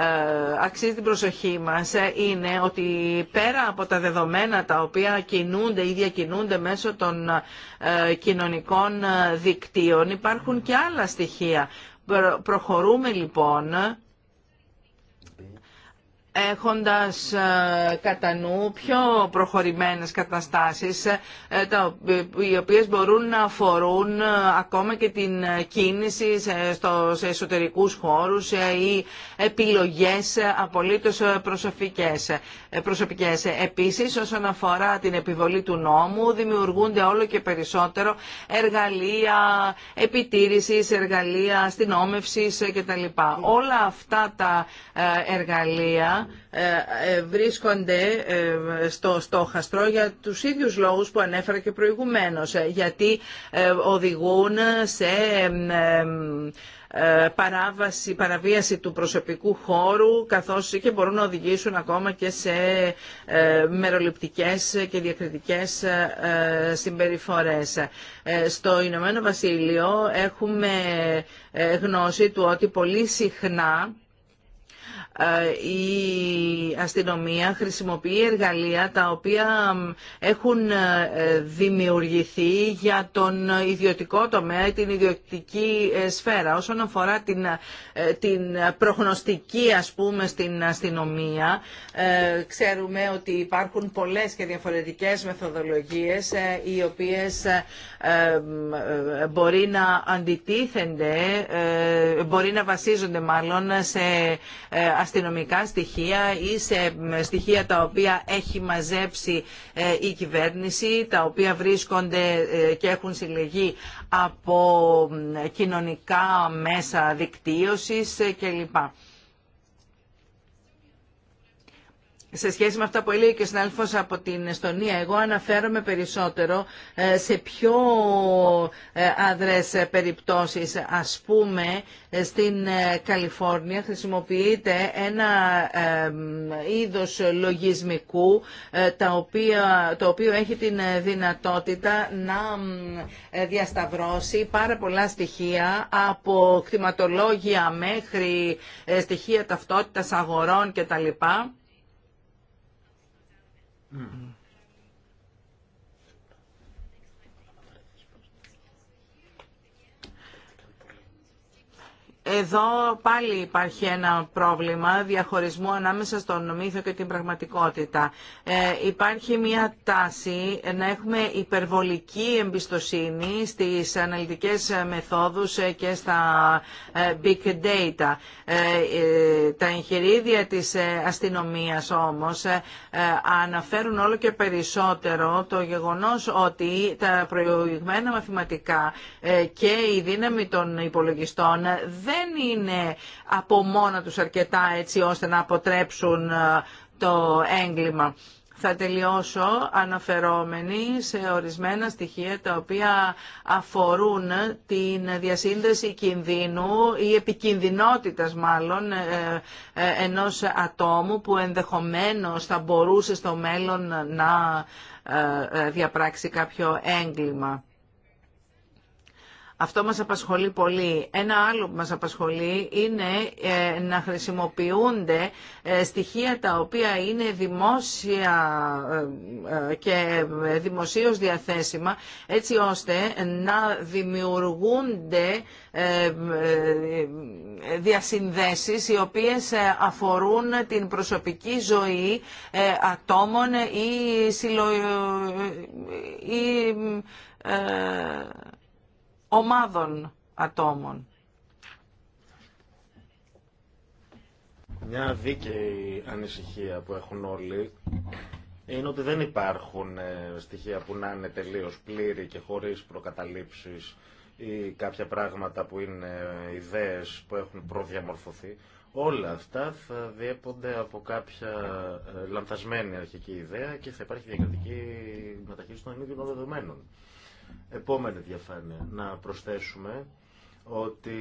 D: ε, αξίζει την προσοχή μας ε, είναι ότι πέρα από τα δεδομένα τα οποία κινούνται ή διακινούνται μέσω των ε, κοινωνικών δικτύων υπάρχουν και άλλα στοιχεία. Προχωρούμε λοιπόν έχοντας ε, κατά νου πιο προχωρημένες καταστάσεις, ε, οι οποίες μπορούν να αφορούν ε, ακόμα και την κίνηση σε εσωτερικούς χώρους ή επιλογές απολύτως προσωπικές. προσωπικές. Επίσης, όσον αφορά την επιβολή του νόμου, δημιουργούνται όλο και περισσότερο εργαλεία επιτήρησης, εργαλεία αστυνόμευσης κτλ. Όλα αυτά τα εργαλεία ε, ε, βρίσκονται ε, στο χαστρό για τους ίδιους λόγους που ανέφερα και προηγουμένως, γιατί οδηγούν σε παράβαση, παραβίαση του προσωπικού χώρου καθώς και μπορούν να οδηγήσουν ακόμα και σε μεροληπτικές και διακριτικές συμπεριφορές. Στο Ηνωμένο Βασίλειο έχουμε γνώση του ότι πολύ συχνά ε, η αστυνομία χρησιμοποιεί εργαλεία τα οποία έχουν ε, δημιουργηθεί για τον ιδιωτικό τομέα, ή την ιδιωτική ε, σφαίρα. Όσον αφορά την, την προγνωστική ας πούμε στην αστυνομία, ξέρουμε ότι υπάρχουν πολλές και διαφορετικές μεθοδολογίες οι οποίες μπορεί να αντιτίθενται, μπορεί να βασίζονται μάλλον σε αστυνομικά στοιχεία ή σε στοιχεία τα οποία έχει μαζέψει ε, η κυβέρνηση, τα οποία βρίσκονται ε, και έχουν συλλεγεί από κοινωνικά μέσα δικτύωσης ε, κλπ. σε σχέση με αυτά που έλεγε και ο συνάδελφο από την Εστονία, εγώ αναφέρομαι περισσότερο ε, σε πιο ε, αδρές ε, περιπτώσεις. Ας πούμε, στην Καλιφόρνια χρησιμοποιείται ένα είδος λογισμικού το οποίο έχει την δυνατότητα να διασταυρώσει πάρα πολλά στοιχεία από κτηματολόγια μέχρι στοιχεία ταυτότητας αγορών κτλ. Mm. Εδώ πάλι υπάρχει ένα πρόβλημα διαχωρισμού ανάμεσα στον μύθο και την πραγματικότητα. Ε, υπάρχει μια τάση να έχουμε υπερβολική εμπιστοσύνη στις αναλυτικές μεθόδους ε, και στα ε, big data. Ε, τα εγχειρίδια της αστυνομίας όμως αναφέρουν όλο και περισσότερο το γεγονός ότι τα προηγουμένα μαθηματικά και η δύναμη των υπολογιστών δεν είναι από μόνα τους αρκετά έτσι ώστε να αποτρέψουν ε, το έγκλημα. Θα τελειώσω αναφερόμενοι σε ορισμένα στοιχεία τα οποία αφορούν ε, την διασύνδεση κινδύνου ή επικινδυνότητας μάλλον ε, ενός ατόμου που ενδεχομένως θα μπορούσε στο μέλλον να διαπράξει κάποιο έγκλημα. Αυτό μας απασχολεί πολύ. Ένα άλλο που μας απασχολεί είναι ε, να χρησιμοποιούνται ε, στοιχεία τα οποία είναι δημόσια ε, και δημοσίως διαθέσιμα έτσι ώστε να δημιουργούνται διασυνδέσεις οι οποίες αφορούν την προσωπική ζωή ατόμων ή, ή ομάδων ατόμων.
C: Μια δίκαιη ανησυχία που έχουν όλοι είναι ότι δεν υπάρχουν ε, στοιχεία που να είναι τελείως πλήρη και χωρίς προκαταλήψεις ή κάποια πράγματα που είναι ιδέες που έχουν προδιαμορφωθεί. Όλα αυτά θα διέπονται από κάποια ε, λανθασμένη αρχική ιδέα και θα υπάρχει διακριτική μεταχείριση των ίδιων δεδομένων. Επόμενη διαφάνεια. Να προσθέσουμε ότι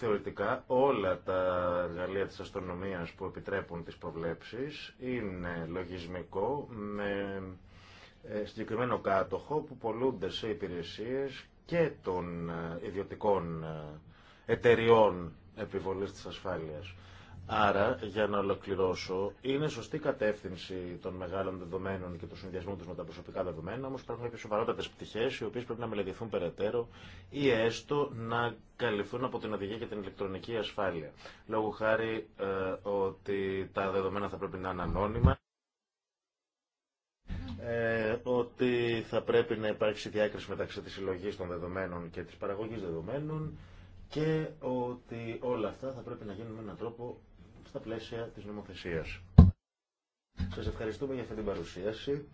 C: θεωρητικά όλα τα εργαλεία της αστρονομίας που επιτρέπουν τις προβλέψεις είναι λογισμικό με ε, συγκεκριμένο κάτοχο που πολλούνται σε υπηρεσίες και των ε, ιδιωτικών ε, εταιριών επιβολής της ασφάλειας. Άρα, για να ολοκληρώσω, είναι σωστή κατεύθυνση των μεγάλων δεδομένων και του συνδυασμού του με τα προσωπικά δεδομένα, όμω υπάρχουν και σοβαρότατε πτυχέ, οι οποίε πρέπει να μελετηθούν περαιτέρω ή έστω να καλυφθούν από την οδηγία για την ηλεκτρονική ασφάλεια. Λόγω χάρη ε, ότι τα δεδομένα θα πρέπει να είναι ανώνυμα ε, ότι θα πρέπει να υπάρξει διάκριση μεταξύ της συλλογής των δεδομένων και της παραγωγής δεδομένων και ότι όλα αυτά θα πρέπει να γίνουν με έναν τρόπο στα πλαίσια της νομοθεσίας. Σας ευχαριστούμε για αυτή την παρουσίαση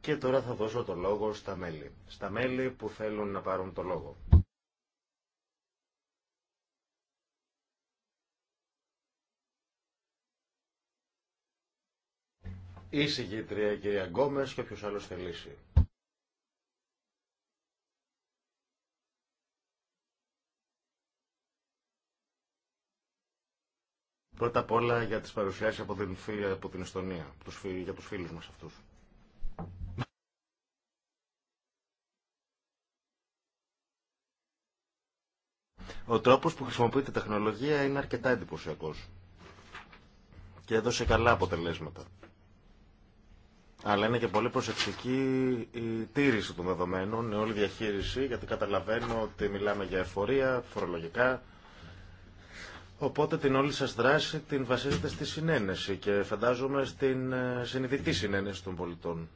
C: και τώρα θα δώσω το λόγο στα μέλη. Στα μέλη που θέλουν να πάρουν το λόγο. Η συγγήτρια κυρία Γκόμες και όποιος άλλος θελήσει. Πρώτα απ' όλα για τις παρουσιάσεις από την, από την Εστονία, για τους φίλους μας αυτούς. Ο τρόπος που χρησιμοποιείται η τεχνολογία είναι αρκετά εντυπωσιακό. Και έδωσε καλά αποτελέσματα. Αλλά είναι και πολύ προσεκτική η τήρηση των δεδομένων, η όλη διαχείριση, γιατί καταλαβαίνω ότι μιλάμε για εφορία, φορολογικά, Οπότε την όλη σας δράση την βασίζετε στη συνένεση και φαντάζομαι στην ε, συνειδητή συνένεση των πολιτών.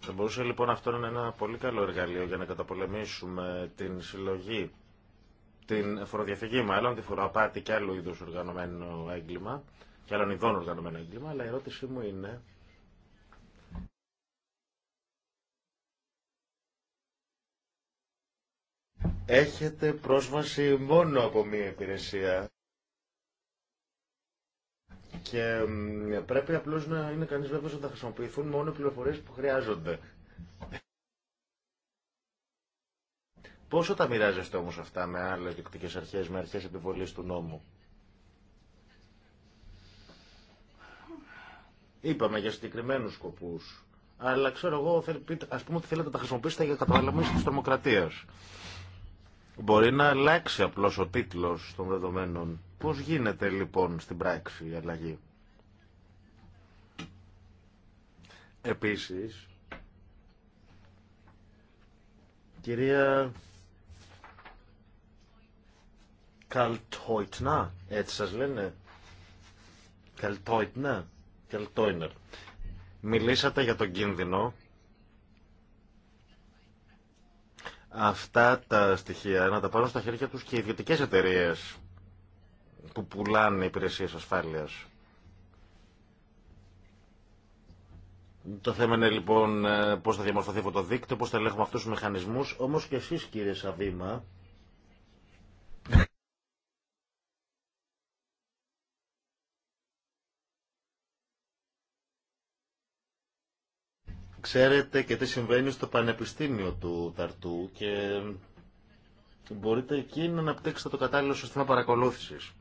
C: Θα μπορούσε λοιπόν αυτό να είναι ένα πολύ καλό εργαλείο για να καταπολεμήσουμε την συλλογή, την φοροδιαφυγή μάλλον, τη φοροαπάτη και άλλου είδους οργανωμένο έγκλημα, και άλλων ειδών οργανωμένο έγκλημα, αλλά η ερώτησή μου είναι έχετε πρόσβαση μόνο από μία υπηρεσία και πρέπει απλώς να είναι κανείς βέβαιος ότι θα χρησιμοποιηθούν μόνο οι πληροφορίες που χρειάζονται. Πόσο τα μοιράζεστε όμως αυτά με άλλες δικτικές αρχές, με αρχές επιβολής του νόμου. Είπαμε για συγκεκριμένους σκοπούς. Αλλά ξέρω εγώ, ας πούμε ότι θέλετε να τα χρησιμοποιήσετε για καταλαμμίσεις της τρομοκρατίας. Μπορεί να αλλάξει απλώς ο τίτλος των δεδομένων. Πώς γίνεται λοιπόν στην πράξη η αλλαγή. Επίσης, κυρία Καλτόιτνα, έτσι σας λένε. Καλτόιτνα, Καλτόινερ. Μιλήσατε για τον κίνδυνο αυτά τα στοιχεία να τα πάρουν στα χέρια τους και οι ιδιωτικέ εταιρείες που πουλάνε υπηρεσίες ασφάλειας. Το θέμα είναι λοιπόν ε, πώς θα διαμορφωθεί αυτό το δίκτυο, πώς θα ελέγχουμε αυτούς τους μηχανισμούς, όμως και εσείς κύριε Σαβήμα, ξέρετε και τι συμβαίνει στο Πανεπιστήμιο του Ταρτού και μπορείτε εκεί να αναπτύξετε το κατάλληλο σύστημα παρακολούθησης.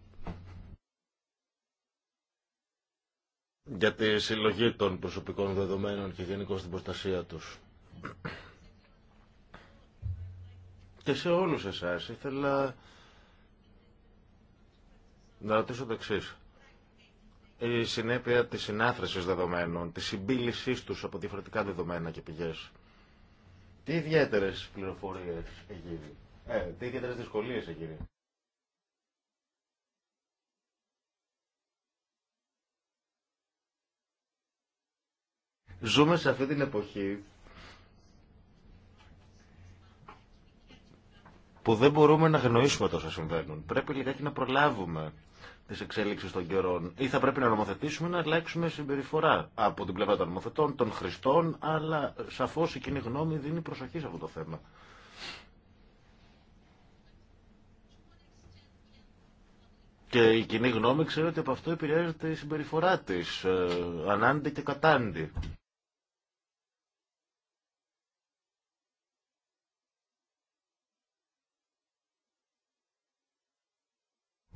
C: για τη συλλογή των προσωπικών δεδομένων και γενικώ την προστασία τους. Και σε όλους εσάς ήθελα να ρωτήσω το εξής η συνέπεια της συνάθρεσης δεδομένων, της συμπίλησής τους από διαφορετικά δεδομένα και πηγές. Τι ιδιαίτερες πληροφορίες εγείρει. Ε, τι ιδιαίτερες δυσκολίες εγείρει. Ζούμε σε αυτή την εποχή που δεν μπορούμε να γνωρίσουμε τόσα συμβαίνουν. Πρέπει λιγάκι να προλάβουμε Τη εξέλιξη των καιρών. Ή θα πρέπει να νομοθετήσουμε να αλλάξουμε συμπεριφορά από την πλευρά των νομοθετών, των χρηστών, αλλά σαφώς η κοινή γνώμη δίνει προσοχή σε αυτό το θέμα. Και η κοινή γνώμη ξέρει ότι από αυτό επηρεάζεται η συμπεριφορά της, ε, ανάντι και κατάντι.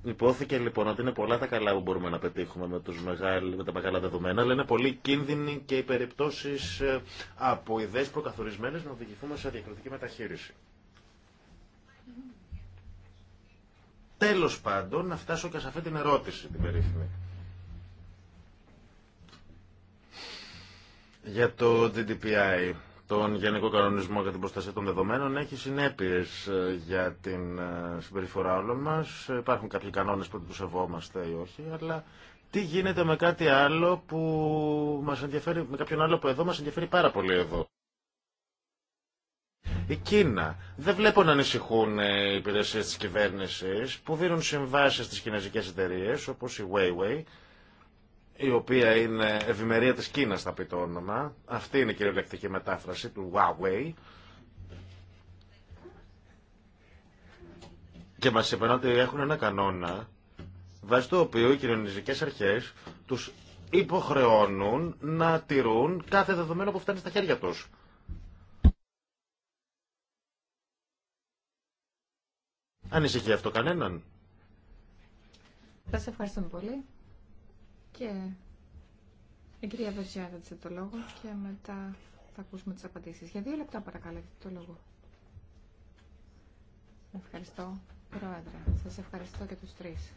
C: Υπόθηκε λοιπόν ότι είναι πολλά τα καλά που μπορούμε να πετύχουμε με, τους με τα μεγάλα δεδομένα, αλλά είναι πολύ κίνδυνοι και οι περιπτώσει ε, από ιδέε προκαθορισμένε να οδηγηθούμε σε διακριτική μεταχείριση. Τέλος πάντων, να φτάσω και σε αυτή την ερώτηση την περίφημη. Για το DDPI τον Γενικό Κανονισμό για την Προστασία των Δεδομένων έχει συνέπειε ε, για την ε, συμπεριφορά όλων μα. Υπάρχουν κάποιοι κανόνε που του σεβόμαστε ή όχι, αλλά τι γίνεται με κάτι άλλο που μας ενδιαφέρει, με κάποιον άλλο που εδώ μα ενδιαφέρει πάρα πολύ εδώ. Η Κίνα. Δεν βλέπω να ανησυχούν ε, οι υπηρεσίε τη κυβέρνηση που δίνουν συμβάσει στι κινέζικε εταιρείε όπω η Huawei η οποία είναι ευημερία της Κίνας θα πει το όνομα. Αυτή είναι η κυριολεκτική μετάφραση του Huawei. Και μας είπαν ότι έχουν ένα κανόνα βάσει το οποίο οι κοινωνιζικές αρχές τους υποχρεώνουν να τηρούν κάθε δεδομένο που φτάνει στα χέρια τους. Ανησυχεί αυτό κανέναν.
B: Σας ευχαριστούμε πολύ. Και η κυρία Βερζιά έδωσε το λόγο και μετά θα ακούσουμε τις απαντήσεις. Για δύο λεπτά παρακαλώ το λόγο. Ευχαριστώ, Πρόεδρε. Σας ευχαριστώ και τους τρεις.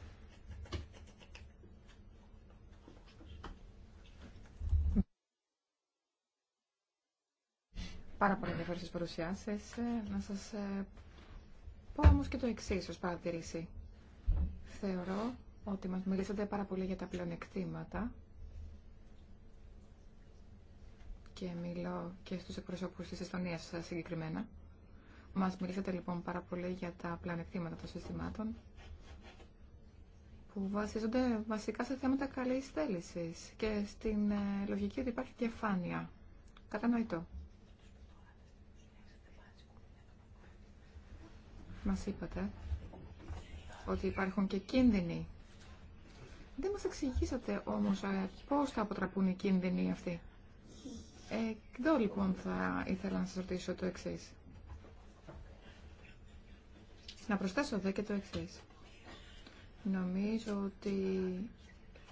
B: Πάρα πολύ ενδιαφέρουσες παρουσιάσεις. Να σας ε, πω όμως και το εξής ως παρατηρήσει. Θεωρώ ότι μας μιλήσατε πάρα πολύ για τα πλεονεκτήματα και μιλώ και στους εκπροσώπους της Εστονίας σας συγκεκριμένα. Μας μιλήσατε λοιπόν πάρα πολύ για τα πλεονεκτήματα των συστημάτων που βασίζονται βασικά σε θέματα καλής θέλησης και στην ε, λογική ότι υπάρχει κεφάνεια. Κατανοητό. Μας είπατε ότι υπάρχουν και κίνδυνοι δεν μας εξηγήσατε όμως ε, πώς θα αποτραπούν οι κίνδυνοι αυτοί. Ε, εδώ λοιπόν θα ήθελα να σας ρωτήσω το εξή. Να προσθέσω δε και το εξή. Νομίζω ότι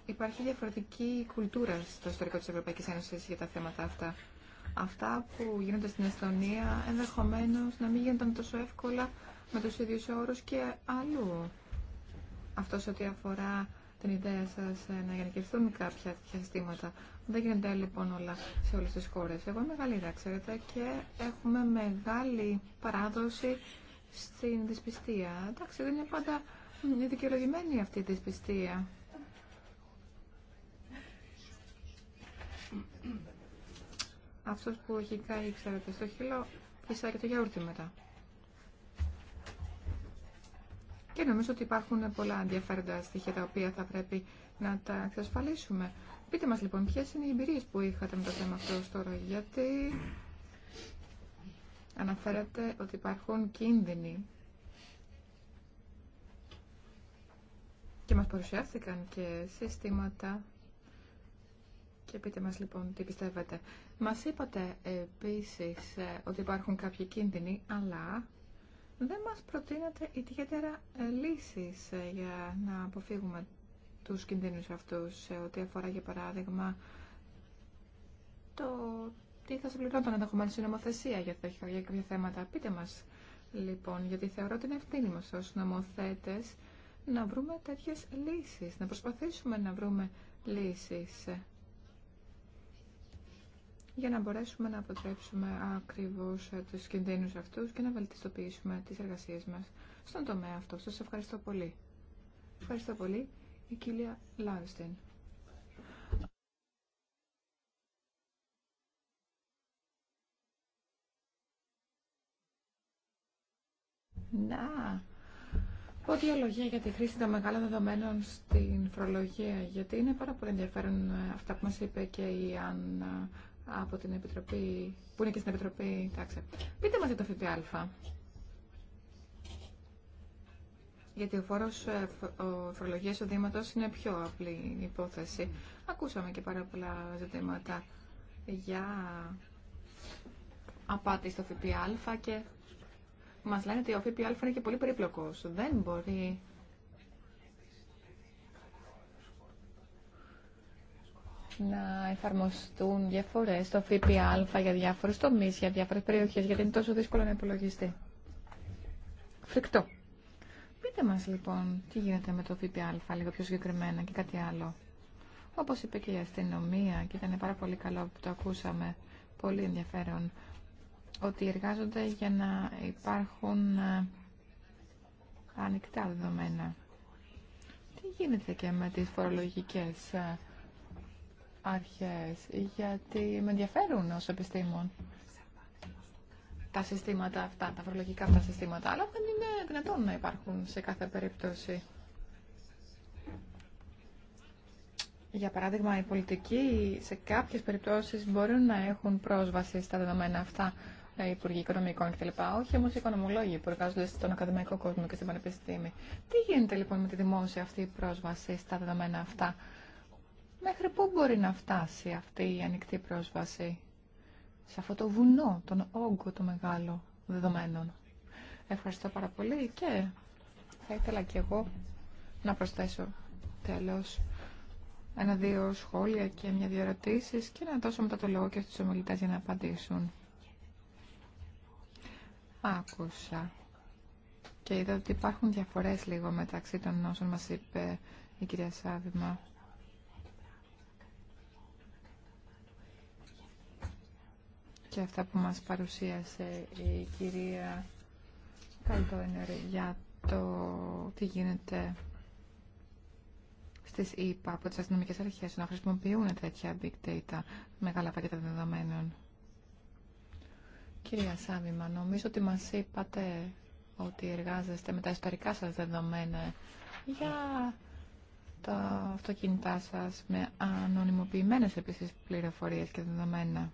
B: υπάρχει διαφορετική κουλτούρα στο ιστορικό της Ευρωπαϊκής Ένωσης για τα θέματα αυτά. Αυτά που γίνονται στην Εστονία ενδεχομένως να μην γίνονταν τόσο εύκολα με τους ίδιους όρους και αλλού. Αυτό ό,τι αφορά την ιδέα σα ε, να γενικευτούν κάποια τέτοια συστήματα. Δεν γίνεται λοιπόν όλα σε όλε τι χώρε. Εγώ είμαι Γαλλίδα, ξέρετε, και έχουμε μεγάλη παράδοση στην δυσπιστία. Εντάξει, δεν είναι πάντα δικαιολογημένη αυτή η δυσπιστία. Αυτός που έχει καεί, ξέρετε, στο χείλο, φυσάει και το γιαούρτι μετά. Και νομίζω ότι υπάρχουν πολλά ενδιαφέροντα στοιχεία τα οποία θα πρέπει να τα εξασφαλίσουμε. Πείτε μας λοιπόν ποιες είναι οι εμπειρίες που είχατε με το θέμα αυτό τώρα, γιατί αναφέρατε ότι υπάρχουν κίνδυνοι και μας παρουσιάστηκαν και συστήματα και πείτε μας λοιπόν τι πιστεύετε. Μας είπατε επίσης ε, ότι υπάρχουν κάποιοι κίνδυνοι, αλλά δεν μας προτείνατε ιδιαίτερα ε, λύσεις ε, για να αποφύγουμε τους κινδύνους αυτούς σε ό,τι αφορά για παράδειγμα το τι θα συμπληρώνονταν ενδεχομένω η νομοθεσία για, κάποια θέματα. Πείτε μας λοιπόν, γιατί θεωρώ την ευθύνη μας ως νομοθέτες να βρούμε τέτοιες λύσεις, να προσπαθήσουμε να βρούμε λύσεις για να μπορέσουμε να αποτρέψουμε ακριβώς ε, τους κινδύνους αυτούς και να βελτιστοποιήσουμε τις εργασίες μας στον τομέα αυτό. Σας ευχαριστώ πολύ. Ευχαριστώ πολύ η κυρία Λάνστιν. Να, πω λόγια για τη χρήση των μεγάλων δεδομένων στην φρολογία. γιατί είναι πάρα πολύ ενδιαφέρον ε, αυτά που μας είπε και η Άννα από την Επιτροπή, που είναι και στην Επιτροπή, Εντάξει, Πείτε μας για το ΦΠΑ. Γιατί ο φόρος ε, ο φορολογίας δήματος είναι πιο απλή υπόθεση. Ακούσαμε και πάρα πολλά ζητήματα για απάτη στο ΦΠΑ και μας λένε ότι ο ΦΠΑ είναι και πολύ περίπλοκος. Δεν μπορεί να εφαρμοστούν διαφορές στο ΦΠΑ για διάφορου τομεί, για διάφορε περιοχέ, γιατί είναι τόσο δύσκολο να υπολογιστεί. Φρικτό. Πείτε μα λοιπόν τι γίνεται με το ΦΠΑ λίγο πιο συγκεκριμένα και κάτι άλλο. Όπω είπε και η αστυνομία και ήταν πάρα πολύ καλό που το ακούσαμε, πολύ ενδιαφέρον, ότι εργάζονται για να υπάρχουν ε, ανοιχτά δεδομένα. Τι γίνεται και με τις φορολογικές ε, αρχές, γιατί με ενδιαφέρουν ως επιστήμον τα συστήματα αυτά, τα φορολογικά αυτά συστήματα, αλλά δεν είναι δυνατόν να υπάρχουν σε κάθε περίπτωση. Για παράδειγμα, οι πολιτικοί σε κάποιες περιπτώσεις μπορούν να έχουν πρόσβαση στα δεδομένα αυτά, ε, οι υπουργοί οικονομικών κτλ. Όχι όμω οι οικονομολόγοι που εργάζονται στον ακαδημαϊκό κόσμο και στην πανεπιστήμη. Τι γίνεται λοιπόν με τη δημόσια αυτή πρόσβαση στα δεδομένα αυτά Μέχρι πού μπορεί να φτάσει αυτή η ανοιχτή πρόσβαση σε αυτό το βουνό, τον όγκο το μεγάλο δεδομένων. Ευχαριστώ πάρα πολύ και θα ήθελα και εγώ να προσθέσω τέλος ένα-δύο σχόλια και μια-δύο ερωτήσεις και να δώσω μετά το λόγο και στους ομιλητές για να απαντήσουν. Άκουσα και είδα ότι υπάρχουν διαφορές λίγο μεταξύ των όσων μας είπε η κυρία Σάβημα και αυτά που μας παρουσίασε η κυρία Καλτόνερ για το τι γίνεται στις ΕΙΠΑ από τις αστυνομικές αρχές να χρησιμοποιούν τέτοια big data μεγάλα πακέτα δεδομένων. Κυρία Σάβημα, νομίζω ότι μας είπατε ότι εργάζεστε με τα ιστορικά σας δεδομένα για τα αυτοκίνητά σας με ανωνυμοποιημένες επίσης πληροφορίες και δεδομένα.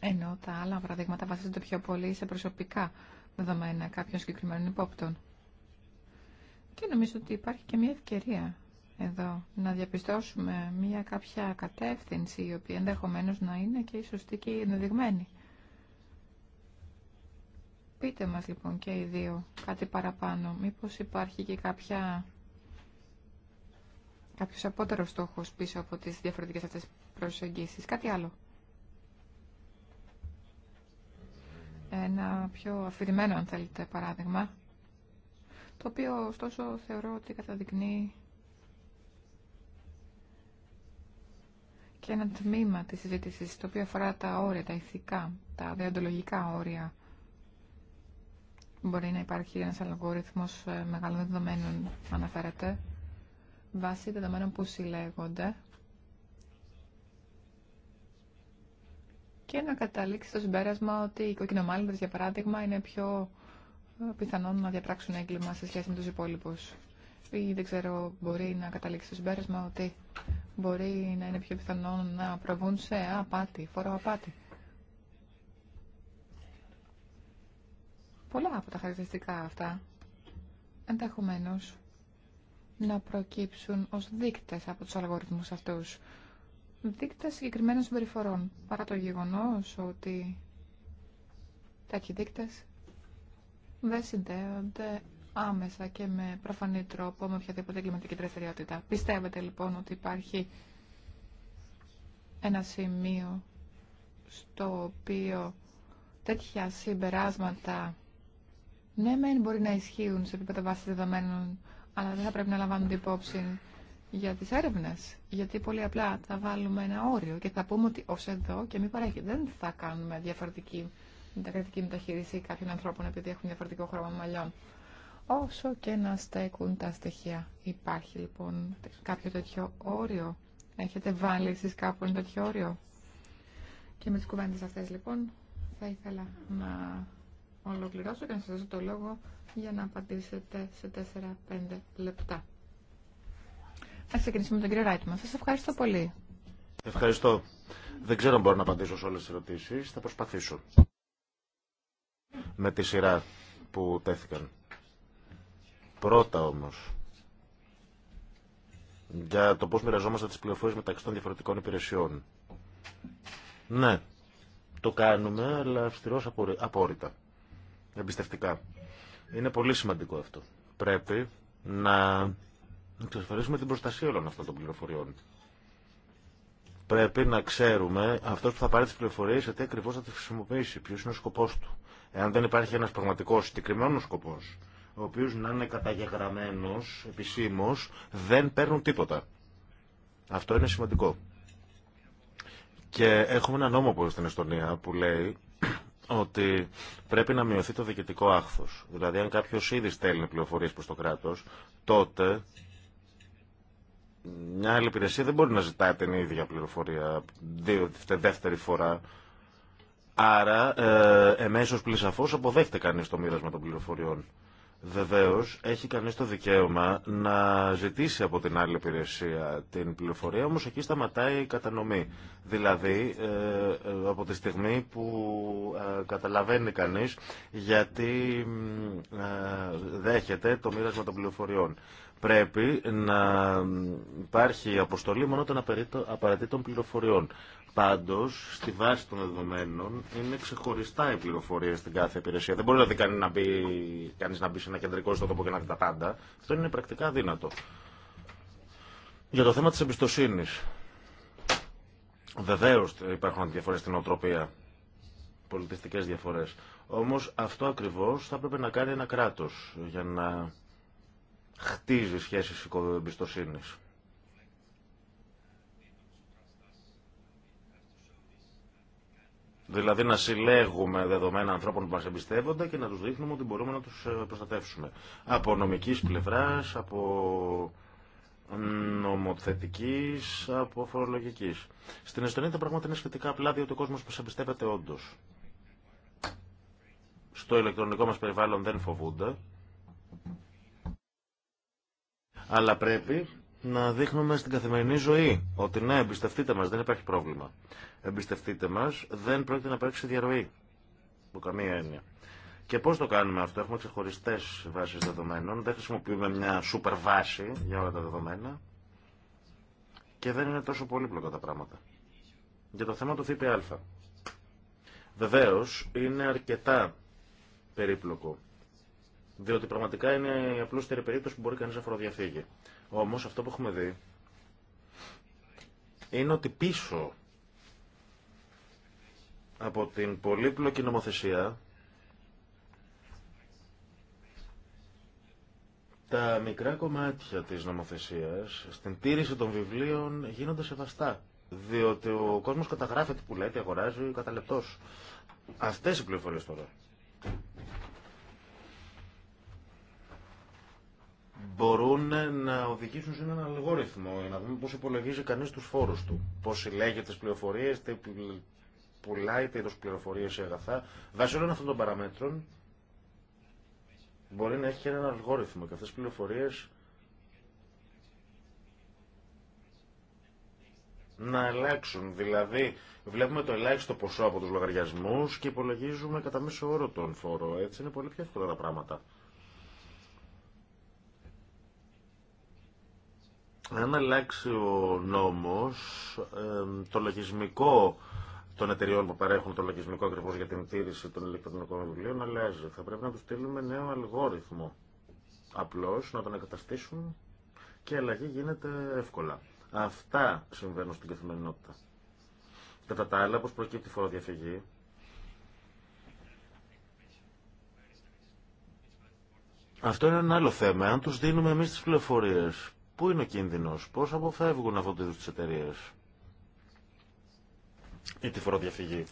B: Ενώ τα άλλα παραδείγματα βασίζονται πιο πολύ σε προσωπικά δεδομένα κάποιων συγκεκριμένων υπόπτων. Και νομίζω ότι υπάρχει και μια ευκαιρία εδώ να διαπιστώσουμε μια κάποια κατεύθυνση η οποία ενδεχομένω να είναι και η σωστή και η ενδεδειγμένη. Πείτε μας λοιπόν και οι δύο κάτι παραπάνω. Μήπως υπάρχει και κάποια... κάποιος απότερος στόχος πίσω από τις διαφορετικές αυτές προσεγγίσεις. Κάτι άλλο. ένα πιο αφηρημένο, αν θέλετε, παράδειγμα, το οποίο ωστόσο θεωρώ ότι καταδεικνύει και ένα τμήμα της συζήτηση το οποίο αφορά τα όρια, τα ηθικά, τα διοντολογικά όρια. Μπορεί να υπάρχει ένας αλγόριθμος ε, μεγάλων δεδομένων, αναφέρεται, βάσει δεδομένων που συλλέγονται και να καταλήξει το συμπέρασμα ότι οι κοκκινομάλιδε, για παράδειγμα, είναι πιο ε, πιθανόν να διαπράξουν έγκλημα σε σχέση με του υπόλοιπους. Ή δεν ξέρω, μπορεί να καταλήξει στο συμπέρασμα ότι μπορεί να είναι πιο πιθανό να προβούν σε απάτη, φοροαπάτη. Πολλά από τα χαρακτηριστικά αυτά ενδεχομένω να προκύψουν ως δείκτες από τους αλγοριθμούς αυτούς δείκτες συγκεκριμένων συμπεριφορών, παρά το γεγονός ότι τέτοιοι δείκτες δεν συνδέονται άμεσα και με προφανή τρόπο με οποιαδήποτε εγκληματική δραστηριότητα. Πιστεύετε λοιπόν ότι υπάρχει ένα σημείο στο οποίο τέτοια συμπεράσματα ναι μεν μπορεί να ισχύουν σε επίπεδο βάση δεδομένων αλλά δεν θα πρέπει να λαμβάνονται υπόψη για τις έρευνες. Γιατί πολύ απλά θα βάλουμε ένα όριο και θα πούμε ότι ως εδώ και μη παρέχει. Δεν θα κάνουμε διαφορετική μετακρατική μεταχείριση κάποιων ανθρώπων επειδή έχουν διαφορετικό χρώμα μαλλιών. Όσο και να στέκουν τα στοιχεία. Υπάρχει λοιπόν κάποιο τέτοιο όριο. Έχετε βάλει εσείς κάπου ένα τέτοιο όριο. Και με τις κουβέντες αυτές λοιπόν θα ήθελα να ολοκληρώσω και να σας δώσω το λόγο για να απαντήσετε σε 4-5 λεπτά. Θα ξεκινήσουμε με τον κύριο Ράιτμαν. Σα ευχαριστώ πολύ.
C: Ευχαριστώ. Δεν ξέρω αν μπορώ να απαντήσω σε όλες τις ερωτήσεις. Θα προσπαθήσω με τη σειρά που τέθηκαν. Πρώτα όμως, για το πώ μοιραζόμαστε τι πληροφορίε μεταξύ των διαφορετικών υπηρεσιών. Ναι, το κάνουμε, αλλά αυστηρό απόρριτα, εμπιστευτικά. Είναι πολύ σημαντικό αυτό. Πρέπει να να εξασφαλίσουμε την προστασία όλων αυτών των πληροφοριών. Πρέπει να ξέρουμε αυτό που θα πάρει τι πληροφορίε, γιατί ακριβώ θα τι χρησιμοποιήσει, ποιο είναι ο σκοπό του. Εάν δεν υπάρχει ένα πραγματικό συγκεκριμένο σκοπό, ο οποίο να είναι καταγεγραμμένο επισήμω, δεν παίρνουν τίποτα. Αυτό είναι σημαντικό. Και έχουμε ένα νόμο που στην Εστονία που λέει ότι πρέπει να μειωθεί το διοικητικό άχθο. Δηλαδή, αν κάποιο ήδη στέλνει πληροφορίε προ το κράτο, τότε μια άλλη υπηρεσία δεν μπορεί να ζητάει την ίδια πληροφορία δεύτερη φορά. Άρα, ε, εμέσω πλησαφώ αποδέχεται κανεί το μοίρασμα των πληροφοριών. Βεβαίω, έχει κανεί το δικαίωμα να ζητήσει από την άλλη υπηρεσία την πληροφορία, όμω εκεί σταματάει η κατανομή. Δηλαδή, ε, ε, από τη στιγμή που ε, καταλαβαίνει κανεί γιατί ε, δέχεται το μοίρασμα των πληροφοριών. Πρέπει να υπάρχει αποστολή μόνο των απαραίτητων πληροφοριών. Πάντως, στη βάση των δεδομένων είναι ξεχωριστά οι πληροφορίε στην κάθε υπηρεσία. Δεν μπορεί δηλαδή να μπει, κανείς να μπει σε ένα κεντρικό ιστότοπο και να δει τα πάντα. Αυτό είναι πρακτικά αδύνατο. Για το θέμα της εμπιστοσύνη. Βεβαίω υπάρχουν διαφορές στην οτροπία, πολιτιστικές διαφορές. Όμως αυτό ακριβώς θα έπρεπε να κάνει ένα κράτος για να χτίζει σχέσεις εμπιστοσύνη. Δηλαδή να συλλέγουμε δεδομένα ανθρώπων που μας εμπιστεύονται και να τους δείχνουμε ότι μπορούμε να τους ε, προστατεύσουμε. Από νομικής πλευράς, από νομοθετικής, από φορολογικής. Στην Εστονία τα πράγματα είναι σχετικά απλά, διότι ο κόσμος μας εμπιστεύεται όντως. Στο ηλεκτρονικό μας περιβάλλον δεν φοβούνται αλλά πρέπει να δείχνουμε στην καθημερινή ζωή ότι ναι, εμπιστευτείτε μας, δεν υπάρχει πρόβλημα. Εμπιστευτείτε μας, δεν πρόκειται να υπάρξει διαρροή. Που καμία έννοια. Και πώς το κάνουμε αυτό, έχουμε ξεχωριστές βάσεις δεδομένων, δεν χρησιμοποιούμε μια σούπερ βάση για όλα τα δεδομένα και δεν είναι τόσο πολύπλοκα τα πράγματα. Για το θέμα του ΦΠΑ. Βεβαίω είναι αρκετά περίπλοκο διότι πραγματικά είναι η απλούστερη περίπτωση που μπορεί κανεί να φοροδιαφύγει. Όμω αυτό που έχουμε δει είναι ότι πίσω από την πολύπλοκη νομοθεσία τα μικρά κομμάτια της νομοθεσίας στην τήρηση των βιβλίων γίνονται σεβαστά. Διότι ο κόσμος καταγράφεται που λέει, αγοράζει κατά λεπτός. Αυτές οι πληροφορίες τώρα. μπορούν να οδηγήσουν σε έναν αλγόριθμο για να δούμε πώς υπολογίζει κανείς τους φόρους του. Πώς συλλέγει τις πληροφορίες, τι πουλάει, τι πληροφορίες ή αγαθά. Βάσει όλων αυτών των παραμέτρων μπορεί να έχει και έναν αλγόριθμο και αυτές τις πληροφορίες να αλλάξουν. Δηλαδή, βλέπουμε το ελάχιστο ποσό από τους λογαριασμούς και υπολογίζουμε κατά μέσο όρο τον φόρο. Έτσι είναι πολύ πιο εύκολα τα πράγματα. Αν αλλάξει ο νόμος, το λογισμικό των εταιριών που παρέχουν το λογισμικό ακριβώ για την τήρηση των ηλεκτρονικών βιβλίων αλλάζει. Θα πρέπει να του στείλουμε νέο αλγόριθμο. Απλώ να τον εγκαταστήσουν και η αλλαγή γίνεται εύκολα. Αυτά συμβαίνουν στην καθημερινότητα. Κατά τα άλλα, πω προκύπτει η φοροδιαφυγή, αυτό είναι ένα άλλο θέμα. Αν του δίνουμε εμεί τι πληροφορίε, Πού είναι ο κίνδυνος, πώς αποφεύγουν το του τις εταιρείε ή τη φοροδιαφυγή.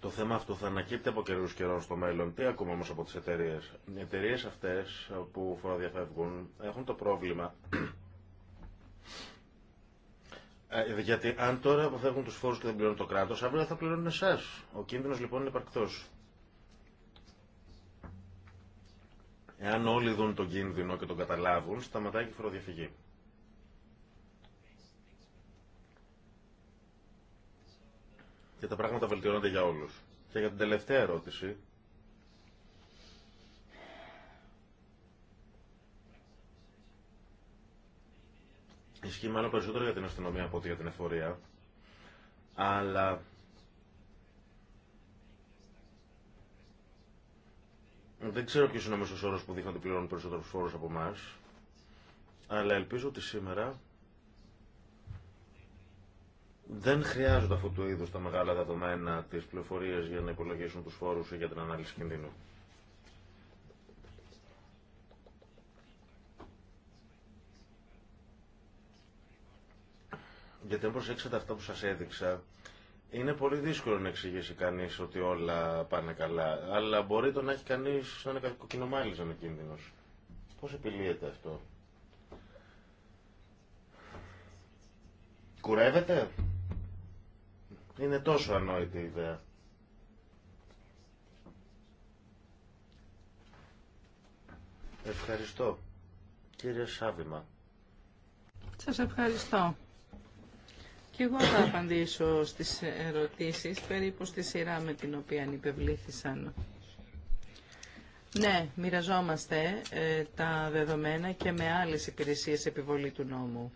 C: Το θέμα αυτό θα ανακύπτει από καιρού καιρών στο μέλλον. Τι ακούμε όμω από τι εταιρείε. Οι εταιρείε αυτέ που φοροδιαφεύγουν έχουν το πρόβλημα ε, γιατί αν τώρα αποφεύγουν τους φόρους και δεν πληρώνουν το κράτος, αύριο θα πληρώνουν εσά. Ο κίνδυνος λοιπόν είναι παρκτός. Εάν όλοι δουν τον κίνδυνο και τον καταλάβουν, σταματάει και η φοροδιαφυγή. Και τα πράγματα βελτιώνονται για όλους. Και για την τελευταία ερώτηση, Ισχύει μάλλον περισσότερο για την αστυνομία από ότι για την εφορία. Αλλά δεν ξέρω ποιο είναι ο μέσο όρο που δείχνει ότι πληρώνουν περισσότερου φόρου από εμά. Αλλά ελπίζω ότι σήμερα δεν χρειάζονται αυτού του είδου τα μεγάλα δεδομένα, τη πληροφορία για να υπολογίσουν του φόρου ή για την ανάλυση κινδύνου. γιατί αν προσέξετε αυτό που σας έδειξα, είναι πολύ δύσκολο να εξηγήσει κανείς ότι όλα πάνε καλά, αλλά μπορεί το να έχει κανείς σαν ένα κακοκοινομάλης να κίνδυνος. Πώς επιλύεται αυτό. Κουρεύεται. Είναι τόσο ανόητη η ιδέα. Ευχαριστώ. Κύριε Σάβημα.
D: Σας ευχαριστώ. Και εγώ θα απαντήσω στις ερωτήσεις περίπου στη σειρά με την οποία υπευλήθησαν. Ναι, μοιραζόμαστε ε, τα δεδομένα και με άλλες υπηρεσίες επιβολή του νόμου.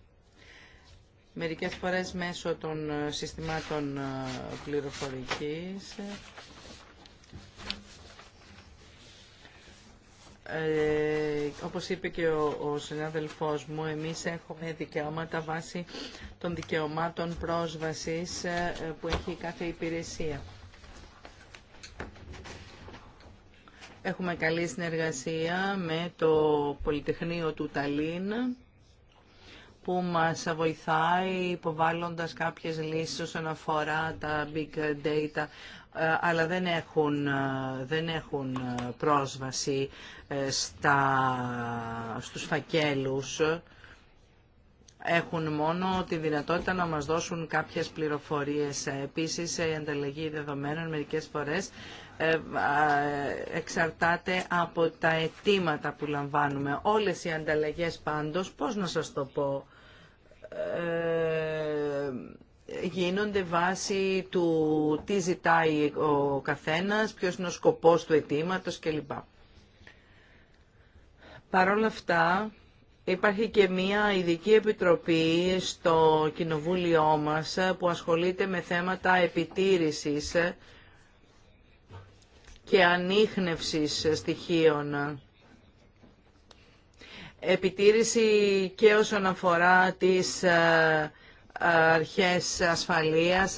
D: Μερικές φορές μέσω των ε, συστημάτων ε, πληροφορικής Ε, όπως είπε και ο, ο συνάδελφός μου, εμείς έχουμε δικαιώματα βάσει των δικαιωμάτων πρόσβασης ε, που έχει κάθε υπηρεσία. Έχουμε καλή συνεργασία με το Πολυτεχνείο του Ταλίν που μας βοηθάει υποβάλλοντας κάποιες λύσεις όσον αφορά τα big data ε, αλλά δεν έχουν, ε, δεν έχουν ε, πρόσβαση στα, στους φακέλους. Έχουν μόνο τη δυνατότητα να μας δώσουν κάποιες πληροφορίες. Επίσης, η ανταλλαγή δεδομένων μερικές φορές εξαρτάται από τα αιτήματα που λαμβάνουμε. Όλες οι ανταλλαγές πάντως, πώς να σας το πω, γίνονται βάσει του τι ζητάει ο καθένας, ποιος είναι ο σκοπός του αιτήματο κλπ. Παρ' όλα αυτά, Υπάρχει και μία ειδική επιτροπή στο κοινοβούλιο μας που ασχολείται με θέματα επιτήρησης και ανείχνευσης στοιχείων. Επιτήρηση και όσον αφορά τις ε, αρχές ασφαλείας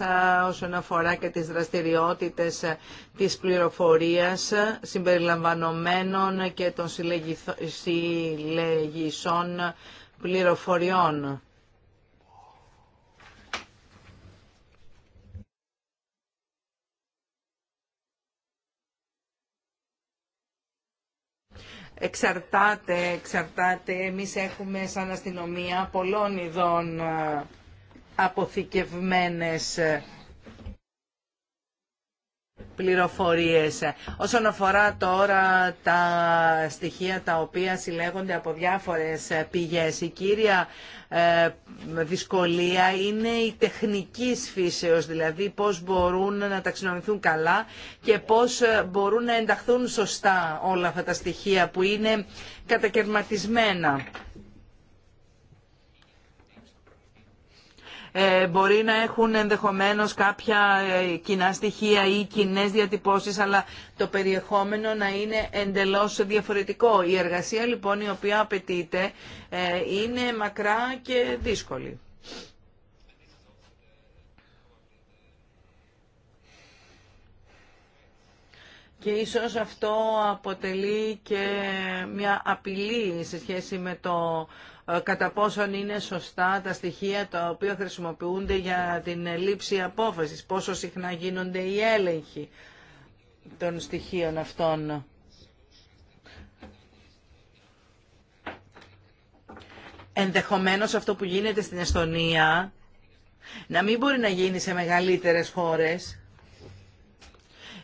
D: όσον αφορά και τις δραστηριότητες της πληροφορίας συμπεριλαμβανομένων και των συλλεγισών πληροφοριών. Εξαρτάται, εξαρτάται. Εμείς έχουμε σαν αστυνομία πολλών ειδών αποθηκευμένες ε, πληροφορίες. Όσον αφορά τώρα τα στοιχεία τα οποία συλλέγονται από διάφορες ε, πηγές, η κύρια ε, δυσκολία είναι η τεχνικής φύσεως, δηλαδή πώς μπορούν να ταξινομηθούν καλά και πώς μπορούν να ενταχθούν σωστά όλα αυτά τα στοιχεία που είναι κατακαιρματισμένα. Ε, μπορεί να έχουν ενδεχομένως κάποια ε, κοινά στοιχεία ή κοινέ διατυπώσεις, αλλά το περιεχόμενο να είναι εντελώς διαφορετικό. Η εργασία λοιπόν η οποία απαιτείται ε, είναι μακρά και δύσκολη. Και ίσως αυτό αποτελεί και μια απειλή σε σχέση με το κατά πόσον είναι σωστά τα στοιχεία τα οποία χρησιμοποιούνται για την λήψη απόφασης, πόσο συχνά γίνονται οι έλεγχοι των στοιχείων αυτών. Ενδεχομένως αυτό που γίνεται στην Εστονία να μην μπορεί να γίνει σε μεγαλύτερες χώρες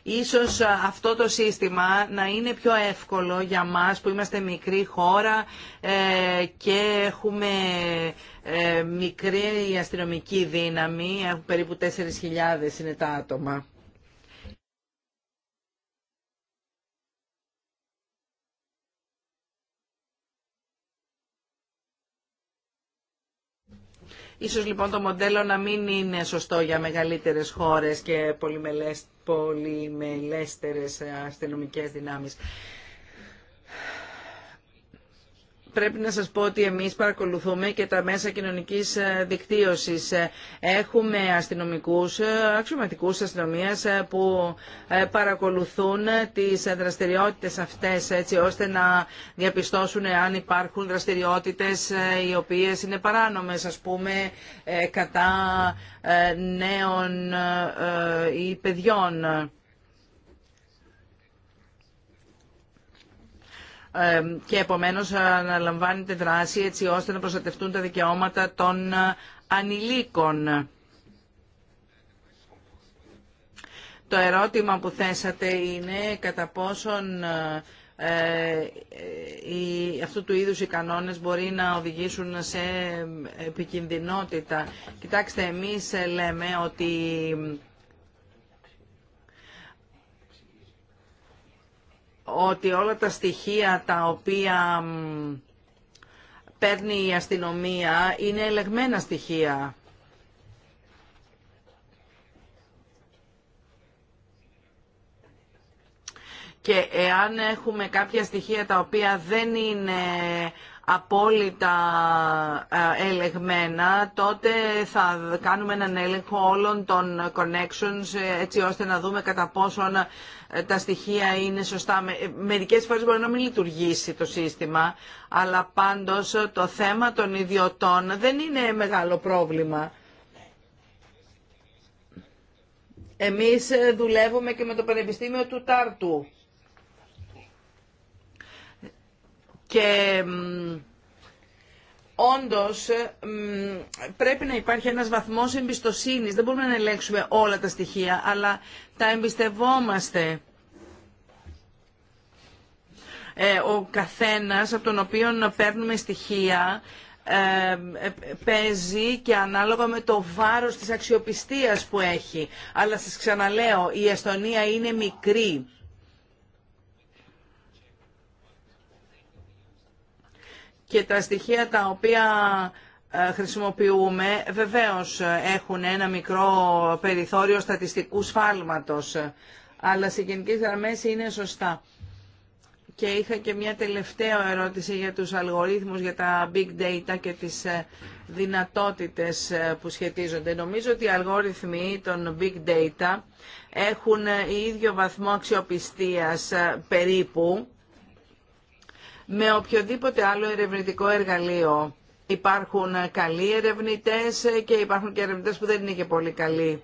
D: Ίσως αυτό το σύστημα να είναι πιο εύκολο για μας που είμαστε μικρή χώρα ε, και έχουμε ε, μικρή αστυνομική δύναμη, περίπου 4.000 είναι τα άτομα. Ίσως λοιπόν το μοντέλο να μην είναι σωστό για μεγαλύτερες χώρες και πολυμελέστερες αστυνομικές δυνάμεις πρέπει να σας πω ότι εμείς παρακολουθούμε και τα μέσα κοινωνικής ε, δικτύωσης. Ε, έχουμε αστυνομικούς, ε, αξιωματικούς αστυνομίας που παρακολουθούν τις δραστηριότητες αυτές έτσι ώστε να διαπιστώσουν αν υπάρχουν δραστηριότητες οι οποίες είναι παράνομες ας πούμε κατά νέων ή παιδιών. και επομένως να αναλαμβάνεται δράση έτσι ώστε να προστατευτούν τα δικαιώματα των ε, ανηλίκων. Το ερώτημα που θέσατε είναι κατά πόσον ε, ε, αυτού του είδους οι κανόνες μπορεί να οδηγήσουν σε επικινδυνότητα. Κοιτάξτε, εμείς λέμε ότι ότι όλα τα στοιχεία τα οποία παίρνει η αστυνομία είναι ελεγμένα στοιχεία. Και εάν έχουμε κάποια στοιχεία τα οποία δεν είναι απόλυτα ε, ελεγμένα, τότε θα κάνουμε έναν έλεγχο όλων των connections ε, έτσι ώστε να δούμε κατά πόσον ε, τα στοιχεία είναι σωστά. Μερικές φορές μπορεί να μην λειτουργήσει το σύστημα, αλλά πάντως το θέμα των ιδιωτών δεν είναι μεγάλο πρόβλημα. Εμείς δουλεύουμε και με το Πανεπιστήμιο του Τάρτου Και όντως πρέπει να υπάρχει ένας βαθμός εμπιστοσύνης. Δεν μπορούμε να ελέγξουμε όλα τα στοιχεία, αλλά τα εμπιστευόμαστε. Ε, ο καθένας από τον οποίο παίρνουμε στοιχεία ε, ε, παίζει και ανάλογα με το βάρος της αξιοπιστίας που έχει. Αλλά σας ξαναλέω, η Εστονία είναι μικρή. και τα στοιχεία τα οποία ε, χρησιμοποιούμε βεβαίως ε, έχουν ένα μικρό περιθώριο στατιστικού σφάλματος, αλλά σε γενικές γραμμές είναι σωστά. Και είχα και μια τελευταία ερώτηση για τους αλγορίθμους, για τα big data και τις ε, δυνατότητες που σχετίζονται. Νομίζω ότι οι αλγόριθμοι των big data έχουν ίδιο βαθμό αξιοπιστίας περίπου με οποιοδήποτε άλλο ερευνητικό εργαλείο. Υπάρχουν καλοί ερευνητές και υπάρχουν και ερευνητές που δεν είναι και πολύ καλοί.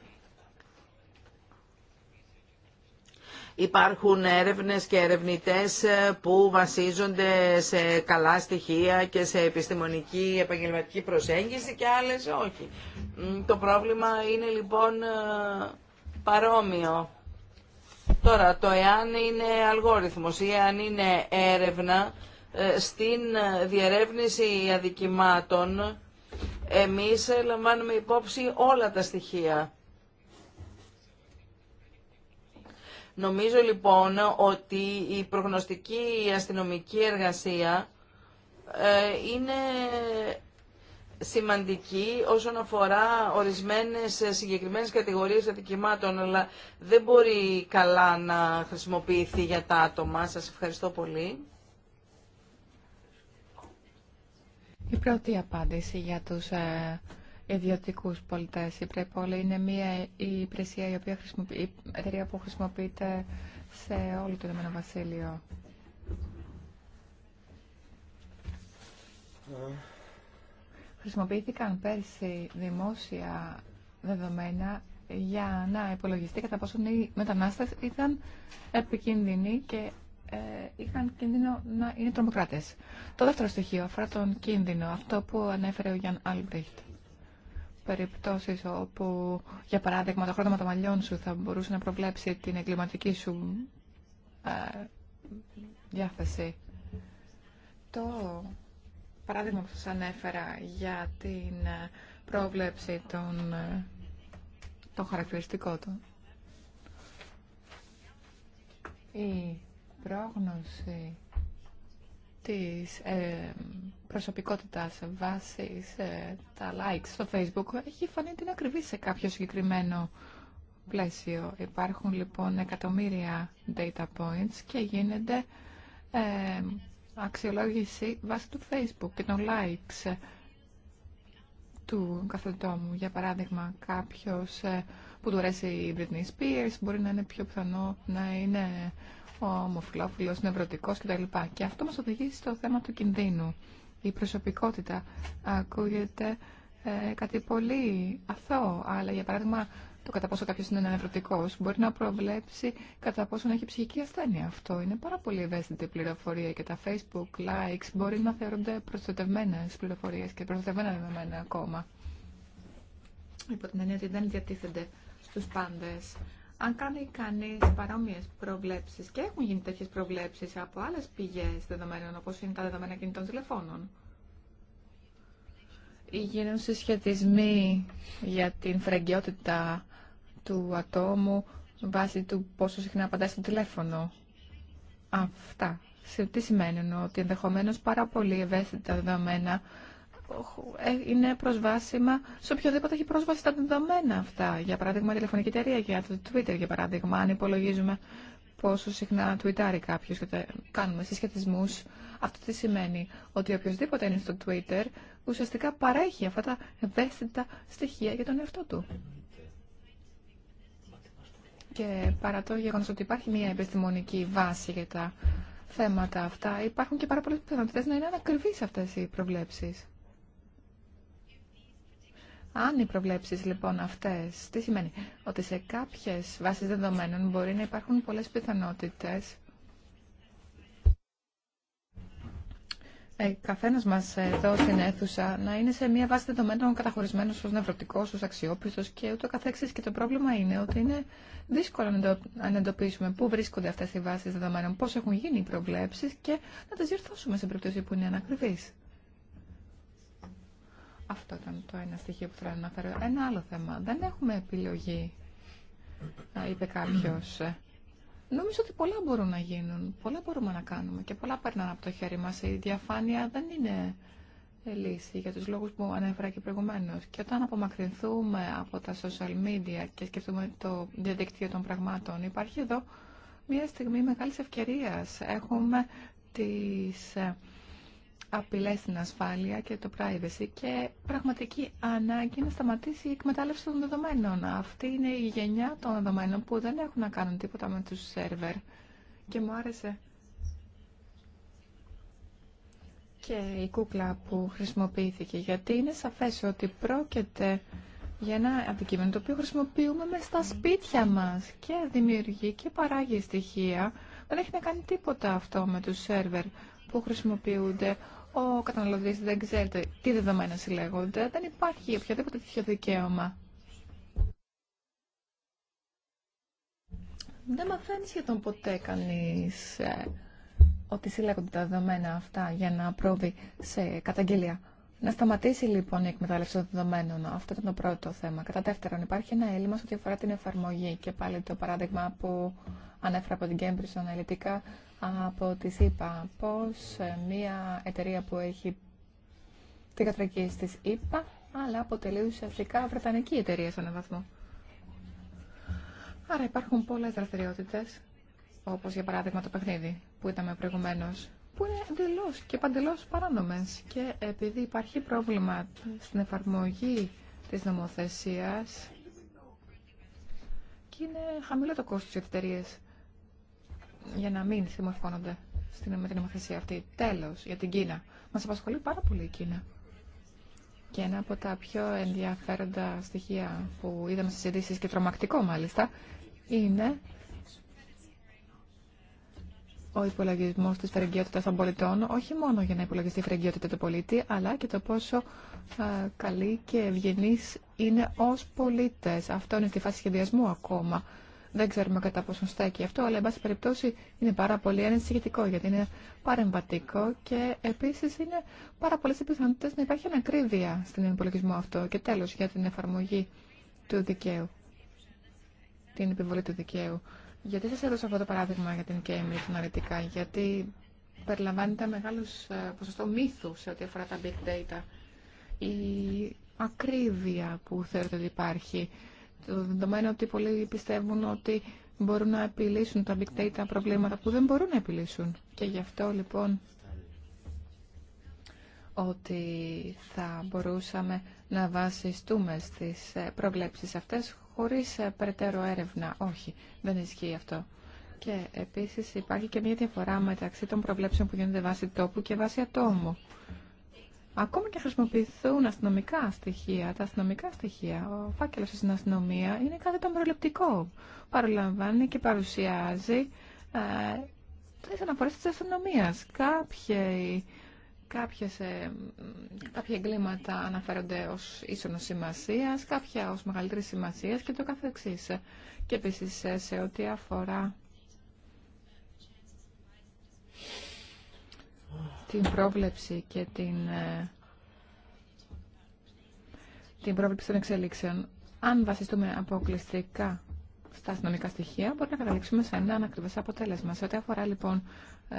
D: Υπάρχουν έρευνες και ερευνητές που βασίζονται σε καλά στοιχεία και σε επιστημονική επαγγελματική προσέγγιση και άλλες όχι. Το πρόβλημα είναι λοιπόν ε, παρόμοιο. Τώρα, το εάν είναι αλγόριθμος ή εάν είναι έρευνα, ε, στην ε, διερεύνηση αδικημάτων εμείς ε, λαμβάνουμε υπόψη όλα τα στοιχεία. Νομίζω λοιπόν ότι η προγνωστική αστυνομική εργασία είναι σημαντική όσον αφορά ορισμένες συγκεκριμένες κατηγορίες αδικημάτων, αλλά δεν μπορεί καλά να χρησιμοποιηθεί για τα άτομα. Σας ευχαριστώ πολύ.
B: Η πρώτη απάντηση για τους ε, ιδιωτικούς πολιτές, η είναι μια η υπηρεσία η, οποία η που χρησιμοποιείται σε όλο το Ηνωμένο Βασίλειο. Ε, χρησιμοποιήθηκαν πέρσι δημόσια δεδομένα για να υπολογιστεί κατά πόσον οι μετανάστες ήταν επικίνδυνοι και ε, είχαν κίνδυνο να είναι τρομοκράτες. Το δεύτερο στοιχείο αφορά τον κίνδυνο, αυτό που ανέφερε ο Γιάνν Αλμπριχτ. Περιπτώσεις όπου, για παράδειγμα, το χρώμα των μαλλιών σου θα μπορούσε να προβλέψει την εγκληματική σου ε, διάθεση. Το παράδειγμα που σας ανέφερα για την πρόβλεψη των, των χαρακτηριστικών του. Η πρόγνωση της ε, προσωπικότητας βάσει τα likes στο facebook έχει φανεί την ακριβή σε κάποιο συγκεκριμένο πλαίσιο. Υπάρχουν λοιπόν εκατομμύρια data points και γίνεται ε, αξιολόγηση βάσει του Facebook και των likes του μου. Για παράδειγμα, κάποιος ε, που του αρέσει η Britney Spears μπορεί να είναι πιο πιθανό να είναι ομοφυλόφιλος, νευρωτικός κτλ. Και αυτό μας οδηγεί στο θέμα του κινδύνου. Η προσωπικότητα ακούγεται ε, κάτι πολύ αθώο, αλλά για παράδειγμα το κατά πόσο κάποιο είναι ανευρωτικό. Μπορεί να προβλέψει κατά πόσο έχει ψυχική ασθένεια. Αυτό είναι πάρα πολύ ευαίσθητη πληροφορία και τα Facebook likes μπορεί να θεωρούνται προστατευμένε πληροφορίε και προστατευμένα δεδομένα ακόμα. Υπό την έννοια ότι δεν διατίθενται στου πάντε. Αν κάνει κανεί παρόμοιε προβλέψει και έχουν γίνει τέτοιε προβλέψει από άλλε πηγέ δεδομένων όπω είναι τα δεδομένα κινητών τηλεφώνων γίνουν συσχετισμοί για την φραγκιότητα του ατόμου βάσει του πόσο συχνά απαντά στο τηλέφωνο. Αυτά. Σε τι σημαίνουν ότι ενδεχομένω πάρα πολύ ευαίσθητα δεδομένα είναι προσβάσιμα σε οποιοδήποτε έχει πρόσβαση στα δεδομένα αυτά. Για παράδειγμα, τηλεφωνική εταιρεία, για το Twitter, για παράδειγμα, αν υπολογίζουμε πόσο συχνά τουιτάρει κάποιο και κάνουμε συσχετισμού. Αυτό τι σημαίνει, ότι οποιοδήποτε είναι στο Twitter ουσιαστικά παρέχει αυτά τα ευαίσθητα στοιχεία για τον εαυτό του και παρά το γεγονό ότι υπάρχει μια επιστημονική βάση για τα θέματα αυτά, υπάρχουν και πάρα πολλέ πιθανότητε να είναι ανακριβεί αυτέ οι προβλέψει. Αν οι προβλέψει λοιπόν αυτέ, τι σημαίνει, ότι σε κάποιε βάσει δεδομένων μπορεί να υπάρχουν πολλέ πιθανότητε ε, καθένας μας εδώ στην αίθουσα να είναι σε μια βάση δεδομένων καταχωρισμένος ως νευρωτικός, ως αξιόπιστος και ούτω καθεξής. Και το πρόβλημα είναι ότι είναι δύσκολο να εντοπίσουμε πού βρίσκονται αυτές οι βάσεις δεδομένων, πώς έχουν γίνει οι προβλέψεις και να τις διορθώσουμε σε περίπτωση που είναι ανακριβείς. Αυτό ήταν το ένα στοιχείο που θέλω να αναφέρω. Ένα άλλο θέμα. Δεν έχουμε επιλογή, είπε κάποιος Νομίζω ότι πολλά μπορούν να γίνουν, πολλά μπορούμε να κάνουμε και πολλά παίρνουν από το χέρι μας. Η διαφάνεια δεν είναι ε, λύση για τους λόγους που ανέφερα και προηγουμένω. Και όταν απομακρυνθούμε από τα social media και σκεφτούμε το διαδικτύο των πραγμάτων, υπάρχει εδώ μια στιγμή μεγάλης ευκαιρίας. Έχουμε τις ε, Απειλέ στην ασφάλεια και το privacy και πραγματική ανάγκη να σταματήσει η εκμετάλλευση των δεδομένων. Αυτή είναι η γενιά των δεδομένων που δεν έχουν να κάνουν τίποτα με τους σερβερ. Και μου άρεσε και η κούκλα που χρησιμοποιήθηκε, γιατί είναι σαφές ότι πρόκειται για ένα αντικείμενο το οποίο χρησιμοποιούμε μέσα στα σπίτια μας και δημιουργεί και παράγει στοιχεία. Δεν έχει να κάνει τίποτα αυτό με τους σερβερ που χρησιμοποιούνται ο καταναλωτή δεν ξέρετε τι δεδομένα συλλέγονται, δεν υπάρχει οποιοδήποτε τέτοιο δικαίωμα. Δεν μαθαίνει σχεδόν ποτέ κανεί ε, ότι συλλέγονται τα δεδομένα αυτά για να προβεί σε καταγγελία. Να σταματήσει λοιπόν η εκμετάλλευση των δεδομένων. Αυτό ήταν το πρώτο θέμα. Κατά δεύτερον, υπάρχει ένα έλλειμμα σε ό,τι αφορά την εφαρμογή. Και πάλι το παράδειγμα που ανέφερα από την Cambridge Analytica από τη ΣΥΠΑ. Πώς ε, μια εταιρεία που έχει την κατρική της ΗΠΑ, αλλά αποτελεί ουσιαστικά βρετανική εταιρεία σε έναν βαθμό. Άρα υπάρχουν πολλές δραστηριότητες, όπως για παράδειγμα το παιχνίδι που είδαμε προηγουμένως, που είναι εντελώ και παντελώ παράνομες. Και επειδή υπάρχει πρόβλημα στην εφαρμογή της νομοθεσία και είναι χαμηλό το κόστος για εταιρείας, για να μην συμμορφώνονται στην, με την αυτή. Τέλος, για την Κίνα. Μας απασχολεί πάρα πολύ η Κίνα. Και ένα από τα πιο ενδιαφέροντα στοιχεία που είδαμε στις ειδήσει και τρομακτικό μάλιστα, είναι ο υπολογισμό τη φερεγγιότητα των πολιτών, όχι μόνο για να υπολογιστεί η φερικαιότητα του πολίτη, αλλά και το πόσο καλή και ευγενεί είναι ω πολίτε. Αυτό είναι στη φάση σχεδιασμού ακόμα δεν ξέρουμε κατά πόσο στέκει αυτό, αλλά εν πάση περιπτώσει είναι πάρα πολύ ανησυχητικό γιατί είναι παρεμβατικό και επίση είναι πάρα πολλέ οι πιθανότητε να υπάρχει ανακρίβεια στην υπολογισμό αυτό. Και τέλο, για την εφαρμογή του δικαίου, την επιβολή του δικαίου. Γιατί σα έδωσα αυτό το παράδειγμα για την Cambridge αναλυτικά, γιατί περιλαμβάνεται μεγάλο ε, ποσοστό μύθου σε ό,τι αφορά τα big data. Η ακρίβεια που θεωρείται ότι υπάρχει δεδομένου ότι πολλοί πιστεύουν ότι μπορούν να επιλύσουν τα big data προβλήματα που δεν μπορούν να επιλύσουν. Και γι' αυτό λοιπόν ότι θα μπορούσαμε να βασιστούμε στις ε, προβλέψεις αυτές χωρίς ε, περαιτέρω έρευνα. Όχι, δεν ισχύει αυτό. Και επίσης υπάρχει και μια διαφορά μεταξύ των προβλέψεων που γίνονται βάσει τόπου και βάσει ατόμου. Ακόμα και χρησιμοποιηθούν αστυνομικά στοιχεία, τα αστυνομικά στοιχεία, ο φάκελο στην αστυνομία είναι κάτι το προληπτικό. Παραλαμβάνει και παρουσιάζει ε, τι αναφορέ τη αστυνομία. Ε, κάποια εγκλήματα αναφέρονται ως ίσονος σημασίας, κάποια ως μεγαλύτερη σημασίας και το καθεξή. Και επίση ε, σε ό,τι αφορά την πρόβλεψη και την, ε, την πρόβλεψη των εξελίξεων, αν βασιστούμε αποκλειστικά στα αστυνομικά στοιχεία, μπορεί να καταλήξουμε σε ένα ανακριβές αποτέλεσμα. Σε ό,τι αφορά λοιπόν ε,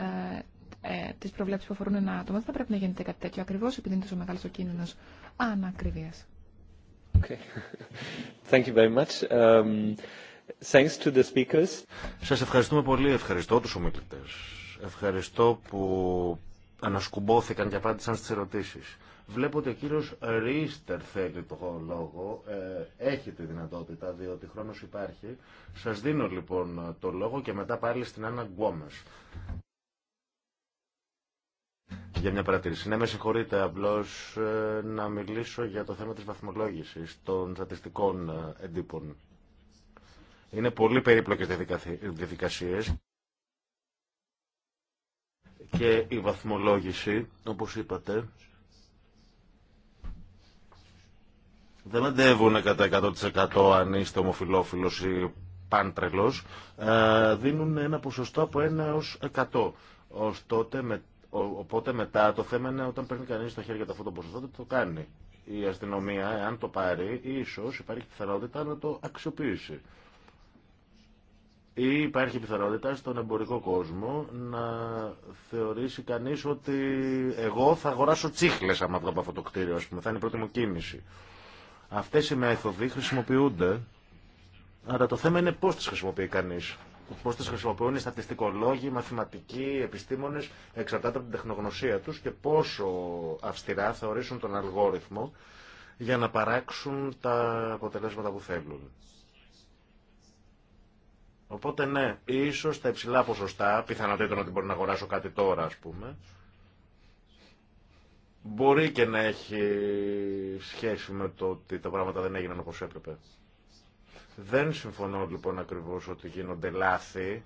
B: ε, τι προβλέψει που αφορούν ένα άτομο, δεν θα πρέπει να γίνεται κάτι τέτοιο ακριβώ επειδή είναι τόσο μεγάλο ο κίνδυνο ανακριβία.
A: Okay. Σας
C: ευχαριστούμε πολύ. Ευχαριστώ τους ομιλητές. Ευχαριστώ που ανασκουμπόθηκαν και απάντησαν στις ερωτήσεις. Βλέπω ότι ο κύριος Ρίστερ θέλει το λόγο. Ε, έχει τη δυνατότητα, διότι χρόνος υπάρχει. Σας δίνω λοιπόν το λόγο και μετά πάλι στην Άννα Γκόμες. Για μια παρατήρηση. Ναι, με συγχωρείτε απλώς ε, να μιλήσω για το θέμα της βαθμολόγησης των στατιστικών ε, εντύπων. Είναι πολύ περίπλοκες διαδικασίες και η βαθμολόγηση, όπως είπατε, δεν αντεύουν κατά 100% αν είστε ομοφιλόφιλος ή πάντρελος, ε, δίνουν ένα ποσοστό από 1 έως 100. Ωστότε, με, οπότε μετά το θέμα είναι όταν παίρνει κανείς στα χέρια του αυτό το ποσοστό, το κάνει. Η αστυνομία, εως 100 τότε με οποτε μετα το πάρει, ίσως υπάρχει πιθανότητα να το αξιοποιήσει. Ή υπάρχει πιθανότητα στον εμπορικό κόσμο να θεωρήσει κανείς ότι εγώ θα αγοράσω τσίχλες άμα βγω από αυτό το κτίριο, ας πούμε, θα είναι η πρώτη μου κίνηση. Αυτές οι μέθοδοι χρησιμοποιούνται, αλλά το κτιριο α είναι πώς τις χρησιμοποιεί κανείς. Πώς τις χρησιμοποιούν οι στατιστικολόγοι, μαθηματικοί, οι επιστήμονες, εξαρτάται από την τεχνογνωσία τους και πόσο αυστηρά θεωρήσουν τον αλγόριθμο για να παράξουν τα αποτελέσματα που θέλουν. Οπότε ναι, ίσως τα υψηλά ποσοστά, πιθανότητα ότι μπορεί να αγοράσω κάτι τώρα ας πούμε, μπορεί και να έχει σχέση με το ότι τα πράγματα δεν έγιναν όπως έπρεπε. Δεν συμφωνώ λοιπόν ακριβώς ότι γίνονται λάθη.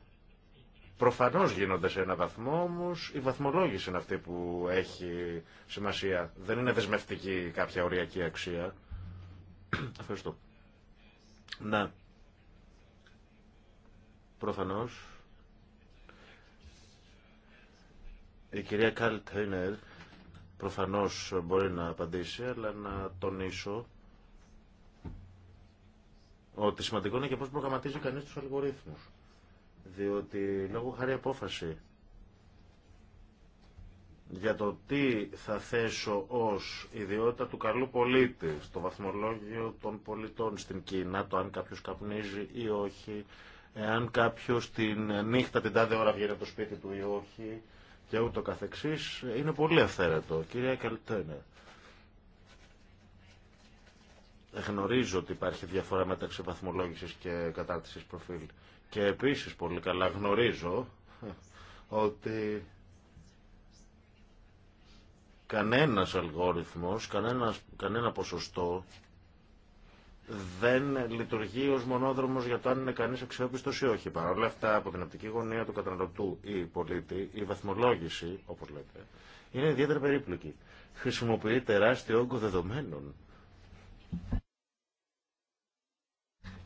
C: Προφανώς γίνονται σε ένα βαθμό, όμω η βαθμολόγηση είναι αυτή που έχει σημασία. Δεν είναι δεσμευτική κάποια οριακή αξία. Ευχαριστώ. Ναι. Προφανώς, η κυρία Κάλ Τέινερ προφανώς μπορεί να απαντήσει, αλλά να τονίσω ότι σημαντικό είναι και πώς προγραμματίζει κανείς τους αλγορίθμους. Διότι λόγω χάρη απόφαση για το τι θα θέσω ως ιδιότητα του καλού πολίτη στο βαθμολόγιο των πολιτών στην Κίνα, το αν κάποιος καπνίζει ή όχι, εάν κάποιο την νύχτα την τάδε ώρα βγαίνει από το σπίτι του ή όχι και ούτω καθεξής, είναι πολύ αυθαίρετο. Κυρία Καλτένε, γνωρίζω ότι υπάρχει διαφορά μεταξύ βαθμολόγησης και κατάρτισης προφίλ. Και επίσης πολύ καλά γνωρίζω ότι κανένας αλγόριθμος, κανένα, κανένα ποσοστό δεν λειτουργεί ω μονόδρομο για το αν είναι κανεί αξιόπιστο ή όχι. Παρ' όλα αυτά, από την οπτική γωνία του καταναλωτού ή πολίτη, η βαθμολόγηση, όπω λέτε, είναι ιδιαίτερα περίπλοκη. Χρησιμοποιεί τεράστιο όγκο δεδομένων.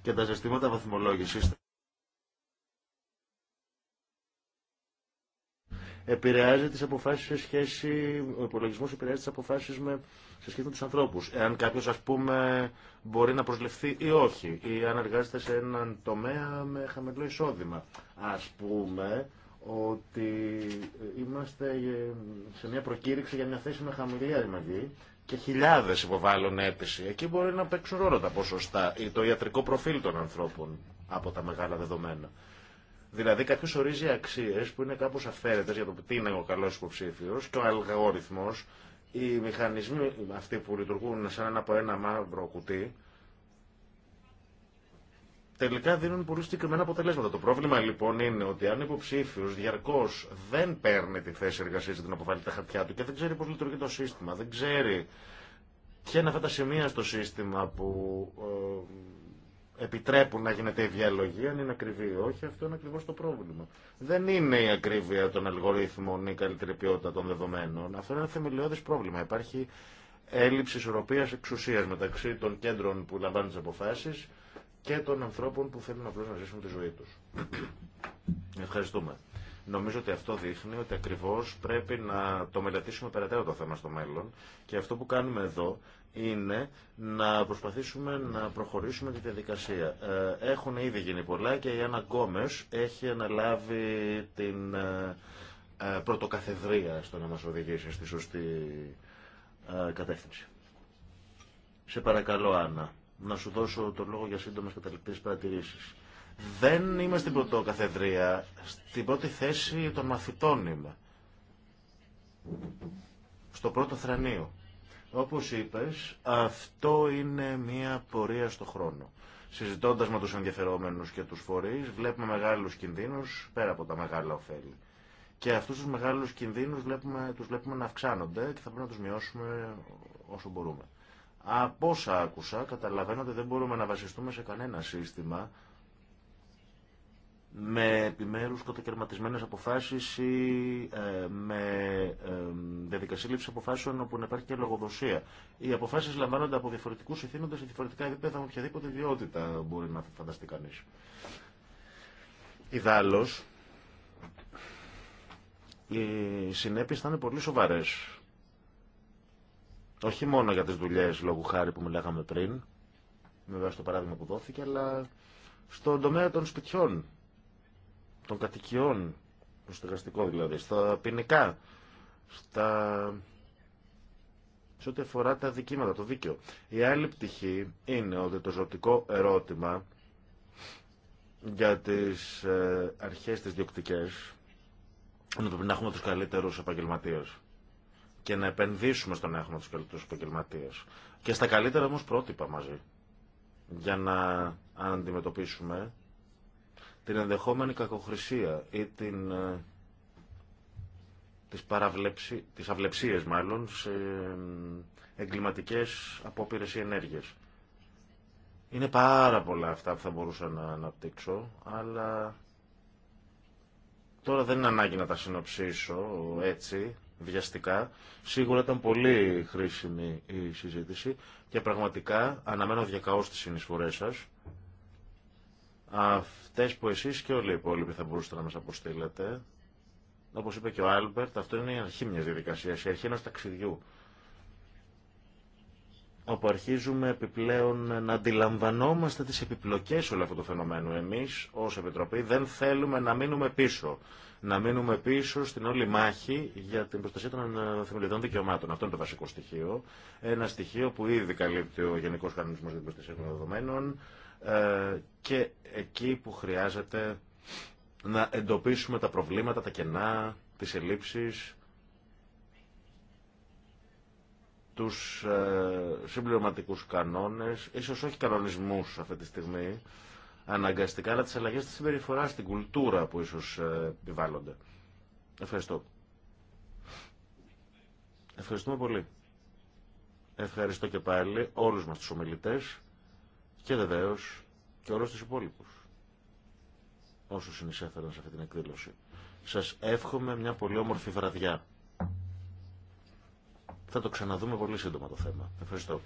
C: Και τα ζεστήματα βαθμολόγηση επηρεάζει τις αποφάσεις σε σχέση, ο υπολογισμό επηρεάζει τι αποφάσεις σε σχέση με τους ανθρώπους. Εάν κάποιο, ας πούμε μπορεί να προσληφθεί ή όχι, ή αν εργάζεται σε έναν τομέα με χαμηλό εισόδημα. Ας πούμε ότι είμαστε σε μια προκήρυξη για μια θέση με χαμηλή αριμαγή και χιλιάδε υποβάλλουν αίτηση. Εκεί μπορεί να παίξουν ρόλο τα ποσοστά ή το ιατρικό προφίλ των ανθρώπων από τα μεγάλα δεδομένα. Δηλαδή κάποιο ορίζει αξίε που είναι κάπω αφαίρετε για το τι είναι ο καλό υποψήφιο και ο αλγόριθμο, οι μηχανισμοί αυτοί που λειτουργούν σαν ένα από ένα μαύρο κουτί, τελικά δίνουν πολύ συγκεκριμένα αποτελέσματα. Το πρόβλημα λοιπόν είναι ότι αν υποψήφιο διαρκώ δεν παίρνει τη θέση εργασία την αποβάλλει τα χαρτιά του και δεν ξέρει πώ λειτουργεί το σύστημα, δεν ξέρει ποια είναι αυτά τα σημεία στο σύστημα που ε, επιτρέπουν να γίνεται η διαλογή, αν είναι ακριβή ή όχι, αυτό είναι ακριβώ το πρόβλημα. Δεν είναι η ακρίβεια των αλγορίθμων ή η καλύτερη ποιότητα των δεδομένων. Αυτό είναι ένα θεμελιώδε πρόβλημα. Υπάρχει έλλειψη ισορροπία εξουσία μεταξύ των κέντρων που λαμβάνουν τι αποφάσει και των ανθρώπων που θέλουν απλώ να ζήσουν τη ζωή του. Ευχαριστούμε. Νομίζω ότι αυτό δείχνει ότι ακριβώ πρέπει να το μελετήσουμε περαιτέρω το θέμα στο μέλλον και αυτό που κάνουμε εδώ είναι να προσπαθήσουμε να προχωρήσουμε τη διαδικασία. Ε, έχουν ήδη γίνει πολλά και η Άννα Γκόμες έχει αναλάβει την ε, ε, πρωτοκαθεδρία στο να μας οδηγήσει στη σωστή κατεύθυνση. Σε παρακαλώ, Άννα, να σου δώσω το λόγο για σύντομες καταληπτές παρατηρήσεις. Δεν είμαι στην πρωτοκαθεδρία. Στην πρώτη θέση των μαθητών είμαι. Στο πρώτο θρανείο. Όπως είπες, αυτό είναι μια πορεία στο χρόνο. Συζητώντας με τους ενδιαφερόμενους και τους φορείς, βλέπουμε μεγάλους κινδύνους πέρα από τα μεγάλα ωφέλη. Και αυτούς τους μεγάλους κινδύνους βλέπουμε, τους βλέπουμε να αυξάνονται και θα πρέπει να τους μειώσουμε όσο μπορούμε. Από όσα άκουσα, καταλαβαίνω ότι δεν μπορούμε να βασιστούμε σε κανένα σύστημα με επιμέρους κατακαιρματισμένες αποφάσεις ή ε, με ε, διαδικασία λήψης αποφάσεων όπου να υπάρχει και λογοδοσία. Οι αποφάσεις λαμβάνονται από διαφορετικούς ηθήνοντες σε διαφορετικά επίπεδα με οποιαδήποτε ιδιότητα μπορεί να φανταστεί κανείς. Ιδάλλως, οι συνέπειες θα είναι πολύ σοβαρές. Όχι μόνο για τις δουλειές λόγου χάρη που μιλάγαμε πριν, με βάση το παράδειγμα που δόθηκε, αλλά στον τομέα των σπιτιών των κατοικιών, στο στεγαστικό δηλαδή, στα ποινικά, στα... σε ό,τι αφορά τα δικήματα, το δίκαιο. Η άλλη πτυχή είναι ότι το ζωτικό ερώτημα για τις ε, αρχές της διοκτικές είναι ότι να έχουμε τους καλύτερους επαγγελματίες και να επενδύσουμε στο να έχουμε τους καλύτερους επαγγελματίες και στα καλύτερα όμως πρότυπα μαζί για να αντιμετωπίσουμε την ενδεχόμενη κακοχρησία ή την, ε, τις, τις αυλεψίες μάλλον σε ε, εγκληματικές απόπειρες ή ενέργειες. Είναι πάρα πολλά αυτά που θα μπορούσα να αναπτύξω, αλλά τώρα δεν είναι ανάγκη να τα συνοψίσω έτσι, βιαστικά. Σίγουρα ήταν πολύ χρήσιμη η συζήτηση και πραγματικά αναμένω διακαώς τις συνεισφορές σας αυτές που εσείς και όλοι οι υπόλοιποι θα μπορούσατε να μας αποστείλετε. Όπως είπε και ο Άλμπερτ, αυτό είναι η αρχή μιας διαδικασίας, η αρχή ενός ταξιδιού. Όπου αρχίζουμε επιπλέον να αντιλαμβανόμαστε τις επιπλοκές όλου αυτού του φαινομένου. Εμείς ως Επιτροπή δεν θέλουμε να μείνουμε πίσω. Να μείνουμε πίσω στην όλη μάχη για την προστασία των θεμελιωδών δικαιωμάτων. Αυτό είναι το βασικό στοιχείο. Ένα στοιχείο που ήδη καλύπτει ο Γενικός Κανονισμός για την Προστασία των Δεδομένων ε, και εκεί που χρειάζεται να εντοπίσουμε τα προβλήματα, τα κενά, τις ελλείψεις, τους ε, συμπληρωματικούς κανόνες, ίσως όχι κανονισμούς αυτή τη στιγμή, αναγκαστικά, αλλά τις αλλαγές της συμπεριφορά στην κουλτούρα που ίσως ε, επιβάλλονται. Ευχαριστώ. Ευχαριστούμε πολύ. Ευχαριστώ και πάλι όλους μας τους ομιλητές και βεβαίω και όλου του υπόλοιπου, όσου συνεισέφεραν σε αυτή την εκδήλωση. Σας εύχομαι μια πολύ όμορφη βραδιά. Θα το ξαναδούμε πολύ σύντομα το θέμα. Ευχαριστώ.